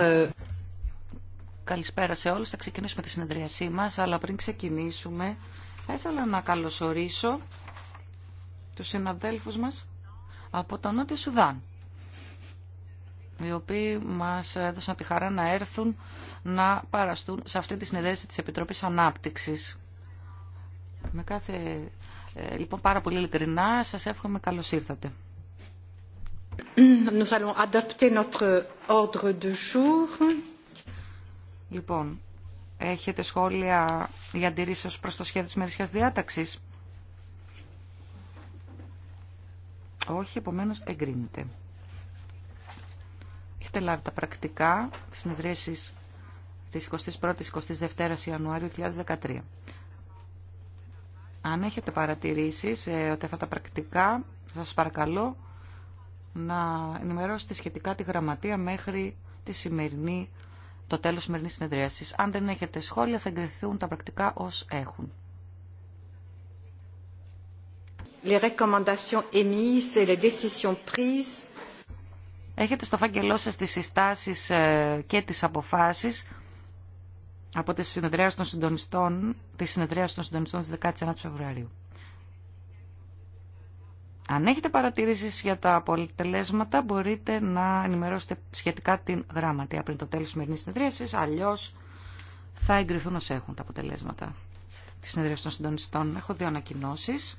Euh, Καλησπέρα σε όλους. Θα ξεκινήσουμε τη συνεδρίασή μας, αλλά πριν ξεκινήσουμε θα ήθελα να καλωσορίσω τους συναδέλφους μας από το Νότιο Σουδάν οι οποίοι μας έδωσαν τη χαρά να έρθουν να παραστούν σε αυτή τη συνεδρίαση της Επιτροπής Ανάπτυξης. Με κάθε, ε, λοιπόν, πάρα πολύ ειλικρινά, σας εύχομαι καλώς ήρθατε. Nous allons notre ordre jour. Λοιπόν, έχετε σχόλια για αντιρρήσεις προς το σχέδιο της μερισιάς διάταξης. Όχι, επομένως εγκρίνεται. Έχετε λάβει τα πρακτικά συνεδρίασης της 21ης-22ης Ιανουάριου 2013. Αν έχετε παρατηρήσεις ε, ότι αυτά τα πρακτικά, σας παρακαλώ να ενημερώσετε σχετικά τη γραμματεία μέχρι τη σημερινή, το τέλος της σημερινής συνεδρίασης. Αν δεν έχετε σχόλια θα εγκριθούν τα πρακτικά ως έχουν. Les recommandations émises et les décisions prises Έχετε στο φάγγελό σας τις συστάσεις ε, και τις αποφάσεις από τη συνεδρία των συντονιστών, τη συνεδρία των συντονιστών της 19 Φεβρουαρίου. Αν έχετε παρατηρήσεις για τα αποτελέσματα, μπορείτε να ενημερώσετε σχετικά την γραμματεία πριν το τέλος της σημερινής συνεδρίασης, αλλιώς θα εγκριθούν ως έχουν τα αποτελέσματα της συνεδρίας των συντονιστών. Έχω δύο ανακοινώσεις.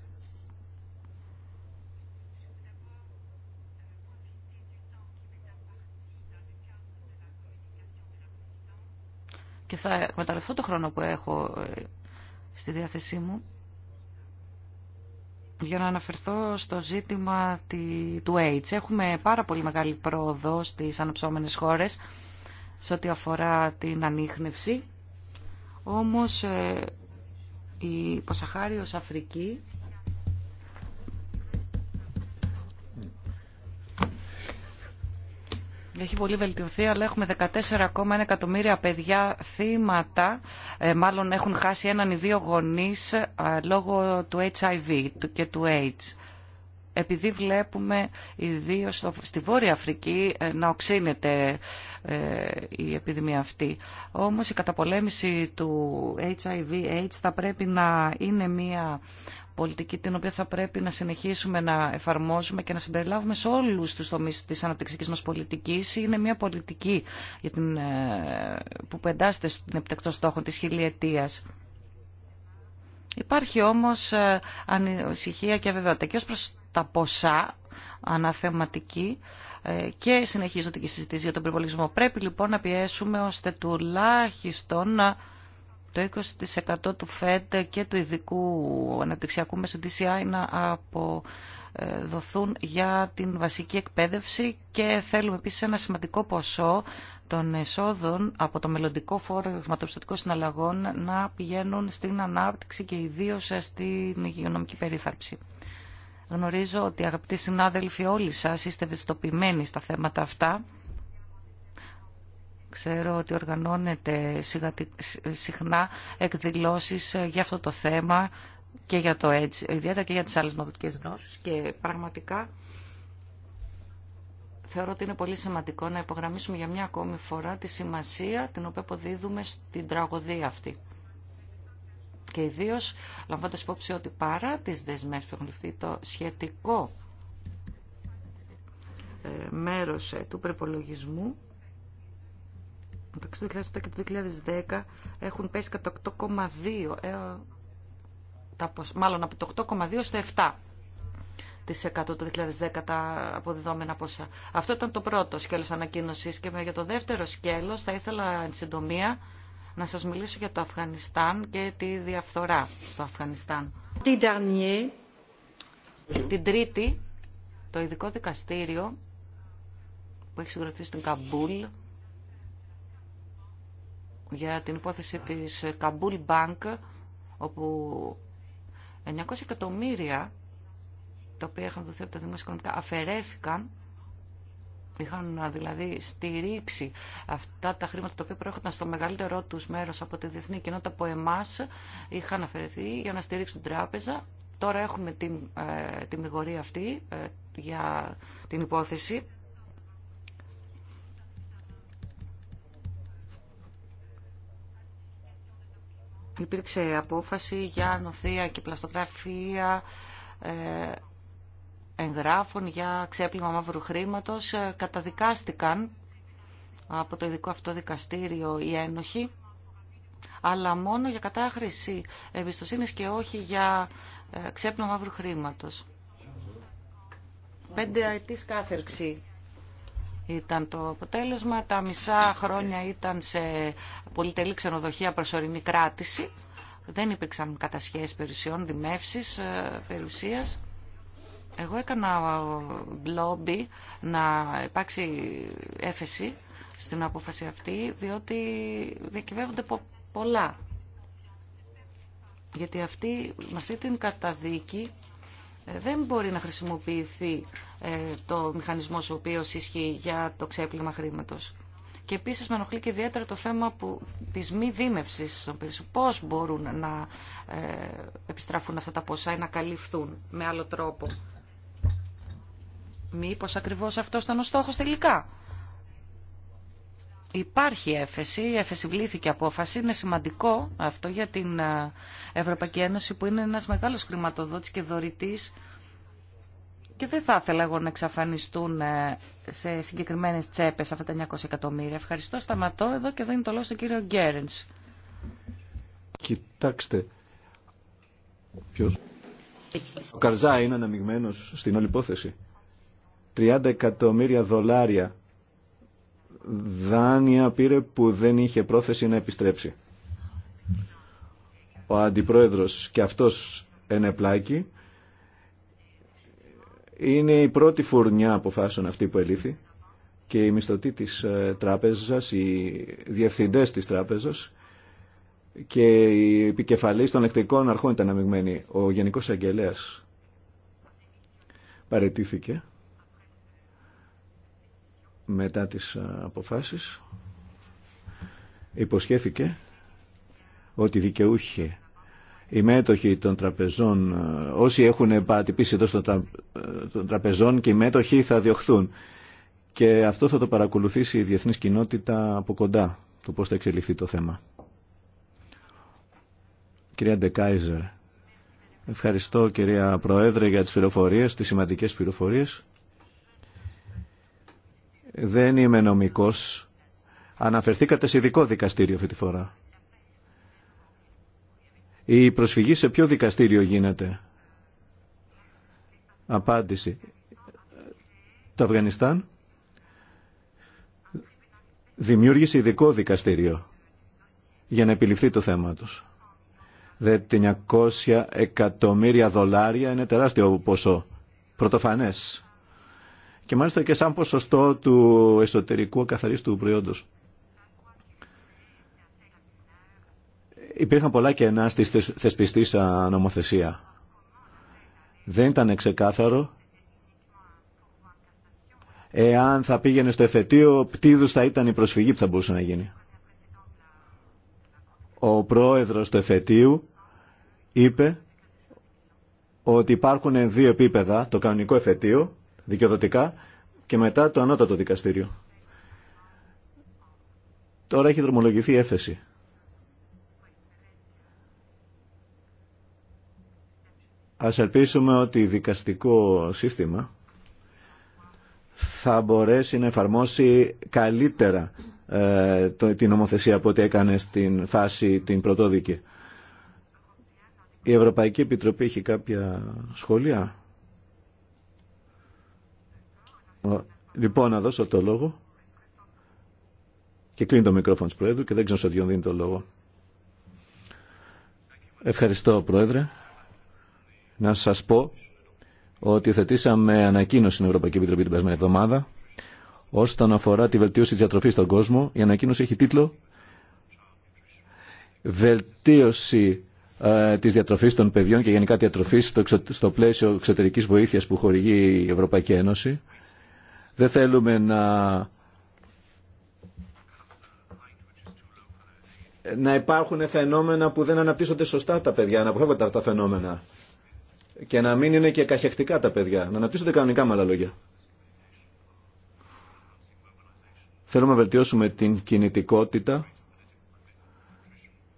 και θα εκμεταλλευτώ το χρόνο που έχω ε, στη διάθεσή μου για να αναφερθώ στο ζήτημα του AIDS. Έχουμε πάρα πολύ μεγάλη πρόοδο στις αναψώμενες χώρες σε ό,τι αφορά την ανείχνευση. Όμως ε, η Ποσαχάριος Αφρική Έχει πολύ βελτιωθεί, αλλά έχουμε 14,1 εκατομμύρια παιδιά θύματα, ε, μάλλον έχουν χάσει έναν ή δύο γονείς ε, λόγω του HIV και του AIDS. Επειδή βλέπουμε ιδίως στη Βόρεια Αφρική ε, να οξύνεται η επιδημία αυτή. Όμως η καταπολέμηση του HIV-AIDS θα πρέπει να είναι μια πολιτική την οποία θα πρέπει να συνεχίσουμε να εφαρμόζουμε και να συμπεριλάβουμε σε όλους τους τομείς της αναπτυξική μας πολιτικής. Είναι μια πολιτική για την, ε, που πεντάστες στην επιτεκτό στόχο τη χιλιετίας. Υπάρχει όμως ε, ανησυχία και αβεβαιότητα και ω προς τα ποσά αναθεματική ε, και συνεχίζονται και συζητήσει για τον προπολογισμό. Πρέπει λοιπόν να πιέσουμε ώστε τουλάχιστον να το 20% του ΦΕΤ και του ειδικού αναπτυξιακού μέσου DCI να αποδοθούν ε, για την βασική εκπαίδευση και θέλουμε επίσης ένα σημαντικό ποσό των εσόδων από το μελλοντικό φόρο χρηματοπιστωτικών συναλλαγών να πηγαίνουν στην ανάπτυξη και ιδίως στην υγειονομική περίθαλψη. Γνωρίζω ότι αγαπητοί συνάδελφοι όλοι σας είστε ευαισθητοποιημένοι στα θέματα αυτά Ξέρω ότι οργανώνεται συχνά εκδηλώσεις ε, για αυτό το θέμα και για το έτσι, ιδιαίτερα και για τις άλλες μοδοτικές γνώσεις και πραγματικά θεωρώ ότι είναι πολύ σημαντικό να υπογραμμίσουμε για μια ακόμη φορά τη σημασία την οποία αποδίδουμε στην τραγωδία αυτή. Και ιδίω λαμβάνοντα υπόψη ότι παρά τι δεσμεύσει που έχουν ληφθεί, το σχετικό ε, μέρο ε, του προπολογισμού το και το 2010 έχουν πέσει κατά 8,2 ε, μάλλον από το 8,2 στο 7 το 2010 τα αποδεδόμενα ποσά. Αυτό ήταν το πρώτο σκέλος ανακοίνωσης και για το δεύτερο σκέλος θα ήθελα εν συντομία να σας μιλήσω για το Αφγανιστάν και τη διαφθορά στο Αφγανιστάν. Την Τρίτη, το ειδικό δικαστήριο που έχει συγκροτηθεί στην Καμπούλ για την υπόθεση της Καμπούλ Μπάνκ, όπου 900 εκατομμύρια τα οποία είχαν δοθεί από τα δημόσια αφαιρέθηκαν είχαν δηλαδή στηρίξει αυτά τα χρήματα τα οποία προέρχονταν στο μεγαλύτερό τους μέρος από τη διεθνή κοινότητα από εμάς είχαν αφαιρεθεί για να στηρίξουν την τράπεζα. Τώρα έχουμε την ε, αυτή ε, για την υπόθεση υπήρξε απόφαση για νοθεία και πλαστογραφία ε, εγγράφων για ξέπλυμα μαύρου χρήματος. Ε, καταδικάστηκαν από το ειδικό αυτό δικαστήριο οι ένοχοι, αλλά μόνο για κατάχρηση εμπιστοσύνη και όχι για ε, ξέπλυμα μαύρου χρήματος. Πέντε αιτής κάθερξη ήταν το αποτέλεσμα. Τα μισά χρόνια ήταν σε πολυτελή ξενοδοχεία προσωρινή κράτηση. Δεν υπήρξαν κατασχέσεις περιουσιών, δημεύσεις ε, περιουσίας. Εγώ έκανα λόμπι να υπάρξει έφεση στην απόφαση αυτή, διότι διακυβεύονται πολλά. Γιατί αυτή, με αυτή την καταδίκη ε, δεν μπορεί να χρησιμοποιηθεί ε, το μηχανισμός ο οποίος ισχύει για το ξέπλυμα χρήματος. Και επίσης με ενοχλεί και ιδιαίτερα το θέμα που, της μη δίμευσης, πώς μπορούν να ε, επιστραφούν αυτά τα ποσά ή να καλυφθούν με άλλο τρόπο. Μήπως ακριβώς αυτό ήταν ο στόχος τελικά. Υπάρχει έφεση, η έφεση βλήθηκε απόφαση. Είναι σημαντικό αυτό για την ε, Ευρωπαϊκή Ένωση που είναι ένας μεγάλος χρηματοδότης και δωρητής και δεν θα ήθελα εγώ να εξαφανιστούν ε, σε συγκεκριμένες τσέπες αυτά τα 900 εκατομμύρια. Ευχαριστώ. Σταματώ εδώ και είναι το λόγο στον κύριο Γκέρενς. Κοιτάξτε. Ποιος? Ο Καρζά είναι αναμειγμένος στην όλη υπόθεση. 30 εκατομμύρια δολάρια δάνεια πήρε που δεν είχε πρόθεση να επιστρέψει. Ο αντιπρόεδρος και αυτός ενεπλάκη είναι η πρώτη φουρνιά αποφάσεων αυτή που ελήφθη και οι μισθωτοί της ε, τράπεζας, οι διευθυντές της τράπεζας και οι επικεφαλής των ελεκτρικών αρχών ήταν αμειγμένοι. Ο Γενικός Αγγελέας παρετήθηκε μετά τις ε, αποφάσεις. Υποσχέθηκε ότι δικαιούχε οι μέτοχοι των τραπεζών, ε, όσοι έχουν παρατυπήσει εδώ ε, των, τραπεζών και οι μέτοχοι θα διωχθούν. Και αυτό θα το παρακολουθήσει η διεθνής κοινότητα από κοντά, το πώς θα εξελιχθεί το θέμα. Κυρία Ντεκάιζερ, ευχαριστώ κυρία Προέδρε για τις πληροφορίες, τις σημαντικές πληροφορίες. Δεν είμαι νομικός. Αναφερθήκατε σε ειδικό δικαστήριο αυτή τη φορά. Η προσφυγή σε ποιο δικαστήριο γίνεται. Απάντηση. Το Αφγανιστάν δημιούργησε ειδικό δικαστήριο για να επιληφθεί το θέμα τους. Δε 900 εκατομμύρια δολάρια είναι τεράστιο ποσό. Πρωτοφανές. Και μάλιστα και σαν ποσοστό του εσωτερικού καθαρίστου προϊόντος. Υπήρχαν πολλά κενά στη θεσπιστή νομοθεσία. Δεν ήταν ξεκάθαρο εάν θα πήγαινε στο εφετείο, τι είδου θα ήταν η προσφυγή που θα μπορούσε να γίνει. Ο πρόεδρος του εφετείου είπε ότι υπάρχουν δύο επίπεδα, το κανονικό εφετείο, δικαιοδοτικά, και μετά το ανώτατο δικαστήριο. Τώρα έχει δρομολογηθεί η έφεση. Ας ελπίσουμε ότι δικαστικό σύστημα θα μπορέσει να εφαρμόσει καλύτερα ε, την νομοθεσία από ό,τι έκανε στην φάση την πρωτόδικη. Η Ευρωπαϊκή Επιτροπή έχει κάποια σχόλια. Λοιπόν, να δώσω το λόγο. Και κλείνει το μικρόφωνο της Πρόεδρου και δεν ξέρω σε ποιον δίνει το λόγο. Ευχαριστώ, Πρόεδρε να σας πω ότι θετήσαμε ανακοίνωση στην Ευρωπαϊκή Επιτροπή την περασμένη εβδομάδα όσον αφορά τη βελτίωση της διατροφής στον κόσμο. Η ανακοίνωση έχει τίτλο «Βελτίωση ε, της διατροφής των παιδιών και γενικά διατροφής στο, στο πλαίσιο εξωτερικής βοήθειας που χορηγεί η Ευρωπαϊκή Ένωση». Δεν θέλουμε να να υπάρχουν φαινόμενα που δεν αναπτύσσονται σωστά τα παιδιά, να αποφεύγονται αυτά τα φαινόμενα και να μην είναι και καχεκτικά τα παιδιά, να αναπτύσσονται κανονικά με άλλα λόγια. Θέλουμε να βελτιώσουμε την κινητικότητα.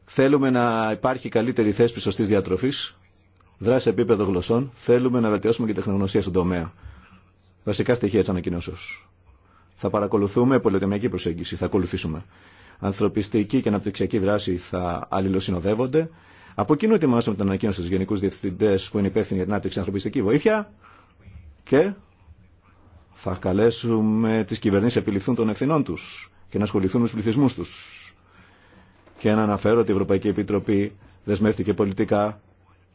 Θέλουμε να υπάρχει καλύτερη θέση σωστή διατροφή. Δράση επίπεδο γλωσσών. Θέλουμε να βελτιώσουμε και τεχνογνωσία στον τομέα. Βασικά στοιχεία τη ανακοινώσεω. Θα παρακολουθούμε πολυτεμιακή προσέγγιση. Θα ακολουθήσουμε. Ανθρωπιστική και αναπτυξιακή δράση θα αλληλοσυνοδεύονται. Από εκείνο ετοιμάσαμε την ανακοίνωση στου γενικού διευθυντέ που είναι υπεύθυνοι για την άπτυξη ανθρωπιστική βοήθεια και θα καλέσουμε τι κυβερνήσει να επιληφθούν των ευθυνών του και να ασχοληθούν με του πληθυσμού του. Και να αναφέρω ότι η Ευρωπαϊκή Επιτροπή δεσμεύτηκε πολιτικά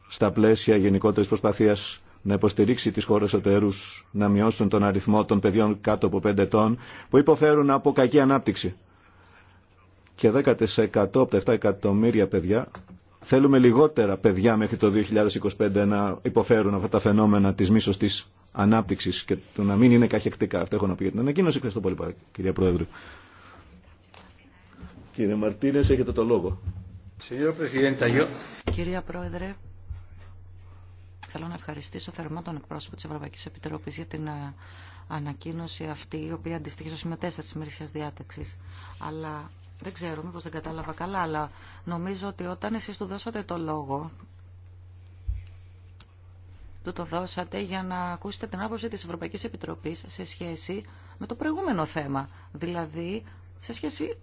στα πλαίσια γενικότερη προσπαθία να υποστηρίξει τι χώρε εταίρου να μειώσουν τον αριθμό των παιδιών κάτω από 5 ετών που υποφέρουν από κακή ανάπτυξη. Και 10% από τα 7 εκατομμύρια παιδιά Θέλουμε λιγότερα παιδιά μέχρι το 2025 να υποφέρουν αυτά τα φαινόμενα της μίσος της ανάπτυξης και το να μην είναι καχεκτικά. Αυτό έχω να πει για την ανακοίνωση. Ευχαριστώ πολύ, κυρία Πρόεδρε. Κύριε Μαρτίνες, έχετε το λόγο. Κυρία Πρόεδρε, θέλω να ευχαριστήσω θερμά τον εκπρόσωπο της Ευρωπαϊκής Επιτροπής για την ανακοίνωση αυτή, η οποία αντιστοιχεί με σημείο 4 τη διάταξης. Αλλά δεν ξέρω, μήπως δεν κατάλαβα καλά, αλλά νομίζω ότι όταν εσείς του δώσατε το λόγο, του το δώσατε για να ακούσετε την άποψη της Ευρωπαϊκής Επιτροπής σε σχέση με το προηγούμενο θέμα. Δηλαδή, σε σχέση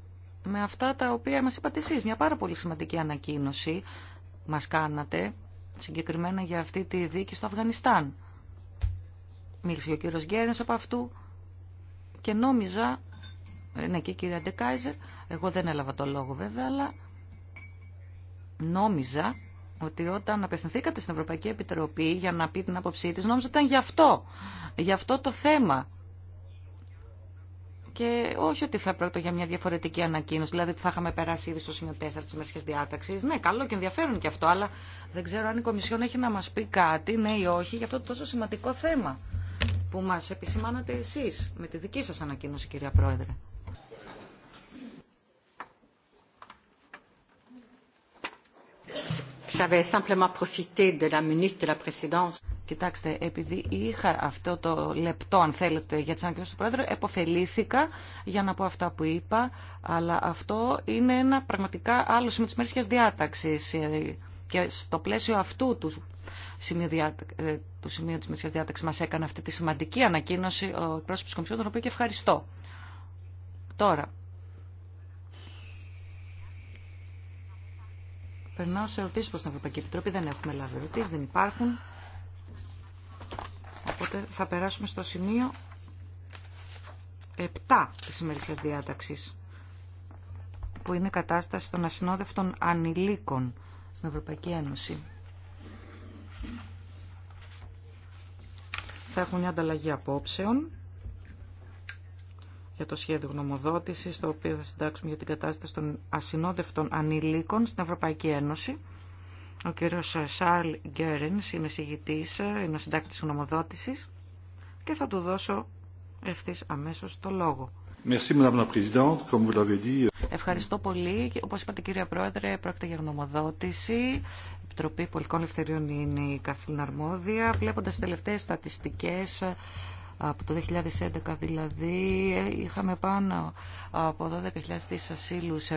με αυτά τα οποία μας είπατε εσείς. Μια πάρα πολύ σημαντική ανακοίνωση μας κάνατε, συγκεκριμένα για αυτή τη δίκη στο Αφγανιστάν. Μίλησε ο κύριος Γκέρνης από αυτού και νόμιζα, ε, ναι και η κυρία Ντεκάιζερ, εγώ δεν έλαβα το λόγο βέβαια, αλλά νόμιζα ότι όταν απευθυνθήκατε στην Ευρωπαϊκή Επιτροπή για να πει την άποψή της, νόμιζα ότι ήταν γι' αυτό, γι' αυτό το θέμα. Και όχι ότι θα πρόκειται για μια διαφορετική ανακοίνωση, δηλαδή ότι θα είχαμε περάσει ήδη στο σημείο 4 τη Μέρσια διάταξη. Ναι, καλό και ενδιαφέρον και αυτό, αλλά δεν ξέρω αν η Κομισιόν έχει να μα πει κάτι, ναι ή όχι, για αυτό το τόσο σημαντικό θέμα που μα επισημάνατε εσεί με τη δική σα ανακοίνωση, κυρία Πρόεδρε. Κοιτάξτε, επειδή είχα αυτό το λεπτό, αν θέλετε, για τι ανακοινώσει του Πρόεδρου, εποφελήθηκα για να πω αυτά που είπα, αλλά αυτό είναι ένα πραγματικά άλλο σημείο τη μερικής διάταξη. Ε, και στο πλαίσιο αυτού του σημείου, διά, ε, του σημείου της μερικής διάταξης μας έκανε αυτή τη σημαντική ανακοίνωση ο πρόσωπος της Κομισιόν, τον οποίο και ευχαριστώ. Τώρα, Περνάω σε ερωτήσει προ την Ευρωπαϊκή Επιτροπή. Δεν έχουμε λάβει ερωτήσει, δεν υπάρχουν. Οπότε θα περάσουμε στο σημείο 7 τη ημερησία διάταξη που είναι η κατάσταση των ασυνόδευτων ανηλίκων στην Ευρωπαϊκή Ένωση. Θα έχουμε μια ανταλλαγή απόψεων για το σχέδιο γνωμοδότηση, το οποίο θα συντάξουμε για την κατάσταση των ασυνόδευτων ανηλίκων στην Ευρωπαϊκή Ένωση. Ο κύριο Σαρλ Γκέρεν είναι συγητή, είναι ο συντάκτη γνωμοδότηση και θα του δώσω ευθύ αμέσω το λόγο. Ευχαριστώ πολύ. Όπως είπατε κύριε Πρόεδρε, πρόκειται για γνωμοδότηση. Επιτροπή Πολιτικών Ελευθεριών είναι η καθήλυνα αρμόδια. Βλέποντας τι τελευταίες στατιστικές από το 2011 δηλαδή είχαμε πάνω από 12.000 θέσει ασύλου σε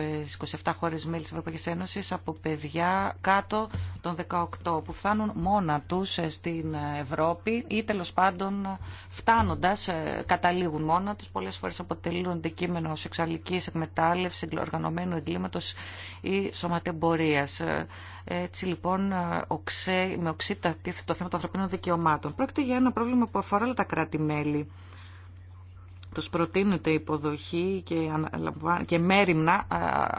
27 χώρες μέλη της Ευρωπαϊκής Ένωσης από παιδιά κάτω των 18 που φτάνουν μόνα τους ε, στην Ευρώπη ή τέλο πάντων φτάνοντας ε, καταλήγουν μόνα τους. Πολλές φορές αποτελούν αντικείμενο σεξουαλικής εκμετάλλευσης, οργανωμένου εγκλήματος ή σωματεμπορίας. Ε, έτσι λοιπόν ε, οξέ, με οξύ το θέμα των ανθρωπίνων δικαιωμάτων. Πρόκειται για ένα πρόβλημα που αφορά όλα τα κράτη-μέλη τους προτείνεται υποδοχή και, και μέρημνα,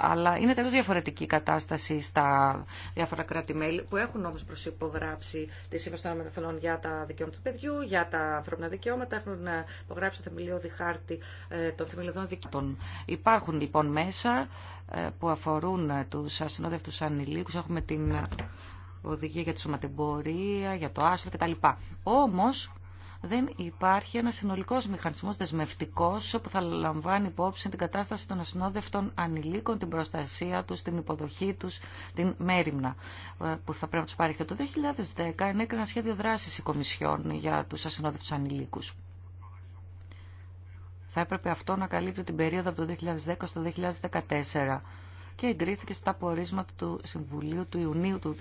αλλά είναι τελείως διαφορετική η κατάσταση στα διάφορα κράτη-μέλη που έχουν όμως προσυπογράψει τη Σύμβαση των Αμερικανών για τα δικαιώματα του παιδιού, για τα ανθρώπινα δικαιώματα, έχουν ε, υπογράψει το θεμελιώδη χάρτη ε, των θεμελιωδών δικαιωμάτων. Υπάρχουν λοιπόν μέσα ε, που αφορούν τους ασυνόδευτους ανηλίκους, έχουμε την οδηγία για τη σωματεμπορία, για το άσυλο κτλ. Όμως, δεν υπάρχει ένα συνολικό μηχανισμό δεσμευτικό που θα λαμβάνει υπόψη την κατάσταση των ασυνόδευτων ανηλίκων, την προστασία του, την υποδοχή του, την μέρημνα ε, που θα πρέπει να του παρέχεται. Το 2010 ενέκρινα ένα σχέδιο δράση η Κομισιόν για του ασυνόδευτου ανηλίκου. Θα έπρεπε αυτό να καλύπτει την περίοδο από το 2010 στο 2014 και εγκρίθηκε στα πορίσματα του Συμβουλίου του Ιουνίου του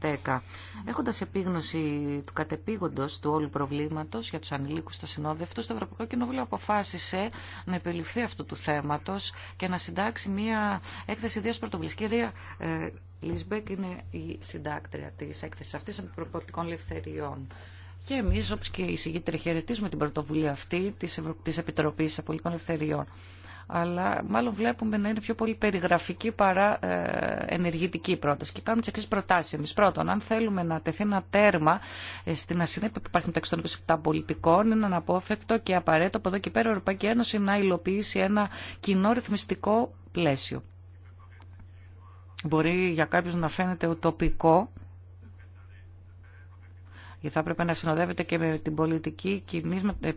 2010. Έχοντας επίγνωση του κατεπήγοντος του όλου προβλήματος για τους ανηλίκους στα συνόδευτος, το Ευρωπαϊκό Κοινοβούλιο αποφάσισε να επιληφθεί αυτού του θέματος και να συντάξει μια έκθεση ιδέας πρωτοβουλίας. Κυρία ε, Λίσμπεκ είναι η συντάκτρια της έκθεσης αυτής αντιπροπορτικών ελευθεριών. Και εμείς, όπως και οι συγγύτεροι, χαιρετίζουμε την πρωτοβουλία αυτή τη Επιτροπής Απολικών Ελευθεριών αλλά μάλλον βλέπουμε να είναι πιο πολύ περιγραφική παρά ε, ενεργητική πρόταση. Και κάνουμε τι εξή προτάσει. Εμεί πρώτον, αν θέλουμε να τεθεί ένα τέρμα ε, στην ασυνέπεια που υπάρχει μεταξύ των 27 πολιτικών, είναι αναπόφευκτο και απαραίτητο από εδώ και πέρα η Ευρωπαϊκή Ένωση να υλοποιήσει ένα κοινό ρυθμιστικό πλαίσιο. Μπορεί για κάποιους να φαίνεται ουτοπικό, γιατί θα έπρεπε να συνοδεύεται και με την, πολιτική,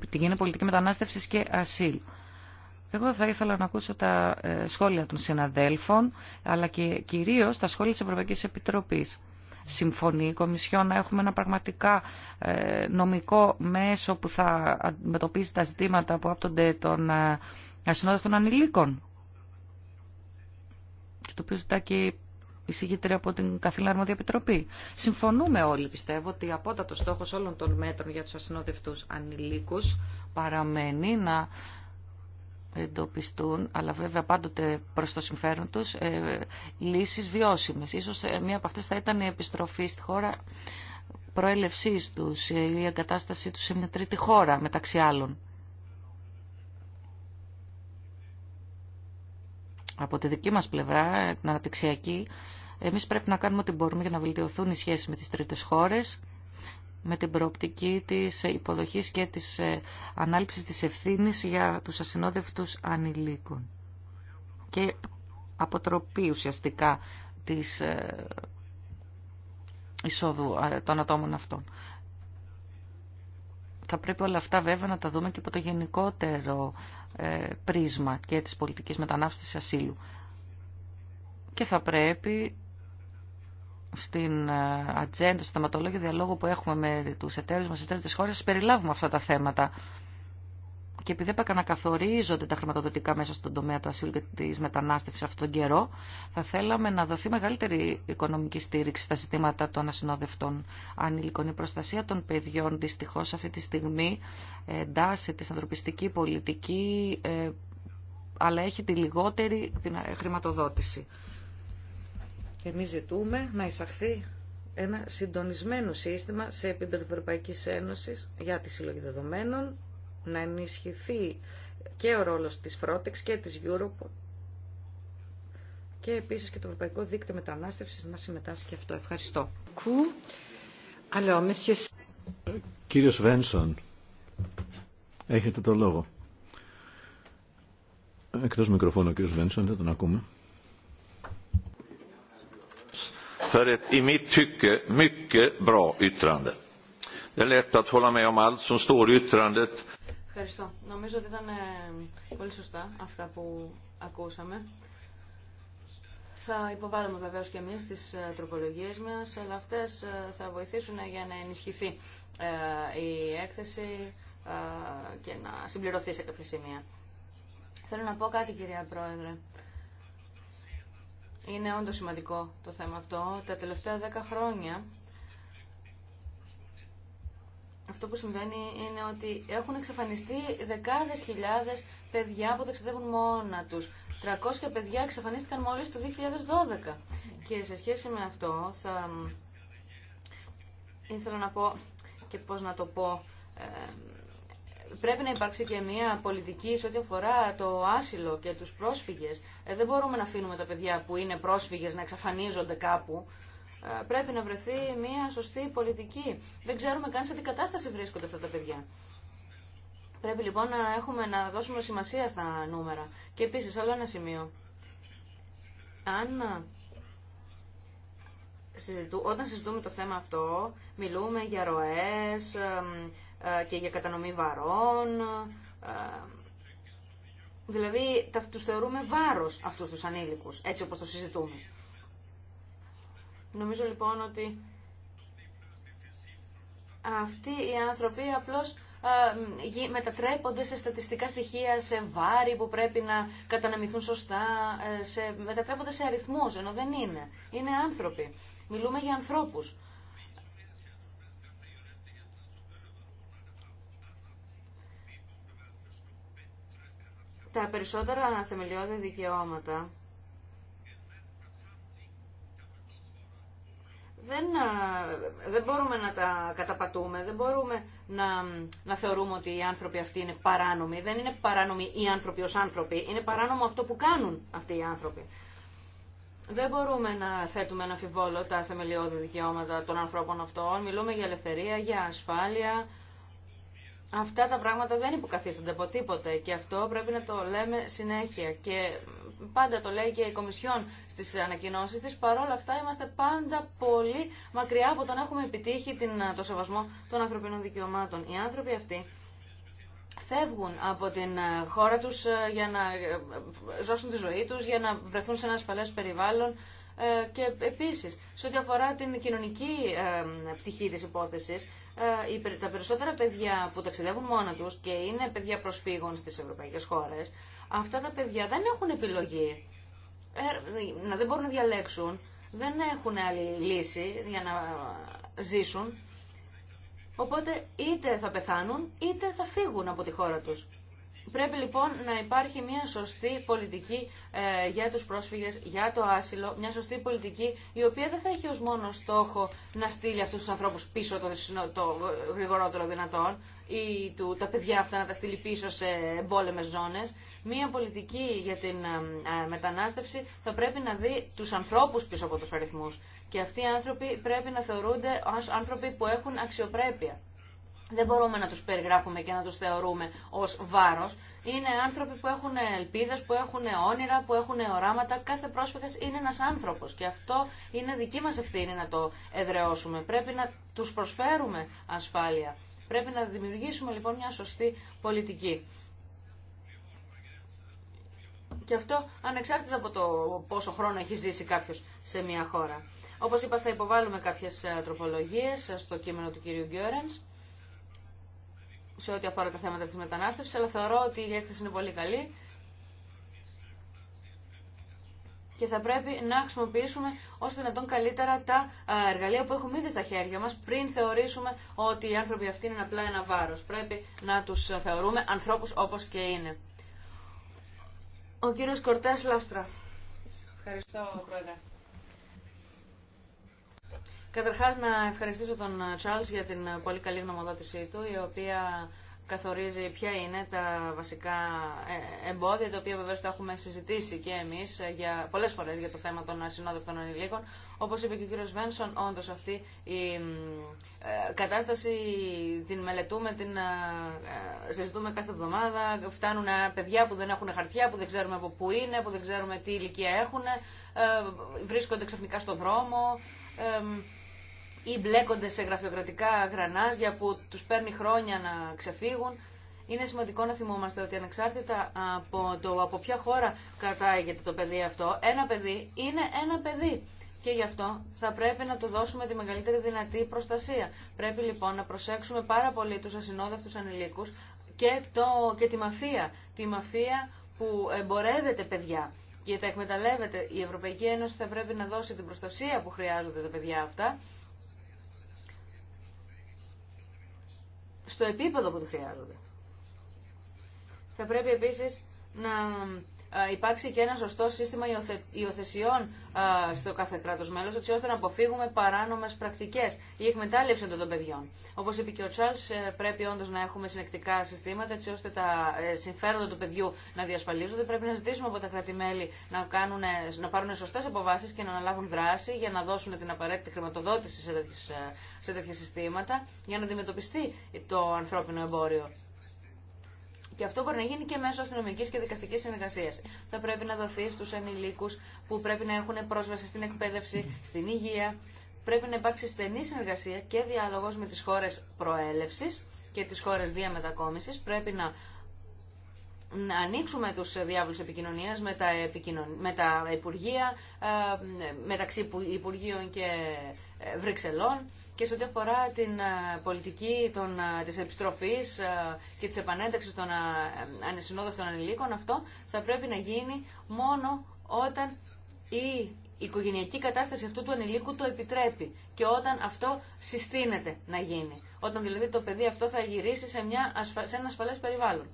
την κοινή πολιτική μετανάστευση και ασύλου. Εγώ θα ήθελα να ακούσω τα ε, σχόλια των συναδέλφων, αλλά και κυρίως τα σχόλια της Ευρωπαϊκής Επιτροπής. Συμφωνεί η Κομισιό να έχουμε ένα πραγματικά ε, νομικό μέσο που θα αντιμετωπίζει τα ζητήματα που άπτονται των ε, ασυνόδευτων ανηλίκων. Και το οποίο ζητά και εισηγήτρια από την Καθήλυνα Αρμόδια Επιτροπή. Συμφωνούμε όλοι, πιστεύω, ότι απότατο στόχος όλων των μέτρων για τους ασυνόδευτους ανηλίκους παραμένει να εντοπιστούν, αλλά βέβαια πάντοτε προς το συμφέρον τους, ε, λύσεις βιώσιμες. Ίσως ε, μία από αυτές θα ήταν η επιστροφή στη χώρα προέλευσής τους, ε, η εγκατάστασή τους σε μια τρίτη χώρα, μεταξύ άλλων. Από τη δική μας πλευρά, την αναπτυξιακή, εμείς πρέπει να κάνουμε ό,τι μπορούμε για να βελτιωθούν οι σχέσεις με τις τρίτες χώρες με την προοπτική της υποδοχής και της ε, ανάληψης της ευθύνης για τους ασυνόδευτους ανηλίκων και αποτροπή ουσιαστικά της ε, εισόδου ε, των ατόμων αυτών. Θα πρέπει όλα αυτά βέβαια να τα δούμε και από το γενικότερο πρίσμα και της πολιτικής μετανάστευσης ασύλου. Και θα πρέπει στην ε, ατζέντα, στο θεματολόγιο διαλόγου που έχουμε με τους εταίρους μας, τη χώρες, περιλάβουμε αυτά τα θέματα. Και επειδή έπρεπε να καθορίζονται τα χρηματοδοτικά μέσα στον τομέα του ασύλου και τη μετανάστευση αυτόν τον καιρό, θα θέλαμε να δοθεί μεγαλύτερη οικονομική στήριξη στα ζητήματα των ασυνόδευτων ανήλικων. Η προστασία των παιδιών δυστυχώ αυτή τη στιγμή ε, εντάσσεται στην ανθρωπιστική πολιτική, ε, αλλά έχει τη λιγότερη χρηματοδότηση. Και εμείς ζητούμε να εισαχθεί ένα συντονισμένο σύστημα σε επίπεδο Ευρωπαϊκής Ένωσης για τη συλλογή δεδομένων, να ενισχυθεί και ο ρόλος της Frontex και της Europol και επίσης και το Ευρωπαϊκό Δίκτυο Μετανάστευσης να συμμετάσχει και αυτό. Ευχαριστώ. Κύριο Βένσον, έχετε το λόγο. Εκτός μικροφώνου ο κύριος Βένσον, δεν τον ακούμε. för i mitt tycke mycket bra yttrande. Det är lätt att hålla med om allt som står i yttrandet. Ευχαριστώ. Νομίζω ότι ήταν ε, πολύ σωστά αυτά που ακούσαμε. Θα υποβάλουμε βεβαίως και εμείς τις ε, τροπολογίες μας, αλλά αυτές ε, θα βοηθήσουν για να ενισχυθεί η έκθεση και να συμπληρωθεί σε κάποια σημεία. Θέλω να πω κάτι, κυρία Πρόεδρε. Είναι όντως σημαντικό το θέμα αυτό. Τα τελευταία δέκα χρόνια αυτό που συμβαίνει είναι ότι έχουν εξαφανιστεί δεκάδες χιλιάδες παιδιά που ταξιδεύουν μόνα τους. 300 παιδιά εξαφανίστηκαν μόλις το 2012. Και σε σχέση με αυτό θα ήθελα να πω και πώς να το πω. Ε, πρέπει να υπάρξει και μια πολιτική σε ό,τι αφορά το άσυλο και τους πρόσφυγες. Ε, δεν μπορούμε να αφήνουμε τα παιδιά που είναι πρόσφυγες να εξαφανίζονται κάπου. Ε, πρέπει να βρεθεί μια σωστή πολιτική. Δεν ξέρουμε καν σε τι κατάσταση βρίσκονται αυτά τα παιδιά. Πρέπει λοιπόν να, έχουμε, να δώσουμε σημασία στα νούμερα. Και επίσης άλλο ένα σημείο. Αν ε, όταν συζητούμε το θέμα αυτό, μιλούμε για ροές, ε, ε, και για κατανομή βαρών. Ε, δηλαδή τους θεωρούμε βάρος αυτούς τους ανήλικους, έτσι όπως το συζητούμε. Νομίζω λοιπόν ότι αυτοί οι άνθρωποι απλώς ε, μετατρέπονται σε στατιστικά στοιχεία, σε βάρη που πρέπει να καταναμηθούν σωστά, σε, μετατρέπονται σε αριθμούς, ενώ δεν είναι. Είναι άνθρωποι. Μιλούμε για ανθρώπους. τα περισσότερα αναθεμελιώδη δικαιώματα δεν, ε, δεν μπορούμε να τα καταπατούμε, δεν μπορούμε να, να θεωρούμε ότι οι άνθρωποι αυτοί είναι παράνομοι. Δεν είναι παράνομοι οι άνθρωποι ως άνθρωποι, είναι παράνομο αυτό που κάνουν αυτοί οι άνθρωποι. Δεν μπορούμε να θέτουμε ένα αμφιβόλο τα θεμελιώδη δικαιώματα των ανθρώπων αυτών. Μιλούμε για ελευθερία, για ασφάλεια, Αυτά τα πράγματα δεν υποκαθίστανται από τίποτε και αυτό πρέπει να το λέμε συνέχεια και πάντα το λέει και η Κομισιόν στις ανακοινώσεις της. Παρόλα αυτά είμαστε πάντα πολύ μακριά από το να έχουμε επιτύχει την, το σεβασμό των ανθρωπίνων δικαιωμάτων. Οι άνθρωποι αυτοί φεύγουν από την ε, χώρα τους ε, για να ε, ζώσουν τη ζωή τους, για να βρεθούν σε ένα ασφαλές περιβάλλον και επίσης σε ό,τι αφορά την κοινωνική πτυχή της υπόθεσης ε, τα περισσότερα παιδιά που ταξιδεύουν μόνα τους και είναι παιδιά προσφύγων στις ευρωπαϊκές χώρες, αυτά τα παιδιά δεν έχουν επιλογή. Ε, να δεν μπορούν να διαλέξουν, δεν έχουν άλλη λύση για να ζήσουν. Οπότε είτε θα πεθάνουν είτε θα φύγουν από τη χώρα τους. Πρέπει λοιπόν να υπάρχει μια σωστή πολιτική ε, για τους πρόσφυγες, για το άσυλο, μια σωστή πολιτική η οποία δεν θα έχει ως μόνο στόχο να στείλει αυτούς τους ανθρώπους πίσω το, το γρηγορότερο δυνατόν ή του, τα παιδιά αυτά να τα στείλει πίσω σε εμπόλεμες ζώνες. Μία πολιτική για την ε, ε, μετανάστευση θα πρέπει να δει τους ανθρώπους πίσω από τους αριθμούς και αυτοί οι άνθρωποι πρέπει να θεωρούνται ως άνθρωποι που έχουν αξιοπρέπεια δεν μπορούμε να τους περιγράφουμε και να τους θεωρούμε ως βάρος. Είναι άνθρωποι που έχουν ελπίδες, που έχουν όνειρα, που έχουν οράματα. Κάθε πρόσφυγας είναι ένας άνθρωπος και αυτό είναι δική μας ευθύνη να το εδραιώσουμε. Πρέπει να τους προσφέρουμε ασφάλεια. Πρέπει να δημιουργήσουμε λοιπόν μια σωστή πολιτική. Και αυτό ανεξάρτητα από το πόσο χρόνο έχει ζήσει κάποιος σε μια χώρα. Όπως είπα θα υποβάλουμε κάποιες ε, τροπολογίες ε, στο κείμενο του κυρίου Γκιόρενς σε ό,τι αφορά τα θέματα της μετανάστευσης, αλλά θεωρώ ότι η έκθεση είναι πολύ καλή και θα πρέπει να χρησιμοποιήσουμε όσο να τον καλύτερα τα εργαλεία που έχουμε ήδη στα χέρια μας πριν θεωρήσουμε ότι οι άνθρωποι αυτοί είναι απλά ένα βάρος. Πρέπει να τους θεωρούμε ανθρώπους όπως και είναι. Ο κύριος Κορτές Λάστρα. Ευχαριστώ, Πρόεδρε. Καταρχά να ευχαριστήσω τον ε, Charles για την ε, πολύ καλή γνωμοδότησή του, η οποία καθορίζει ποια είναι τα βασικά ε, εμπόδια, τα οποία βεβαίω τα έχουμε συζητήσει και εμεί για, πολλές φορές για το θέμα των ασυνόδευτων ανηλίκων. όπω είπε και ο κύριο Βένσον, όντω αυτή η κατάσταση την μελετούμε, την συζητούμε κάθε εβδομάδα. Φτάνουν παιδιά που δεν έχουν χαρτιά, που δεν ξέρουμε από πού είναι, που δεν ξέρουμε τι ηλικία έχουν, βρίσκονται ξαφνικά στο δρόμο ή μπλέκονται σε γραφειοκρατικά γρανάζια που του παίρνει χρόνια να ξεφύγουν. Είναι σημαντικό να θυμόμαστε ότι ανεξάρτητα από το από ποια χώρα κατάγεται το παιδί αυτό, ένα παιδί είναι ένα παιδί. Και γι' αυτό θα πρέπει να του δώσουμε τη μεγαλύτερη δυνατή προστασία. Πρέπει λοιπόν να προσέξουμε πάρα πολύ τους ασυνόδευτους ανηλίκους και, το, και τη μαφία. Τη μαφία που εμπορεύεται παιδιά και τα εκμεταλλεύεται. Η Ευρωπαϊκή Ένωση θα πρέπει να δώσει την προστασία που χρειάζονται τα παιδιά αυτά στο επίπεδο που του χρειάζονται. Θα πρέπει επίσης να υπάρξει και ένα σωστό σύστημα υιοθεσιών στο κάθε κράτο μέλο, έτσι ώστε να αποφύγουμε παράνομε πρακτικέ ή εκμετάλλευση των παιδιών. Όπω είπε και ο Τσάλ, ε, πρέπει όντω να έχουμε συνεκτικά συστήματα, έτσι ώστε τα ε, συμφέροντα του παιδιού να διασφαλίζονται. Πρέπει να ζητήσουμε από τα κράτη-μέλη να, κάνουν, να πάρουν σωστέ αποβάσει και να αναλάβουν δράση για να δώσουν την απαραίτητη χρηματοδότηση σε ε, τέτοια συστήματα για να αντιμετωπιστεί το ανθρώπινο εμπόριο. Και αυτό μπορεί να γίνει και μέσω αστυνομική και δικαστική συνεργασία. Θα πρέπει να δοθεί στου ανηλίκου που πρέπει να έχουν πρόσβαση στην εκπαίδευση, στην υγεία. Πρέπει να υπάρξει στενή συνεργασία και διάλογο με τι χώρε προέλευση και τι χώρε διαμετακόμιση. Πρέπει να να ανοίξουμε τους διάβολους επικοινωνίας με τα, επικοινων... με τα Υπουργεία, ε, μεταξύ Υπουργείων και Βρυξελών και σε ό,τι αφορά την ε, πολιτική των, ε, της επιστροφής ε, και της επανένταξης των ανεσυνόδευτων ανηλίκων, αυτό θα πρέπει να γίνει μόνο όταν η οικογενειακή κατάσταση αυτού του ανηλίκου το επιτρέπει και όταν αυτό συστήνεται να γίνει. Όταν δηλαδή το παιδί αυτό θα γυρίσει σε, μια, σε ένα ασφαλές περιβάλλον.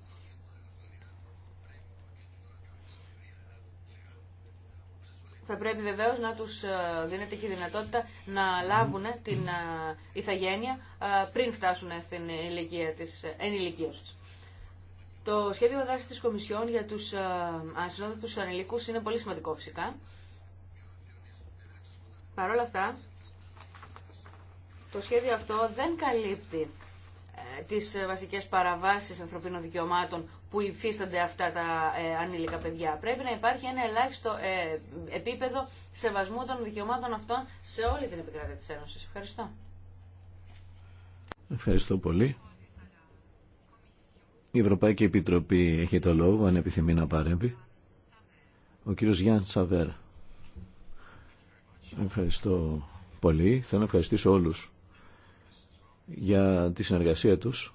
θα πρέπει βεβαίως να τους ε, δίνεται και η δυνατότητα να λάβουν την ε, ηθαγένεια ε, πριν φτάσουν στην ηλικία της ενηλικίωσης. Το σχέδιο δράση της Κομισιόν για τους ασυνόδευτους ανηλίκους είναι πολύ σημαντικό φυσικά. Παρ' όλα αυτά, το σχέδιο αυτό δεν καλύπτει τις βασικές παραβάσεις ανθρωπίνων δικαιωμάτων που υφίστανται αυτά τα ε, ανήλικα παιδιά. Πρέπει να υπάρχει ένα ελάχιστο ε, επίπεδο σεβασμού των δικαιωμάτων αυτών σε όλη την επικράτεια της Ένωσης. Ευχαριστώ. Ευχαριστώ πολύ. Η Ευρωπαϊκή Επιτροπή έχει το λόγο, αν επιθυμεί να παρέμβει. Ο κύριος Γιάννη Σαβέρα. Ευχαριστώ πολύ. Θέλω να ευχαριστήσω όλους για τη συνεργασία τους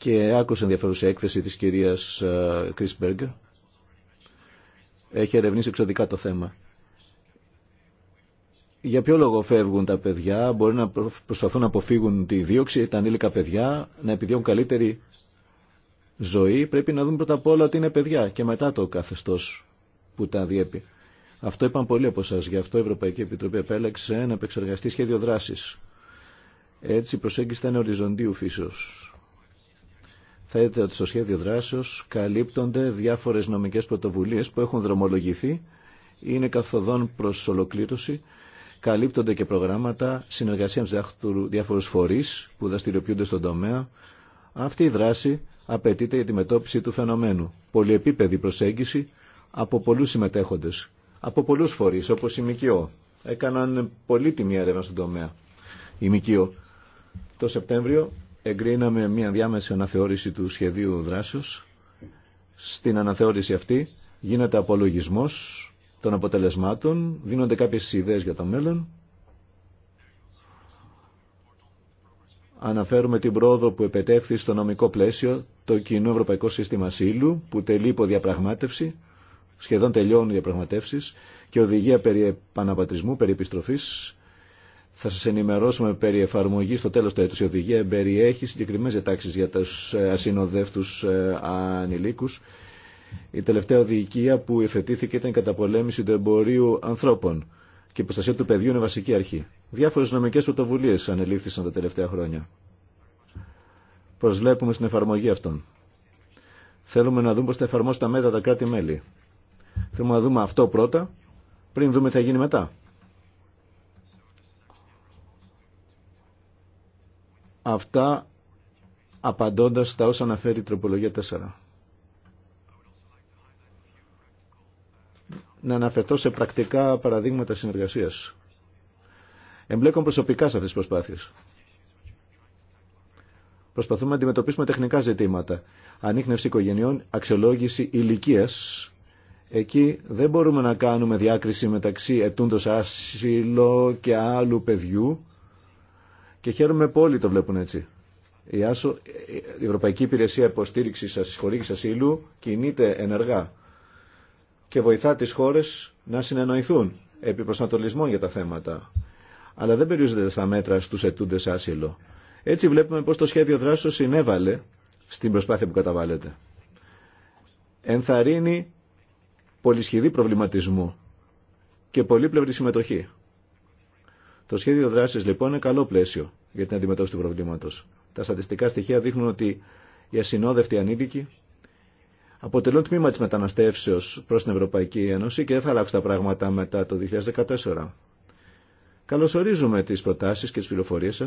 και άκουσα ενδιαφέρουσα έκθεση της κυρίας Κρίς ε, Έχει ερευνήσει εξωτικά το θέμα. Για ποιο λόγο φεύγουν τα παιδιά, μπορεί να προσπαθούν να αποφύγουν τη δίωξη, τα ανήλικα παιδιά, να επιδιώκουν καλύτερη ζωή. Πρέπει να δούμε πρώτα απ' όλα ότι είναι παιδιά και μετά το καθεστώς που τα διέπει. Αυτό είπαν πολλοί από εσά. Γι' αυτό η Ευρωπαϊκή Επιτροπή επέλεξε να επεξεργαστεί σχέδιο δράση. Έτσι η προσέγγιση θα είναι οριζοντίου φύσεως θα είδατε ότι στο σχέδιο δράσεως καλύπτονται διάφορες νομικές πρωτοβουλίες που έχουν δρομολογηθεί, είναι καθοδόν προς ολοκλήρωση, καλύπτονται και προγράμματα συνεργασία με διάφορους φορείς που δραστηριοποιούνται στον τομέα. Αυτή η δράση απαιτείται για τη μετώπιση του φαινομένου. Πολυεπίπεδη προσέγγιση από πολλούς συμμετέχοντες, από πολλούς φορείς όπως η ΜΚΟ. Έκαναν πολύτιμη έρευνα στον τομέα η ΜΚΟ. Το Σεπτέμβριο εγκρίναμε μια διάμεση αναθεώρηση του σχεδίου δράσεως. Στην αναθεώρηση αυτή γίνεται απολογισμός των αποτελεσμάτων, δίνονται κάποιες ιδέες για το μέλλον. Αναφέρουμε την πρόοδο που επετεύχθη στο νομικό πλαίσιο το κοινό ευρωπαϊκό σύστημα ασύλου που τελεί υπό διαπραγμάτευση, σχεδόν τελειώνουν οι διαπραγματεύσεις και οδηγία περί επαναπατρισμού, περί επιστροφής θα σας ενημερώσουμε περί εφαρμογή στο τέλος του έτους. Η οδηγία περιέχει συγκεκριμένες διατάξεις για τους ε, ασυνοδεύτους ε, ανηλίκους. Η τελευταία οδηγία που υφετήθηκε ήταν η καταπολέμηση του εμπορίου ανθρώπων και η προστασία του παιδιού είναι βασική αρχή. Διάφορε νομικέ πρωτοβουλίε ανελήφθησαν τα τελευταία χρόνια. Προσβλέπουμε στην εφαρμογή αυτών. Θέλουμε να δούμε πώ θα εφαρμόσουν τα μέτρα τα κράτη-μέλη. Θέλουμε να δούμε αυτό πρώτα, πριν δούμε τι θα γίνει μετά. Αυτά απαντώντας τα όσα αναφέρει η τροπολογία 4. Να αναφερθώ σε πρακτικά παραδείγματα συνεργασίας. Εμπλέκομαι προσωπικά σε αυτές τις προσπάθειες. Προσπαθούμε να αντιμετωπίσουμε τεχνικά ζητήματα. Ανείχνευση οικογενειών, αξιολόγηση ηλικία. Εκεί δεν μπορούμε να κάνουμε διάκριση μεταξύ ετούντος άσυλο και άλλου παιδιού και χαίρομαι που όλοι το βλέπουν έτσι. Η, Άσο, η Ευρωπαϊκή Υπηρεσία Υποστήριξη Χορήγηση Ασύλου κινείται ενεργά και βοηθά τι χώρε να συνεννοηθούν επί προσανατολισμών για τα θέματα. Αλλά δεν περιορίζεται στα μέτρα στου ετούντε άσυλο. Έτσι βλέπουμε πώ το σχέδιο δράσεω συνέβαλε στην προσπάθεια που καταβάλλεται. Ενθαρρύνει πολυσχηδή προβληματισμού και πολύπλευρη συμμετοχή. Το σχέδιο δράση λοιπόν είναι καλό πλαίσιο για την αντιμετώπιση του προβλήματο. Τα στατιστικά στοιχεία δείχνουν ότι οι ασυνόδευτοι ανήλικοι αποτελούν τμήμα τη μεταναστεύσεω προ την Ευρωπαϊκή Ένωση και δεν θα αλλάξουν τα πράγματα μετά το 2014. Καλωσορίζουμε τι προτάσει και τι πληροφορίε σα.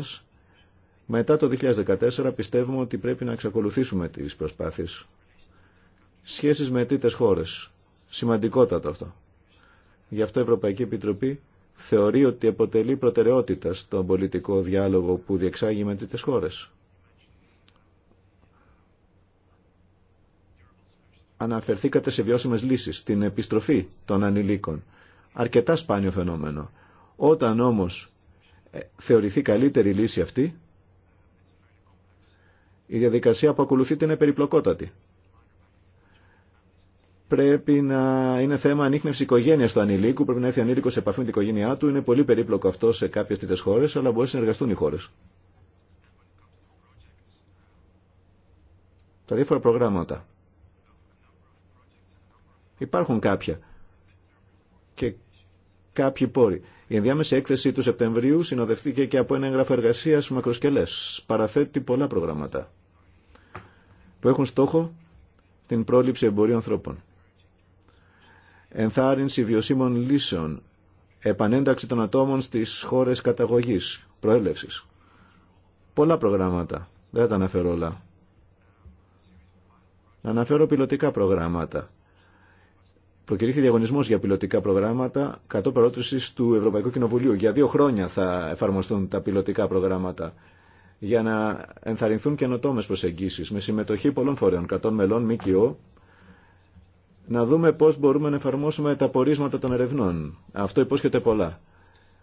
Μετά το 2014 πιστεύουμε ότι πρέπει να εξακολουθήσουμε τι προσπάθειε. Σχέσει με τρίτε χώρε. Σημαντικότατο αυτό. Γι' αυτό η Ευρωπαϊκή Επιτροπή θεωρεί ότι αποτελεί προτεραιότητα στον πολιτικό διάλογο που διεξάγει με τρίτες χώρες. Αναφερθήκατε σε βιώσιμες λύσεις, την επιστροφή των ανηλίκων. Αρκετά σπάνιο φαινόμενο. Όταν όμως ε, θεωρηθεί καλύτερη λύση αυτή, η διαδικασία που ακολουθείται είναι περιπλοκότατη πρέπει να είναι θέμα ανείχνευση οικογένεια του ανηλίκου. Πρέπει να έρθει ανήλικο σε επαφή με την οικογένειά του. Είναι πολύ περίπλοκο αυτό σε κάποιε τέτοιε χώρε, αλλά μπορεί να συνεργαστούν οι χώρε. Τα διάφορα προγράμματα. Υπάρχουν κάποια. Και κάποιοι πόροι. Η ενδιάμεση έκθεση του Σεπτεμβρίου συνοδευτήκε και από ένα έγγραφο εργασία μακροσκελέ. Παραθέτει πολλά προγράμματα που έχουν στόχο την πρόληψη εμπορίου ανθρώπων ενθάρρυνση βιωσίμων λύσεων, επανένταξη των ατόμων στις χώρες καταγωγής, προέλευσης. Πολλά προγράμματα, δεν τα αναφέρω όλα. Να αναφέρω πιλωτικά προγράμματα. Προκηρύχθη διαγωνισμό για πιλωτικά προγράμματα κατ' περώτηση του Ευρωπαϊκού Κοινοβουλίου. Για δύο χρόνια θα εφαρμοστούν τα πιλωτικά προγράμματα για να ενθαρρυνθούν καινοτόμε προσεγγίσεις με συμμετοχή πολλών φορέων, κρατών μελών, ΜΚΟ, να δούμε πώς μπορούμε να εφαρμόσουμε τα πορίσματα των ερευνών. Αυτό υπόσχεται πολλά.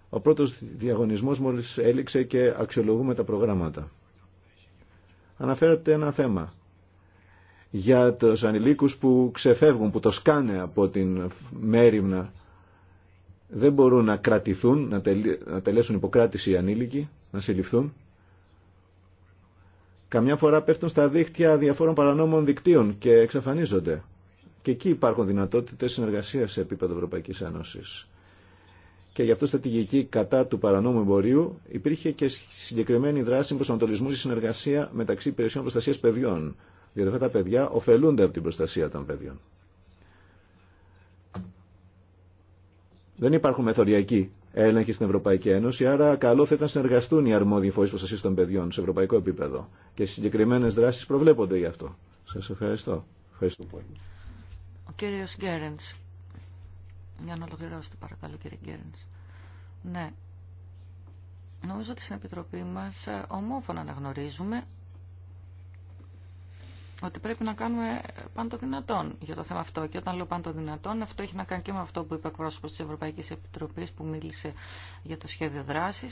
Ο πρώτος διαγωνισμός μόλις έληξε και αξιολογούμε τα προγράμματα. Αναφέρατε ένα θέμα για τους ανηλίκους που ξεφεύγουν, που το σκάνε από την μέρημνα. Δεν μπορούν να κρατηθούν, να, να τελέσουν υποκράτηση οι ανήλικοι, να συλληφθούν. Καμιά φορά πέφτουν στα δίχτυα διαφόρων παρανόμων δικτύων και εξαφανίζονται. Και εκεί υπάρχουν δυνατότητε συνεργασία σε επίπεδο Ευρωπαϊκή Ένωση. Και γι' αυτό στρατηγική κατά του παρανόμου εμπορίου υπήρχε και συγκεκριμένη δράση προσανατολισμού στη συνεργασία μεταξύ υπηρεσιών προστασία παιδιών. Διότι αυτά τα παιδιά ωφελούνται από την προστασία των παιδιών. Δεν υπάρχουν μεθοριακοί έλεγχοι στην Ευρωπαϊκή Ένωση, άρα καλό θα ήταν να συνεργαστούν οι αρμόδιοι φορεί προστασία των παιδιών σε ευρωπαϊκό επίπεδο. Και συγκεκριμένε δράσει προβλέπονται γι' αυτό. Σα ευχαριστώ. Ευχαριστώ πολύ. Ο κύριος Γκέρενς. Για να ολοκληρώσετε παρακαλώ κύριε Γκέρενς. Ναι. Νομίζω ότι στην Επιτροπή μας ε, ομόφωνα αναγνωρίζουμε ότι πρέπει να κάνουμε πάντο δυνατόν για το θέμα αυτό. Και όταν λέω πάντο δυνατόν, αυτό έχει να κάνει και με αυτό που είπε ο εκπρόσωπο τη Ευρωπαϊκή Επιτροπή που μίλησε για το σχέδιο δράση.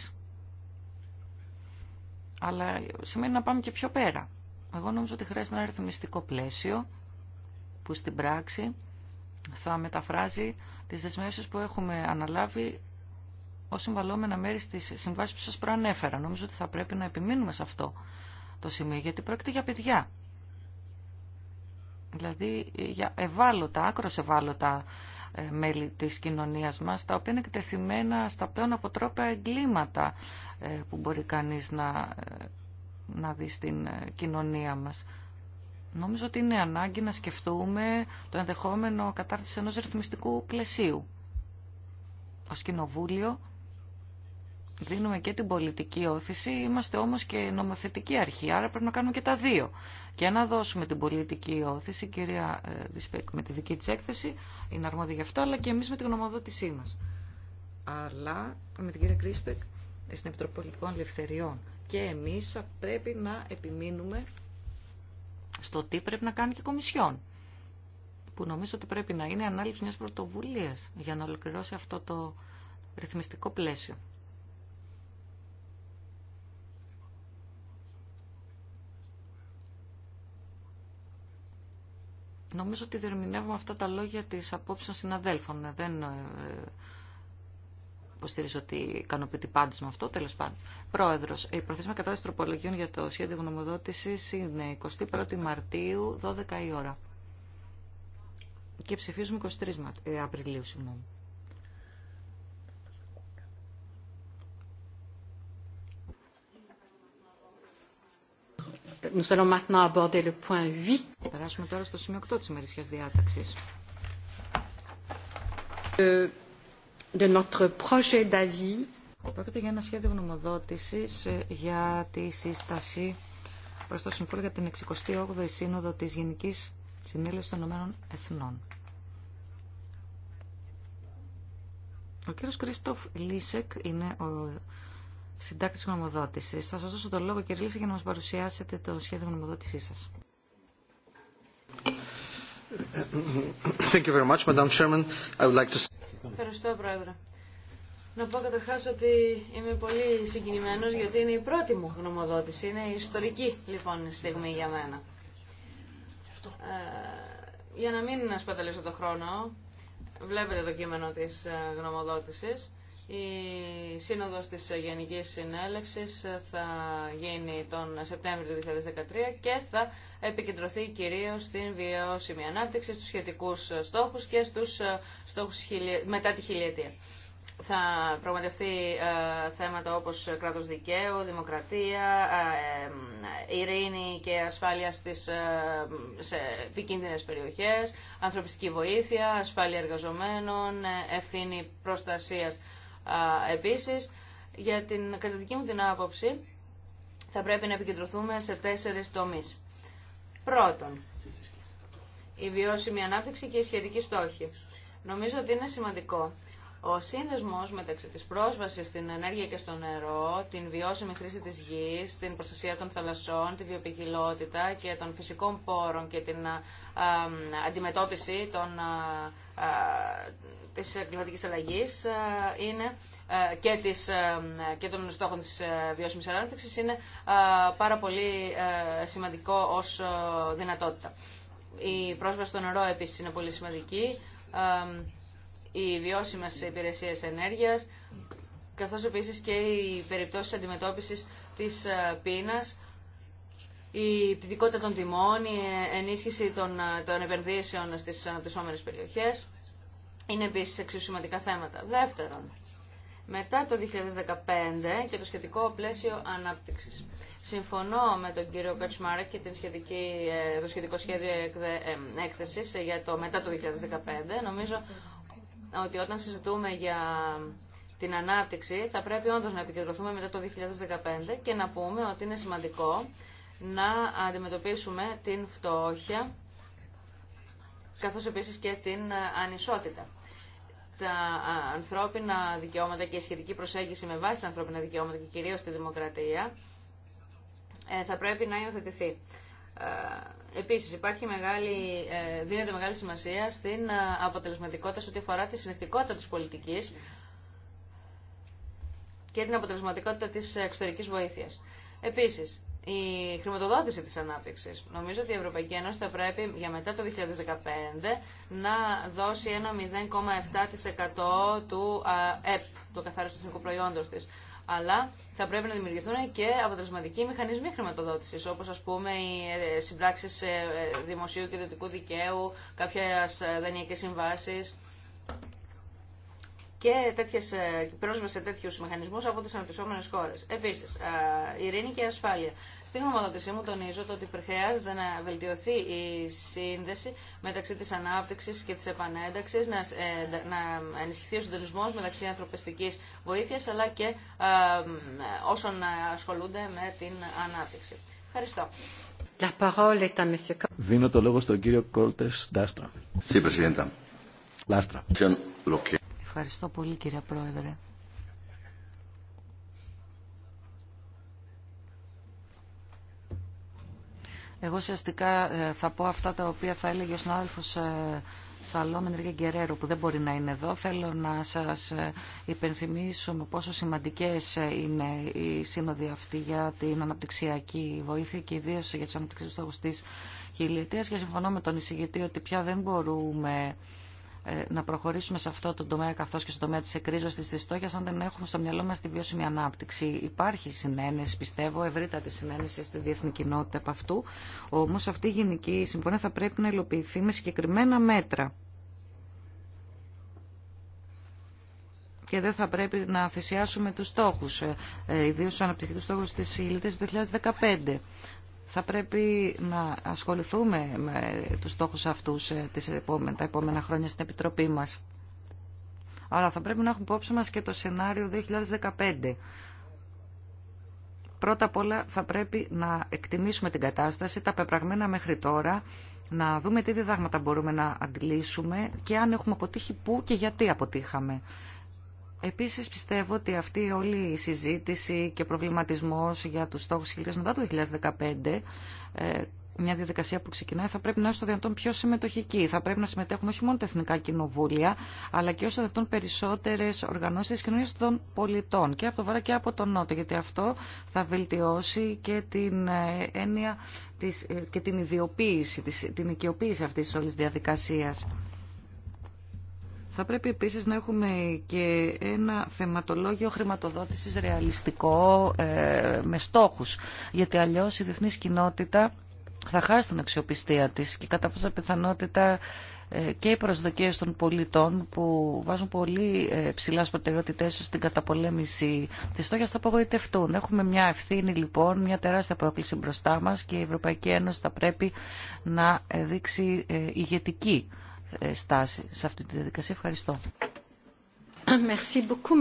Αλλά σημαίνει να πάμε και πιο πέρα. Εγώ νομίζω ότι χρειάζεται ένα αριθμιστικό πλαίσιο που στην πράξη θα μεταφράζει τις δεσμεύσεις που έχουμε αναλάβει ως συμβαλόμενα μέρη στις συμβάσει που σα προανέφερα. Νομίζω ότι θα πρέπει να επιμείνουμε σε αυτό το σημείο, γιατί πρόκειται για παιδιά. Δηλαδή για ευάλωτα, άκρος ευάλωτα ε, μέλη της κοινωνίας μας, τα οποία είναι εκτεθειμένα στα πλέον αποτρόπια εγκλήματα ε, που μπορεί κανείς να, ε, να δει στην κοινωνία μας. Νομίζω ότι είναι ανάγκη να σκεφτούμε το ενδεχόμενο κατάρτιση ενός ρυθμιστικού πλαισίου. Ω κοινοβούλιο δίνουμε και την πολιτική όθηση, είμαστε όμως και νομοθετική αρχή, άρα πρέπει να κάνουμε και τα δύο. Και να δώσουμε την πολιτική όθηση, κυρία ε, Δισπέκ με τη δική της έκθεση, είναι αρμόδια γι' αυτό, αλλά και εμείς με την γνωμοδότησή μας. Αλλά με την κυρία Κρίσπεκ, στην Επιτροπή Πολιτικών Ελευθεριών. Και εμείς πρέπει να επιμείνουμε στο τι πρέπει να κάνει και η Κομισιόν, που νομίζω ότι πρέπει να είναι η ανάληψη μια πρωτοβουλίας για να ολοκληρώσει αυτό το ρυθμιστικό πλαίσιο. Νομίζω ότι δερμηνεύουμε αυτά τα λόγια της απόψεων συναδέλφων. Δεν ε, υποστηρίζω ότι ικανοποιεί πάντως με αυτό, Τέλο πάντων. Πρόεδρος, η προθεσμία κατάσταση τροπολογιών για το σχέδιο γνωμοδότησης είναι 21η Μαρτίου, 12 η ώρα. Και ψηφίζουμε 23 ε, Απριλίου, συγγνώμη. Nous allons maintenant aborder le point 8. Περάσουμε τώρα στο σημείο 8 της ημερησιάς διάταξης. Ε, de notre projet d'avis. για ένα σχέδιο γνωμοδότησης ε, για τη σύσταση προς το Συμβούλιο για την 68η Σύνοδο της Γενικής Συνέλευσης των Ηνωμένων Εθνών. Ο κύριος Κρίστοφ Λίσεκ είναι ο συντάκτης γνωμοδότησης. Θα σας δώσω το λόγο κύριε Λίσεκ για να μας παρουσιάσετε το σχέδιο γνωμοδότησής σας. Thank you very much, Madam Chairman. I would Ευχαριστώ, Πρόεδρε. Να πω καταρχά ότι είμαι πολύ συγκινημένο γιατί είναι η πρώτη μου γνωμοδότηση. Είναι η ιστορική λοιπόν στιγμή για μένα. Ε, για να μην ασπαταλήσω το χρόνο, βλέπετε το κείμενο της ε, γνωμοδότησης. Η σύνοδος της Γενικής Συνέλευσης θα γίνει τον Σεπτέμβριο του 2013 και θα επικεντρωθεί κυρίως στην βιώσιμη ανάπτυξη, στους σχετικούς στόχους και στους στόχους μετά τη χιλιετία. Θα πραγματευτεί ε, θέματα όπως κράτος δικαίου, δημοκρατία, ε, ειρήνη και ασφάλεια στις ε, σε επικίνδυνες περιοχές, ανθρωπιστική βοήθεια, ασφάλεια εργαζομένων, ευθύνη προστασίας Επίσης, για την κατά μου την άποψη, θα πρέπει να επικεντρωθούμε σε τέσσερις τομείς. Πρώτον, η βιώσιμη ανάπτυξη και οι σχετικοί στόχοι. Νομίζω ότι είναι σημαντικό ο σύνδεσμος μεταξύ της πρόσβασης στην ενέργεια και στο νερό, την βιώσιμη χρήση της γης, την προστασία των θαλασσών, τη βιοπικιλότητα και των φυσικών πόρων και την αντιμετώπιση των της κλιματικής αλλαγής ε, είναι, ε, και, της, ε, και των στόχων της βιώσιμης ανάπτυξης είναι πάρα πολύ σημαντικό ως δυνατότητα. Η πρόσβαση στο νερό επίσης είναι πολύ σημαντική, οι βιώσιμες υπηρεσίες ενέργειας, καθώς επίσης και οι περιπτώσεις αντιμετώπισης της πείνας, η πτυτικότητα των τιμών, η ενίσχυση των, των επενδύσεων στις αναπτυσσόμενες περιοχές είναι επίση εξίσου σημαντικά θέματα. Δεύτερον, μετά το 2015 και το σχετικό πλαίσιο ανάπτυξη. Συμφωνώ με τον κύριο Κατσμάρα και την σχετική, ε, το σχετικό σχέδιο ε, έκθεσης ε, για το μετά το 2015. Νομίζω ότι όταν συζητούμε για την ανάπτυξη θα πρέπει όντως να επικεντρωθούμε μετά το 2015 και να πούμε ότι είναι σημαντικό να αντιμετωπίσουμε την φτώχεια καθώς επίσης και την ανισότητα τα ανθρώπινα δικαιώματα και η σχετική προσέγγιση με βάση τα ανθρώπινα δικαιώματα και κυρίως τη δημοκρατία ε, θα πρέπει να υιοθετηθεί. Ε, επίσης υπάρχει μεγάλη, ε, δίνεται μεγάλη σημασία στην αποτελεσματικότητα σε ό,τι αφορά τη συνεκτικότητα της πολιτικής και την αποτελεσματικότητα της εξωτερικής βοήθειας. Επίσης, η χρηματοδότηση της ανάπτυξης. Νομίζω ότι η Ευρωπαϊκή Ένωση θα πρέπει για μετά το 2015 να δώσει ένα 0,7% του ΕΠ, του καθάριστου εθνικού προϊόντος της. Αλλά θα πρέπει να δημιουργηθούν και αποτελεσματικοί μηχανισμοί χρηματοδότησης, όπως ας πούμε οι ε, συμπράξει ε, ε, δημοσίου και ιδιωτικού δικαίου, κάποιε δανειακέ συμβάσει και τέτοιες, ε, πρόσβαση σε τέτοιου μηχανισμού από τι αναπτυσσόμενε χώρε. Επίση, ε, ειρήνη και ασφάλεια. Στην γνωμοδότησή μου τονίζω το ότι χρειάζεται να βελτιωθεί η σύνδεση μεταξύ τη ανάπτυξη και τη επανένταξη, ε, να, ενισχυθεί ο συντονισμό μεταξύ ανθρωπιστική βοήθεια αλλά και όσων ασχολούνται με την ανάπτυξη. Ευχαριστώ. Δίνω το λόγο στον κύριο Κόλτες Ντάστρα. Ευχαριστώ πολύ κύριε Πρόεδρε. Εγώ ουσιαστικά ε, θα πω αυτά τα οποία θα έλεγε ο συνάδελφος ε, Σαλόμεν Ενέργεια Γκερέρο που δεν μπορεί να είναι εδώ. Θέλω να σας ε, υπενθυμίσουμε πόσο σημαντικές είναι οι σύνοδοι αυτοί για την αναπτυξιακή βοήθεια και ιδίως για του αναπτυξιακούς στόχους της χιλιετίας και συμφωνώ με τον εισηγητή ότι πια δεν μπορούμε ε, να προχωρήσουμε σε αυτό το τομέα καθώ και στο τομέα της εκρίζωσης τη στόχιας αν δεν έχουμε στο μυαλό μα τη βιώσιμη ανάπτυξη. Υπάρχει συνένεση, πιστεύω, ευρύτατη συνένεση στη διεθνή κοινότητα από αυτού, Όμω αυτή η γενική συμφωνία θα πρέπει να υλοποιηθεί με συγκεκριμένα μέτρα. και δεν θα πρέπει να θυσιάσουμε τους στόχους, ε, ε, ιδίως τους αναπτυχικούς στόχους της Ήλιτες 2015 θα πρέπει να ασχοληθούμε με τους στόχους αυτούς ε, τις επόμενα, τα επόμενα χρόνια στην Επιτροπή μας. Αλλά θα πρέπει να έχουμε υπόψη μας και το σενάριο 2015. Πρώτα απ' όλα θα πρέπει να εκτιμήσουμε την κατάσταση, τα πεπραγμένα μέχρι τώρα, να δούμε τι διδάγματα μπορούμε να αντιλήσουμε και αν έχουμε αποτύχει πού και γιατί αποτύχαμε. Επίσης πιστεύω ότι αυτή όλη η συζήτηση και προβληματισμός για τους στόχους χιλίτες μετά το 2015 ε, μια διαδικασία που ξεκινάει θα πρέπει να είναι στο δυνατόν πιο συμμετοχική. Θα πρέπει να συμμετέχουν όχι μόνο τα εθνικά κοινοβούλια, αλλά και όσο δυνατόν περισσότερε οργανώσει τη κοινωνία των πολιτών και από το και από τον Νότο. Γιατί αυτό θα βελτιώσει και την ε, έννοια της, ε, και την ιδιοποίηση, την οικειοποίηση αυτή τη όλη διαδικασία. Θα πρέπει επίσης να έχουμε και ένα θεματολόγιο χρηματοδότησης ρεαλιστικό ε, με στόχους, γιατί αλλιώς η διεθνής κοινότητα θα χάσει την αξιοπιστία της και κατά ποσά πιθανότητα ε, και οι προσδοκίες των πολιτών που βάζουν πολύ ε, ψηλά προτεραιότητές στην καταπολέμηση της στόχιας θα απογοητευτούν. Έχουμε μια ευθύνη λοιπόν, μια τεράστια πρόκληση μπροστά μας και η Ευρωπαϊκή Ένωση θα πρέπει να δείξει ηγετική ε, στάση σε αυτή τη διαδικασία. Ευχαριστώ.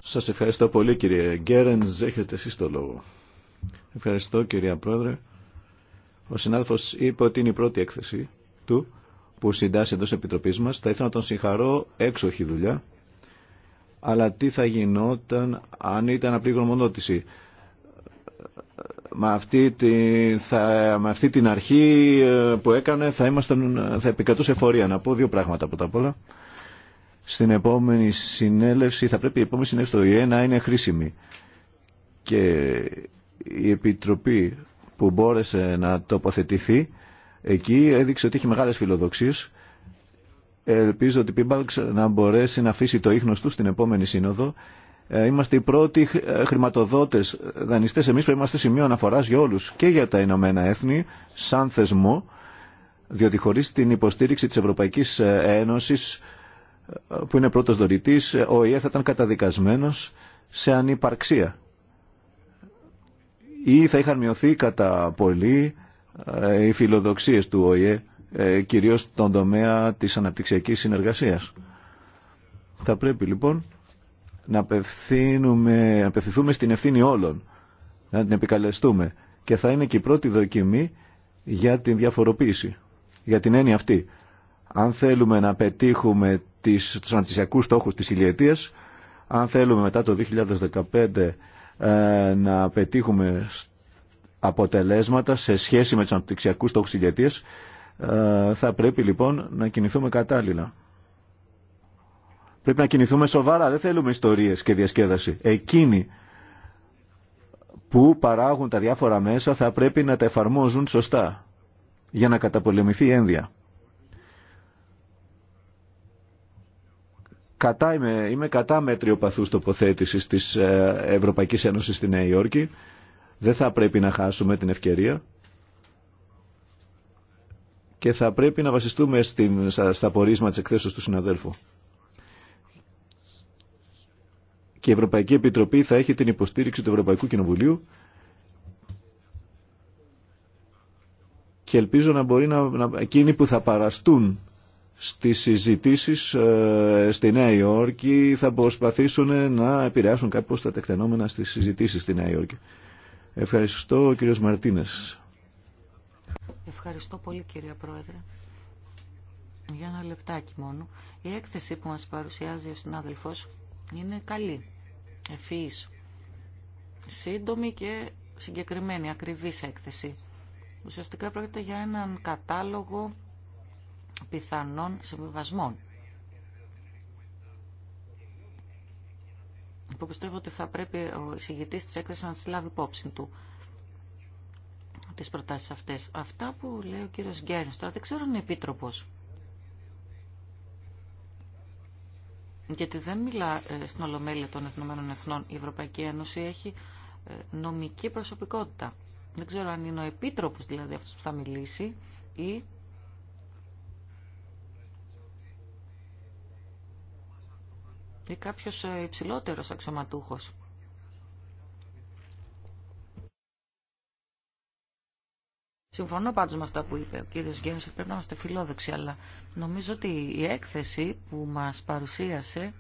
Σας ευχαριστώ πολύ κύριε Γκέρενς. Έχετε εσείς το λόγο. Ευχαριστώ κυρία Πρόεδρε. Ο συνάδελφος είπε ότι είναι η πρώτη έκθεση του που συντάσσει εντός Επιτροπής μας. Θα ήθελα να τον συγχαρώ έξοχη δουλειά. Αλλά τι θα γινόταν αν ήταν απλή γνωμονότηση με αυτή, τη, θα, με αυτή την αρχή ε, που έκανε θα, ήμασταν, θα επικρατούσε εφορία. Να πω δύο πράγματα πρώτα απ' όλα. Στην επόμενη συνέλευση, θα πρέπει η επόμενη συνέλευση του ΙΕ να είναι χρήσιμη. Και η Επιτροπή που μπόρεσε να τοποθετηθεί εκεί έδειξε ότι έχει μεγάλες φιλοδοξίες. Ελπίζω ότι η Πίμπαλξ να μπορέσει να αφήσει το ίχνος του στην επόμενη σύνοδο ε, είμαστε οι πρώτοι ε, χρηματοδότες δανειστέ. Εμείς πρέπει να είμαστε σημείο αναφορά για όλους και για τα Ηνωμένα Έθνη σαν θεσμό, διότι χωρίς την υποστήριξη της Ευρωπαϊκής ε, Ένωσης που είναι πρώτο δωρητή, ο ΙΕ θα ήταν καταδικασμένος σε ανυπαρξία. Ή θα είχαν μειωθεί κατά πολύ οι φιλοδοξίες του ΟΗΕ, κυρίως στον τομέα της αναπτυξιακής συνεργασίας. Θα πρέπει λοιπόν να απευθυνθούμε στην ευθύνη όλων, να την επικαλεστούμε. Και θα είναι και η πρώτη δοκιμή για την διαφοροποίηση, για την έννοια αυτή. Αν θέλουμε να πετύχουμε τις, τους αντισιακούς στόχους της χιλιετίας, αν θέλουμε μετά το 2015 ε, να πετύχουμε αποτελέσματα σε σχέση με τους αντισιακούς στόχους της χιλιετίας, ε, θα πρέπει λοιπόν να κινηθούμε κατάλληλα. Πρέπει να κινηθούμε σοβαρά, δεν θέλουμε ιστορίες και διασκέδαση. Εκείνοι που παράγουν τα διάφορα μέσα θα πρέπει να τα εφαρμόζουν σωστά για να καταπολεμηθεί η ένδια. Κατά είμαι, είμαι κατά παθού τοποθέτησης τη ε, Ευρωπαϊκή Ένωση στη Νέα Υόρκη. Δεν θα πρέπει να χάσουμε την ευκαιρία και θα πρέπει να βασιστούμε στην, στα, στα πορίσμα της του συναδέλφου και η Ευρωπαϊκή Επιτροπή θα έχει την υποστήριξη του Ευρωπαϊκού Κοινοβουλίου και ελπίζω να μπορεί να, να εκείνοι που θα παραστούν στις συζητήσεις ε, στη Νέα Υόρκη θα προσπαθήσουν να επηρεάσουν κάπως τα τεκτενόμενα στις συζητήσεις στη Νέα Υόρκη. Ευχαριστώ κύριος Μαρτίνες. Ευχαριστώ πολύ κύριε Πρόεδρε. Για ένα λεπτάκι μόνο. Η έκθεση που μας παρουσιάζει ο συνάδελφός είναι καλή, ευφύης, σύντομη και συγκεκριμένη, ακριβής έκθεση. Ουσιαστικά πρόκειται για έναν κατάλογο πιθανών συμβιβασμών. που ότι θα πρέπει ο εισηγητής της έκθεσης να τις λάβει υπόψη του τις προτάσεις αυτές. Αυτά που λέει ο κύριος Γκέρνς, τώρα δεν ξέρω αν είναι επίτροπος. γιατί δεν μιλά ε, στην Ολομέλεια των Εθνωμένων Εθνών. Η Ευρωπαϊκή Ένωση έχει ε, νομική προσωπικότητα. Δεν ξέρω αν είναι ο επίτροπος δηλαδή αυτός που θα μιλήσει ή ή κάποιος ε, υψηλότερος αξιωματούχος. Συμφωνώ πάντως με αυτά που είπε ο κύριο Γκένος ότι πρέπει να είμαστε φιλόδοξοι, αλλά νομίζω ότι η έκθεση που μας παρουσίασε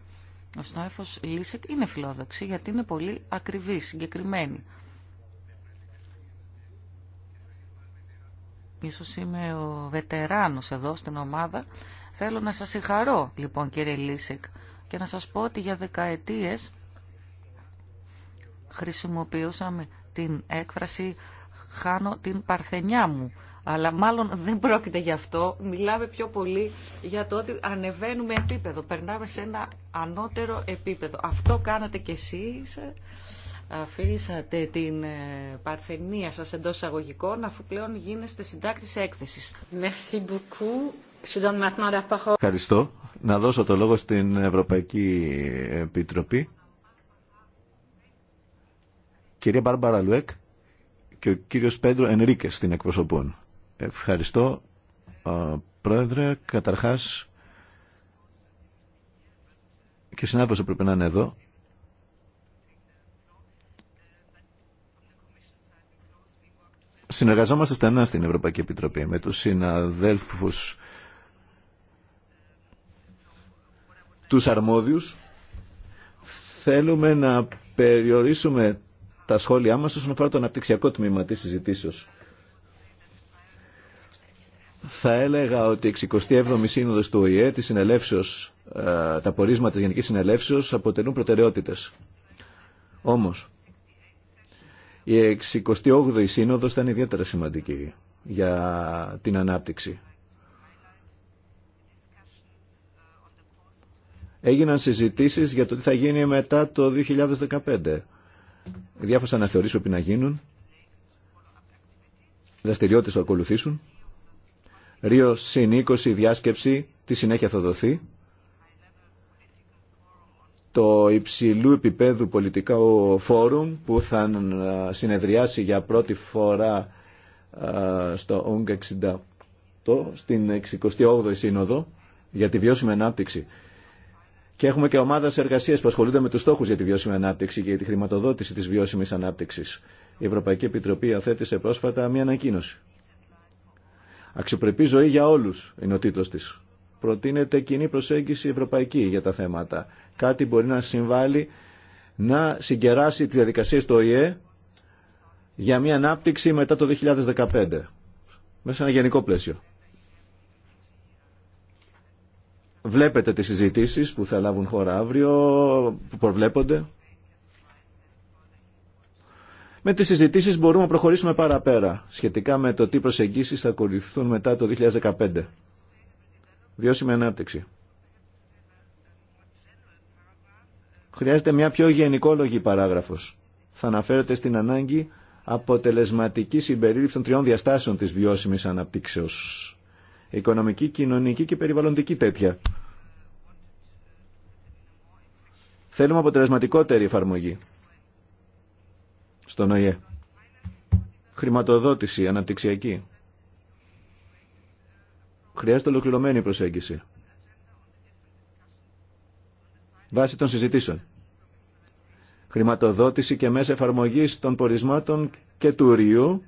ο συνάδελφος Λίσεκ είναι φιλόδοξη γιατί είναι πολύ ακριβή, συγκεκριμένη. Ίσως είμαι ο βετεράνος εδώ στην ομάδα. Θέλω να σας συγχαρώ λοιπόν κύριε Λίσεκ και να σας πω ότι για δεκαετίες χρησιμοποιούσαμε την έκφραση χάνω την παρθενιά μου. Αλλά μάλλον δεν πρόκειται γι' αυτό. Μιλάμε πιο πολύ για το ότι ανεβαίνουμε επίπεδο. Περνάμε σε ένα ανώτερο επίπεδο. Αυτό κάνατε κι εσείς. Αφήσατε την ε, παρθενία σας εντός αγωγικών αφού πλέον γίνεστε συντάκτης έκθεσης. Ευχαριστώ. Να δώσω το λόγο στην Ευρωπαϊκή Επιτροπή. Κυρία Μπάρμπαρα Λουέκ, και ο κύριος Πέντρο Ενρίκες την εκπροσωπούν. Ευχαριστώ, Πρόεδρε. Καταρχάς, και συνάδελφος πρέπει να είναι εδώ. Συνεργαζόμαστε στενά στην Ευρωπαϊκή Επιτροπή με τους συναδέλφους τους αρμόδιους. Θέλουμε να περιορίσουμε τα σχόλιά μας όσον αφορά το αναπτυξιακό τμήμα της συζητήσεως. Θα έλεγα ότι η 67η Σύνοδος του ΟΗΕ, της συνελεύσεως, ε, τα πορίσματα της Γενικής Συνελεύσεως αποτελούν προτεραιότητες. Όμως, η 68η Σύνοδος ήταν ιδιαίτερα σημαντική για την ανάπτυξη. Έγιναν συζητήσεις για το τι θα γίνει μετά το 2015 Διάφορα αναθεωρήσεις πρέπει να γίνουν, Δραστηριότητε θα ακολουθήσουν. Ρίο συν 20 διάσκεψη, τη συνέχεια θα δοθεί. Το υψηλού επίπεδου πολιτικό φόρουμ που θα συνεδριάσει για πρώτη φορά στο ΟΝΚ 68, στην 68η Σύνοδο για τη βιώσιμη ανάπτυξη. Και έχουμε και ομάδε εργασία που ασχολούνται με του στόχου για τη βιώσιμη ανάπτυξη και για τη χρηματοδότηση τη βιώσιμη ανάπτυξη. Η Ευρωπαϊκή Επιτροπή αθέτησε πρόσφατα μία ανακοίνωση. Αξιοπρεπή ζωή για όλου είναι ο τίτλο τη. Προτείνεται κοινή προσέγγιση ευρωπαϊκή για τα θέματα. Κάτι μπορεί να συμβάλλει να συγκεράσει τι διαδικασίε του ΟΗΕ για μία ανάπτυξη μετά το 2015. Μέσα σε ένα γενικό πλαίσιο. Βλέπετε τις συζητήσεις που θα λάβουν χώρα αύριο, που προβλέπονται. Με τις συζητήσεις μπορούμε να προχωρήσουμε παραπέρα σχετικά με το τι προσεγγίσεις θα ακολουθούν μετά το 2015. Βιώσιμη ανάπτυξη. Χρειάζεται μια πιο γενικόλογη παράγραφος. Θα αναφέρεται στην ανάγκη αποτελεσματική συμπερίληψη των τριών διαστάσεων της βιώσιμης αναπτύξεως. Οικονομική, κοινωνική και περιβαλλοντική τέτοια. Θέλουμε αποτελεσματικότερη εφαρμογή στον ΟΗΕ. Χρηματοδότηση αναπτυξιακή. Χρειάζεται ολοκληρωμένη προσέγγιση. Βάσει των συζητήσεων. Χρηματοδότηση και μέσα εφαρμογή των πορισμάτων και του ριου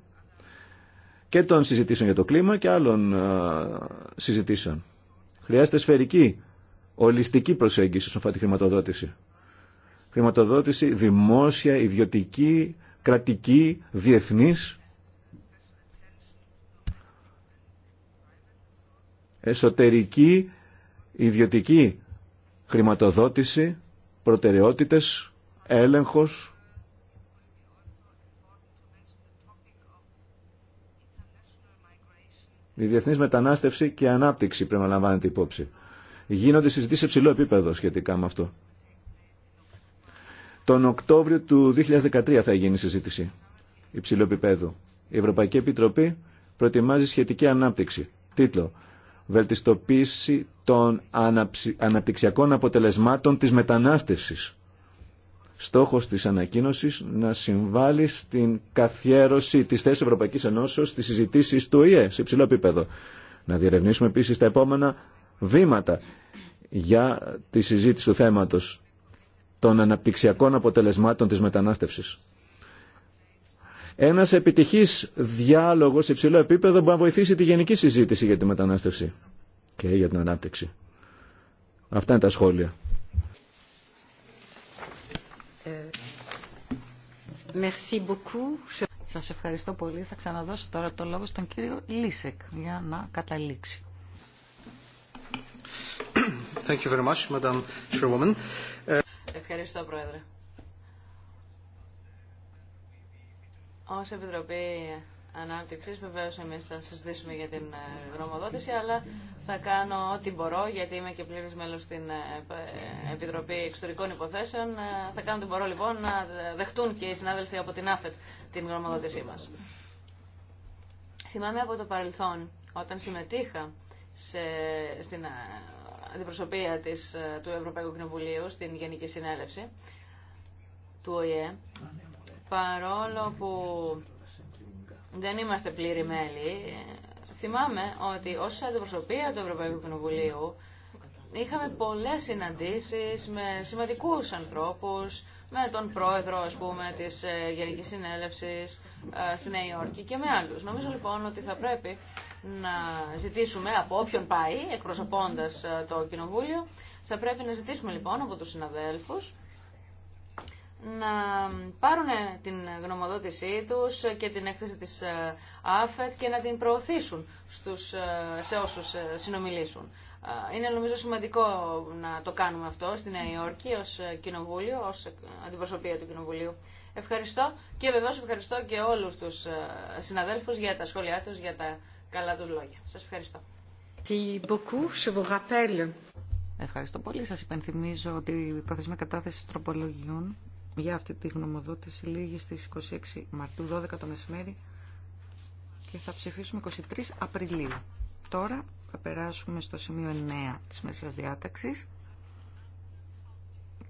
και των συζητήσεων για το κλίμα και άλλων συζητήσεων. Χρειάζεται σφαιρική, ολιστική προσέγγιση στον τη χρηματοδότηση χρηματοδότηση δημόσια, ιδιωτική, κρατική, διεθνής, εσωτερική, ιδιωτική χρηματοδότηση, προτεραιότητες, έλεγχος, Η διεθνής μετανάστευση και ανάπτυξη πρέπει να λαμβάνεται υπόψη. Γίνονται συζητήσεις σε ψηλό επίπεδο σχετικά με αυτό. Τον Οκτώβριο του 2013 θα γίνει η συζήτηση υψηλού Η Ευρωπαϊκή Επιτροπή προετοιμάζει σχετική ανάπτυξη. Τίτλο Βελτιστοποίηση των αναπτυξιακών αποτελεσμάτων της μετανάστευσης. Στόχος της ανακοίνωσης να συμβάλλει στην καθιέρωση της θέσης Ευρωπαϊκής Ενώσεως στις συζητήσεις του ΙΕ σε υψηλό Να διερευνήσουμε επίσης τα επόμενα βήματα για τη συζήτηση του θέματος των αναπτυξιακών αποτελεσμάτων της μετανάστευσης. Ένας επιτυχής διάλογος σε υψηλό επίπεδο μπορεί να βοηθήσει τη γενική συζήτηση για τη μετανάστευση και για την ανάπτυξη. Αυτά είναι τα σχόλια. Ε, merci Σας ευχαριστώ πολύ. Θα ξαναδώσω τώρα το λόγο στον κύριο Λίσεκ για να καταλήξει. Thank you very much, Madam ε, Ευχαριστώ, Πρόεδρε. Ω Επιτροπή ανάπτυξη, βεβαίω εμεί θα συζητήσουμε για την ε, γνωμοδότηση, αλλά θα κάνω ό,τι μπορώ, γιατί είμαι και πλήρη μέλο στην ε, ε, Επιτροπή Εξωτερικών Υποθέσεων. Θα κάνω ό,τι μπορώ, λοιπόν, να δεχτούν και οι συνάδελφοι από την ΑΦΕΤ την γνωμοδότησή μας. Θυμάμαι από το παρελθόν, όταν συμμετείχα σε, στην αντιπροσωπεία της, ε, του Ευρωπαϊκού Κοινοβουλίου στην Γενική Συνέλευση του ΟΗΕ. Παρόλο που δεν είμαστε πλήρη μέλη, θυμάμαι ότι ως αντιπροσωπεία του Ευρωπαϊκού Κοινοβουλίου είχαμε πολλές συναντήσεις με σημαντικούς ανθρώπους, με τον πρόεδρο ας πούμε, της ε, Γενικής Συνέλευσης ε, στη Νέα Υόρκη και με άλλους. Νομίζω λοιπόν ότι θα πρέπει να ζητήσουμε από όποιον πάει, εκπροσωπώντας ε, το Κοινοβούλιο, θα πρέπει να ζητήσουμε λοιπόν από τους συναδέλφους να πάρουν την γνωμοδότησή τους και την έκθεση της ΑΦΕΤ και να την προωθήσουν στους, σε όσους συνομιλήσουν είναι νομίζω σημαντικό να το κάνουμε αυτό στη Νέα Υόρκη ως ε, κοινοβούλιο, ως ε, αντιπροσωπεία του κοινοβουλίου. Ευχαριστώ και βεβαίως ευχαριστώ και όλους τους ε, συναδέλφους για τα σχόλιά τους, για τα καλά τους λόγια. Σας ευχαριστώ. Ευχαριστώ πολύ. Σας υπενθυμίζω ότι η προθεσμία κατάθεση τροπολογιών για αυτή τη γνωμοδότηση λήγει στις 26 Μαρτίου 12 το μεσημέρι και θα ψηφίσουμε 23 Απριλίου. Τώρα θα περάσουμε στο σημείο 9 της Μέσας Διάταξης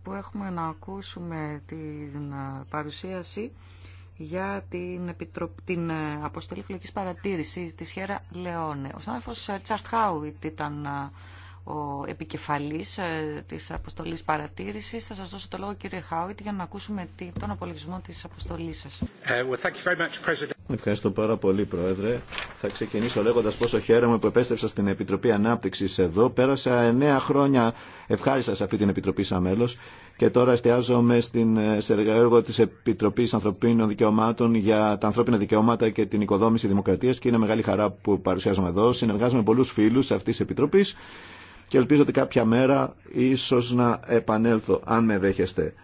που έχουμε να ακούσουμε την ε, παρουσίαση για την, επιτροπ... την ε, αποστολή φυλακής παρατήρησης της Χέρα Λεόνε. Ο συνάδελφος ε, Τσαρτ Χάουιτ ήταν ο επικεφαλής της αποστολής παρατήρησης. Θα σας δώσω το λόγο κύριε Χάουιτ για να ακούσουμε τον απολογισμό της αποστολής σας. Ευχαριστώ πάρα πολύ, Πρόεδρε. Θα ξεκινήσω λέγοντα πόσο χαίρομαι που επέστρεψα στην Επιτροπή Ανάπτυξη εδώ. Πέρασα εννέα χρόνια ευχάριστα σε αυτή την Επιτροπή σαν μέλο και τώρα εστιάζομαι στην, σε έργο τη Επιτροπή Ανθρωπίνων Δικαιωμάτων για τα ανθρώπινα δικαιώματα και την οικοδόμηση δημοκρατία και είναι μεγάλη χαρά που παρουσιάζομαι εδώ. Συνεργάζομαι με πολλού φίλου αυτή τη Επιτροπή και ελπίζω ότι κάποια μέρα ίσω να επανέλθω, αν με δέχεστε.